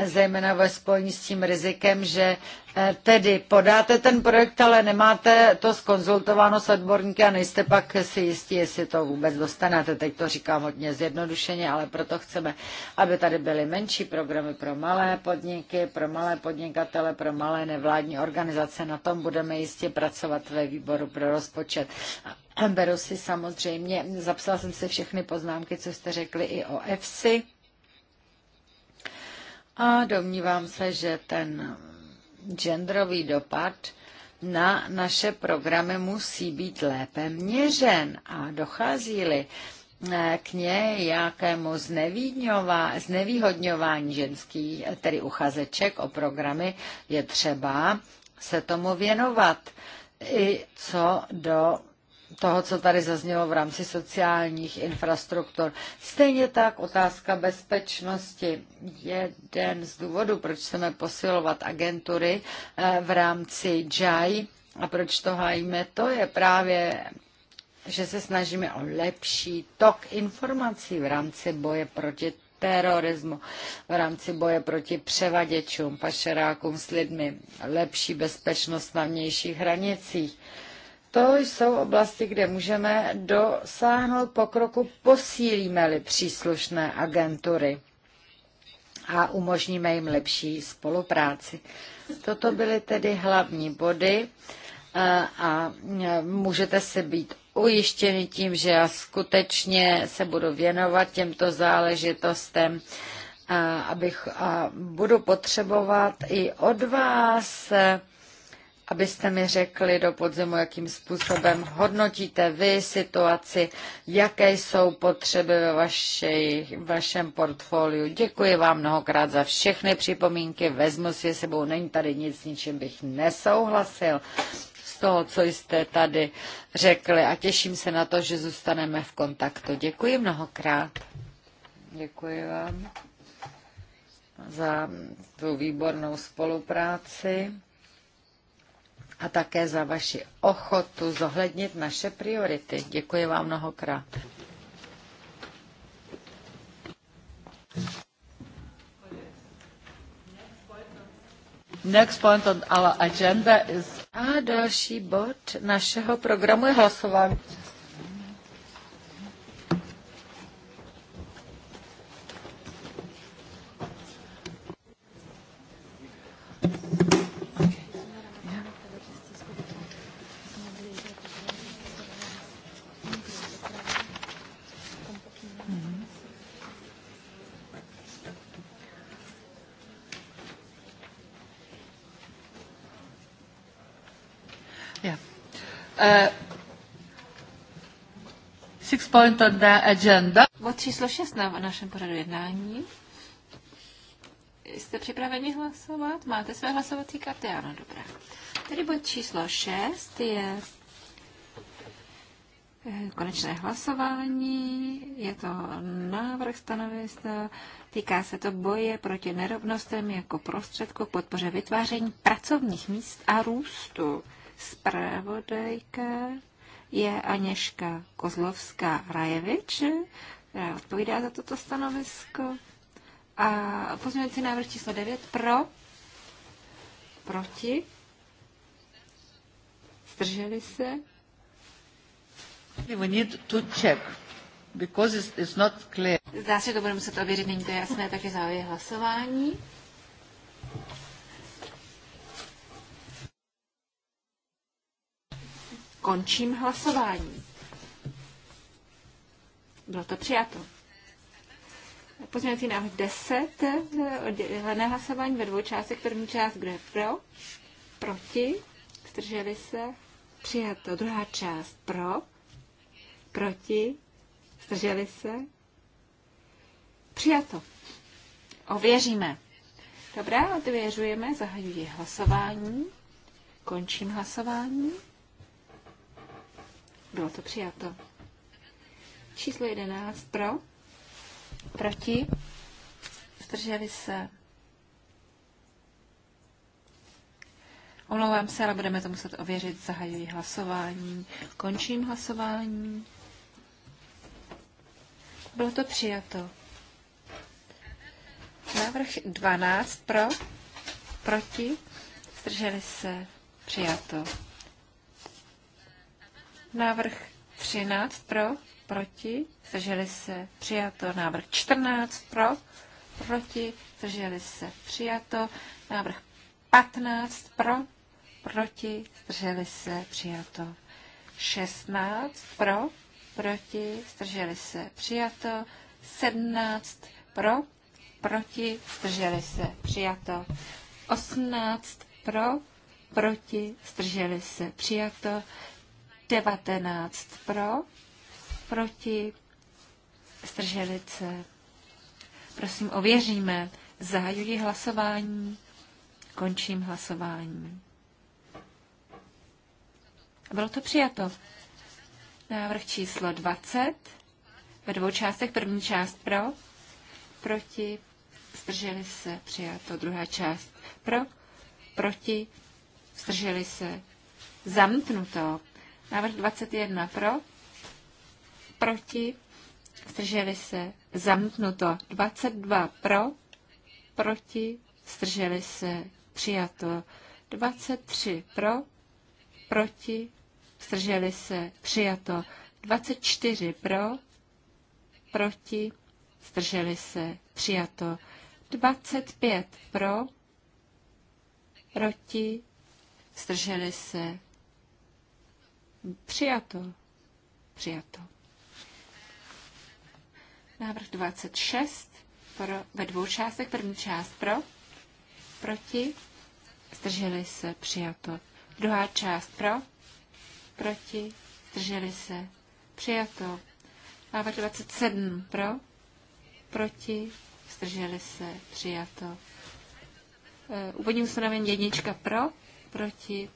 zejména ve spojení s tím rizikem, že eh, tedy podáte ten projekt, ale nemáte to skonzultováno s odborníky a nejste pak si jistí, jestli to vůbec dostanete. Teď to říkám hodně zjednodušeně, ale proto chceme, aby tady byly menší programy pro malé podniky, pro malé podnikatele, pro malé nevládní organizace. Na tom budeme jistě pracovat ve výboru pro rozpočet. Beru si samozřejmě, zapsala jsem si všechny poznámky, co jste řekli i o EFSI a domnívám se, že ten genderový dopad na naše programy musí být lépe měřen a dochází-li eh, k nějakému znevýhodňování ženských, tedy uchazeček o programy, je třeba se tomu věnovat i co do toho, co tady zaznělo v rámci sociálních infrastruktur. Stejně tak otázka bezpečnosti. Jeden z důvodů, proč chceme posilovat agentury eh, v rámci JAI a proč to hájíme, to je právě že se snažíme o lepší tok informací v rámci boje proti terorismu, v rámci boje proti převaděčům, pašerákům s lidmi, lepší bezpečnost na vnějších hranicích. To jsou oblasti, kde můžeme dosáhnout pokroku, posílíme-li příslušné agentury a umožníme jim lepší spolupráci. Toto byly tedy hlavní body eh, a eh, můžete si být ujištěni tím, že já skutečně se budu věnovat těmto záležitostem a, eh, abych, a budu potřebovat i od vás abyste mi řekli do podzimu, jakým způsobem hodnotíte vy situaci, jaké jsou potřeby ve vašej, vašem portfoliu. Děkuji vám mnohokrát za všechny připomínky, vezmu si sebou, není tady nic, ničím bych nesouhlasil z toho, co jste tady řekli a těším se na to, že zůstaneme v kontaktu. Děkuji mnohokrát. Děkuji vám za tu výbornou spolupráci a také za vaši ochotu zohlednit naše priority. Děkuji vám mnohokrát. Next point on our agenda is... A další bod našeho programu je hlasování. Eh, six point on the agenda. Bod číslo 6 na našem pořadu jednání. Jste připraveni hlasovat? Máte své hlasovací karty? Ano, dobrá. Tedy bod číslo 6 je eh, konečné hlasování. Je to návrh stanoviska. Týká se to boje proti nerovnostem jako prostředku k podpoře vytváření pracovních míst a růstu. Zpravodajka je Aněška Kozlovská-Rajevič, která odpovídá za toto stanovisko. A pozměňující návrh číslo 9 pro, proti, zdrželi se. We need to check, because it's not clear. Zdá se, že to budeme muset ověřit, není to jasné, takže zahajuji hlasování. Končím hlasování. Bylo to přijato. Pozměňovací návrh 10, oddělené eh, hlasování ve dvou částech. První část, kdo je pro, proti, zdrželi se, přijato. Druhá část pro, proti, zdrželi se, přijato. Ověříme. Dobrá, odvěřujeme, zahajuji hlasování, končím hlasování. Bylo to přijato. Číslo 11 pro, proti, zdrželi se. Omlouvám se, ale budeme to muset ověřit. Zahajuji hlasování. Končím hlasování. Bylo to přijato. Návrh 12 pro, proti, zdrželi se, přijato. Návrh 13 pro, proti, zdrželi se, přijato. Návrh 14 pro, proti, zdrželi se, přijato. Návrh 15 pro, proti, zdrželi se, přijato. 16 pro, proti, zdrželi se, přijato. 17 pro, proti, zdrželi se, přijato. 18 pro, proti, zdrželi se, přijato. 19 pro, proti, zdrželi se. Prosím, ověříme. Zahajuji hlasování, končím hlasování. Bylo to přijato. Návrh číslo 20 ve dvou částech. První část pro, proti, zdrželi se, přijato. Druhá část pro, proti, zdrželi se, zamítnuto. Návrh 21 pro, proti, zdrželi se, Zamknuto. 22 pro, proti, zdrželi se, přijato. 23 pro, proti, zdrželi se, přijato. 24 pro, proti, zdrželi se, přijato. 25 pro, proti, zdrželi se, Přijato. Přijato. Návrh 26 pro, ve dvou částech. První část pro, proti, zdrželi se, přijato. Druhá část pro, proti, zdrželi se, přijato. Návrh 27 pro, proti, zdrželi se, přijato. Eh, úvodní ustanovení jednička pro, proti,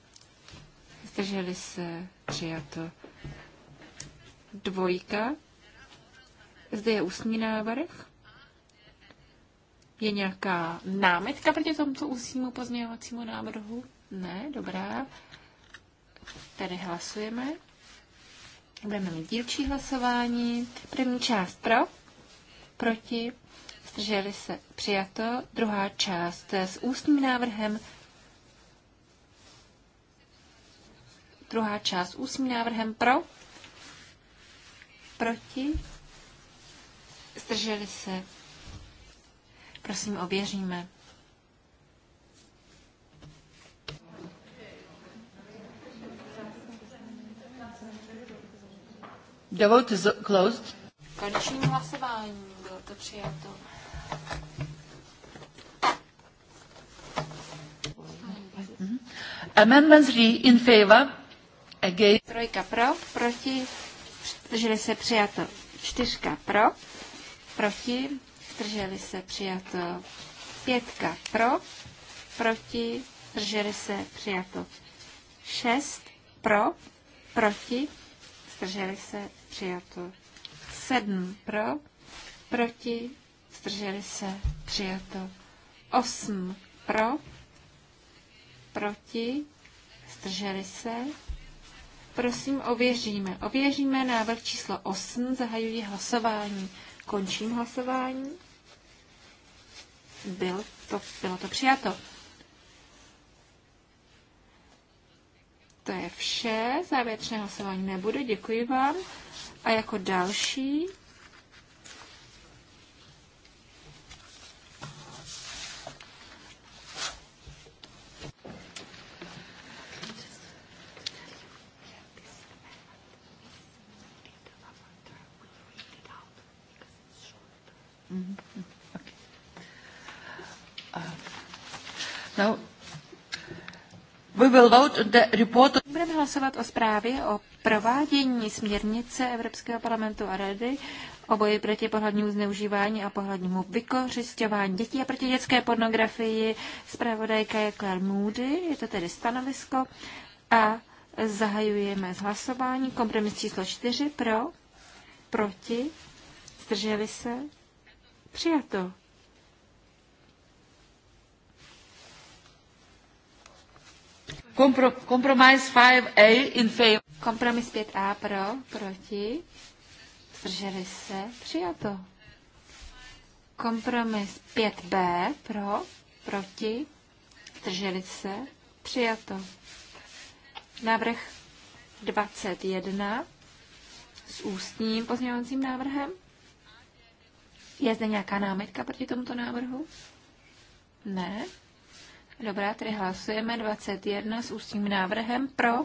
zdrželi se, přijato. Dvojka. Zde je ústní návrh. Je nějaká námitka proti tomto ústnímu pozměňovacímu návrhu? Ne, dobrá. Tady hlasujeme. Budeme mít dílčí hlasování. První část pro, proti, zdrželi se přijato. Druhá část s ústním návrhem Druhá část ústním návrhem pro, proti, zdrželi se. Prosím, ověříme. The vote is closed. Končím hlasování. Bylo to přijato. Mhm. Amendment 3 in favor again. Trojka pro, proti, drželi se přijato. Čtyřka pro, proti, drželi se přijato. Pětka pro, proti, drželi se přijato. Šest pro, proti, zdrželi se přijato. Sedm pro, proti, zdrželi se přijato. Osm pro, proti, zdrželi se prosím ověříme. Ověříme návrh číslo 8, zahajuji hlasování. Končím hlasování. Byl to, bylo to přijato. To je vše, závěrečné hlasování nebude, děkuji vám. A jako další Budeme hlasovat o zprávě o provádění směrnice Evropského parlamentu a rady o boji proti pohlednímu zneužívání a pohlednímu vykořišťování dětí a proti dětské pornografii. Zpravodajka je Claire Moody, je to tedy stanovisko. A zahajujeme hlasování. Kompromis číslo 4 pro, proti, zdrželi se, přijato. Kompro, compromise 5A in favor. Kompromis 5A pro, proti. Zdrželi se, přijato. Kompromis 5B pro, proti. Zdrželi se, přijato. Návrh 21 s ústním pozměňovacím návrhem. Je zde nějaká námitka proti tomuto návrhu? Ne. Dobrá, tedy hlasujeme 21 s ústním návrhem pro,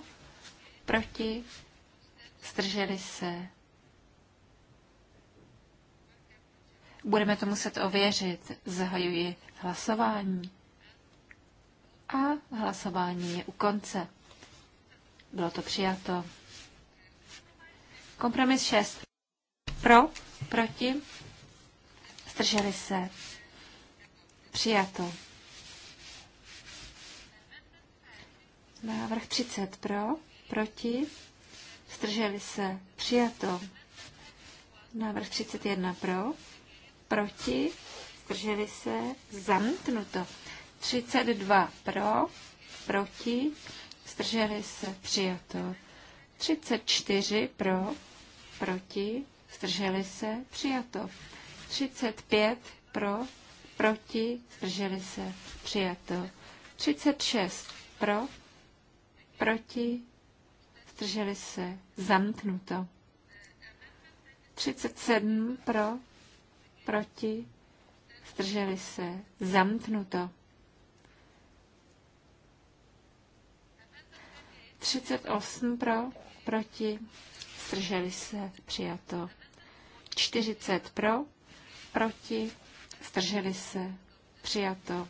proti, zdrželi se. Budeme to muset ověřit. Zahajuji hlasování. A hlasování je u konce. Bylo to přijato. Kompromis 6. Pro, proti, zdrželi se. Přijato. Návrh 30 pro, proti, zdrželi se, přijato. Návrh 31 pro, proti, zdrželi se, zamítnuto. 32 pro, proti, zdrželi se, přijato. 34 pro, proti, zdrželi se, přijato. 35 pro, proti, zdrželi se, přijato. 36 pro, proti, zdrželi se, zamknuto. 37 pro, proti, zdrželi se, zamknuto. 38 pro, proti, zdrželi se, přijato. 40 pro, proti, zdrželi se, přijato.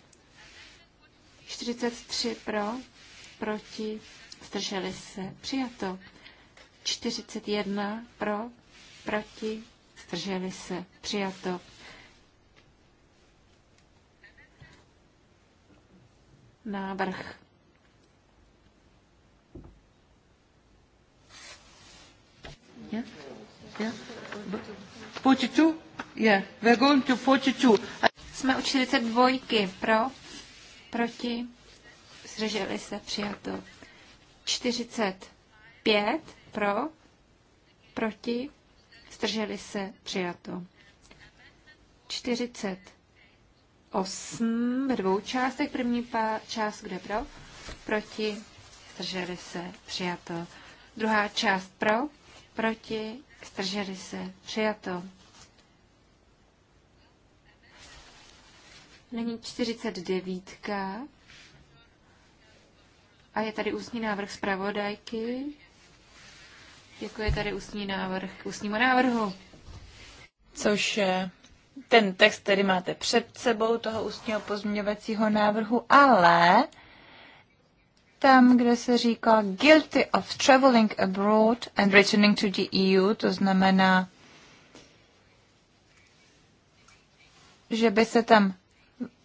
43 pro, proti, zdrželi se, přijato. 41 pro, proti, zdrželi se, přijato. Návrh. Yeah. Yeah. 42? Yeah, we're going to 42. Jsme u 42 pro, proti, zdrželi se, přijato. 45 pro, proti, zdrželi se, přijato. 48 ve dvou částech, první část kde pro, proti, zdrželi se, přijato. Druhá část pro, proti, zdrželi se, přijato. Není 49. A je tady ústní návrh zpravodajky. Děkuji, je tady ústní návrh k ústnímu návrhu. Což ten text, který máte před sebou, toho ústního pozměňovacího návrhu, ale tam, kde se říká guilty of traveling abroad and returning to the EU, to znamená, že by se tam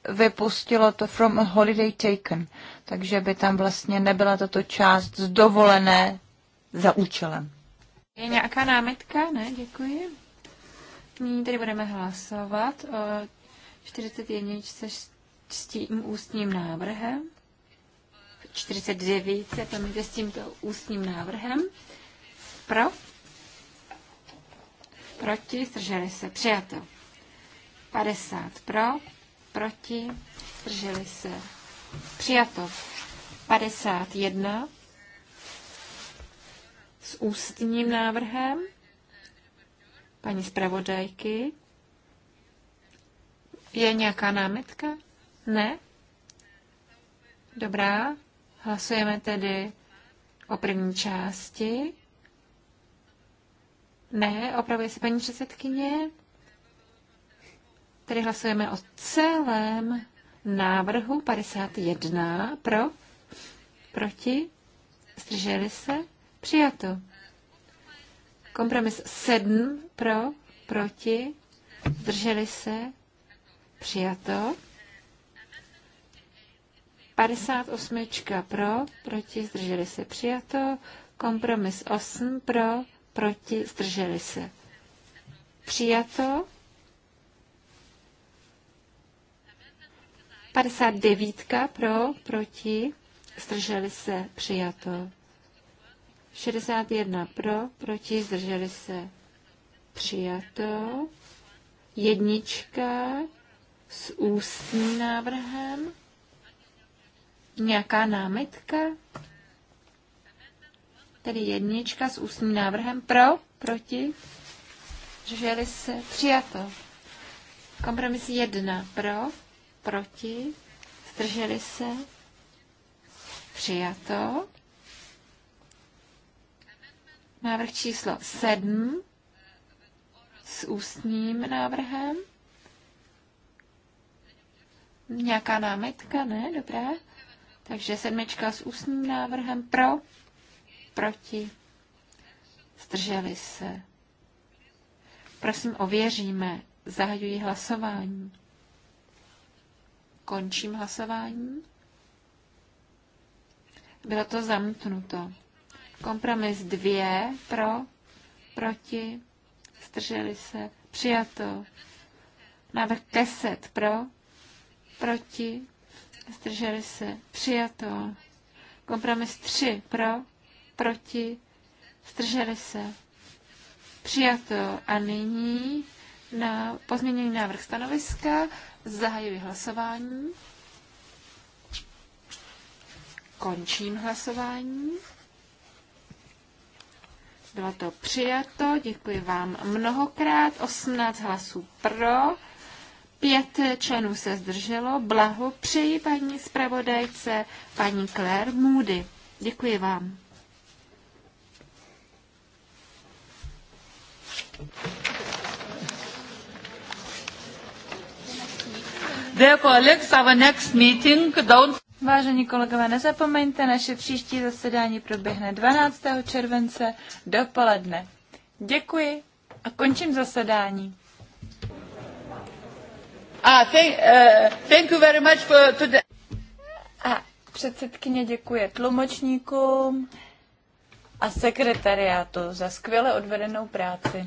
vypustilo to from a holiday taken, takže by tam vlastně nebyla tato část zdovolené za účelem. Je nějaká námitka? Ne, děkuji. Nyní tady budeme hlasovat o 41 s tím ústním návrhem. 49, jde s tímto ústním návrhem. Pro? Proti? Zdrželi se. Přijato. 50 pro, proti, zdrželi se. Přijato 51 s ústním návrhem paní zpravodajky. Je nějaká námitka? Ne? Dobrá, hlasujeme tedy o první části. Ne, opravuje se paní předsedkyně. Tedy hlasujeme o celém návrhu 51 pro, proti, zdrželi se, přijato. Kompromis 7 pro, proti, zdrželi se, přijato. 58 pro, proti, zdrželi se, přijato. Kompromis 8 pro, proti, zdrželi se, přijato. 59 pro, proti, zdrželi se, přijato. 61 pro, proti, zdrželi se, přijato. Jednička s ústním návrhem. Nějaká námitka? Tedy jednička s ústním návrhem pro, proti, zdrželi se, přijato. Kompromis jedna pro, proti, zdrželi se, přijato. Návrh číslo 7 s ústním návrhem. Nějaká námitka, ne? Dobrá. Takže sedmička s ústním návrhem pro, proti, zdrželi se. Prosím, ověříme. Zahajuji hlasování. Končím hlasování. Bylo to zamknuto. Kompromis dvě pro, proti, strželi se, přijato. Návrh 10 pro, proti, strželi se, přijato. Kompromis tři pro, proti, strželi se, přijato. A nyní na pozměnění návrh stanoviska. Zahajuji hlasování. Končím hlasování. Bylo to přijato, děkuji vám mnohokrát. 18 hlasů pro, Pět členů se zdrželo. Blaho přeji paní zpravodajce, paní Claire Moody. Děkuji vám. Vážení kolegové, nezapomeňte, naše příští zasedání proběhne 12. července dopoledne. Děkuji a končím zasedání. Ah, thank, uh, thank you very much for today. A předsedkyně děkuje tlumočníkům a sekretariátu za skvěle odvedenou práci.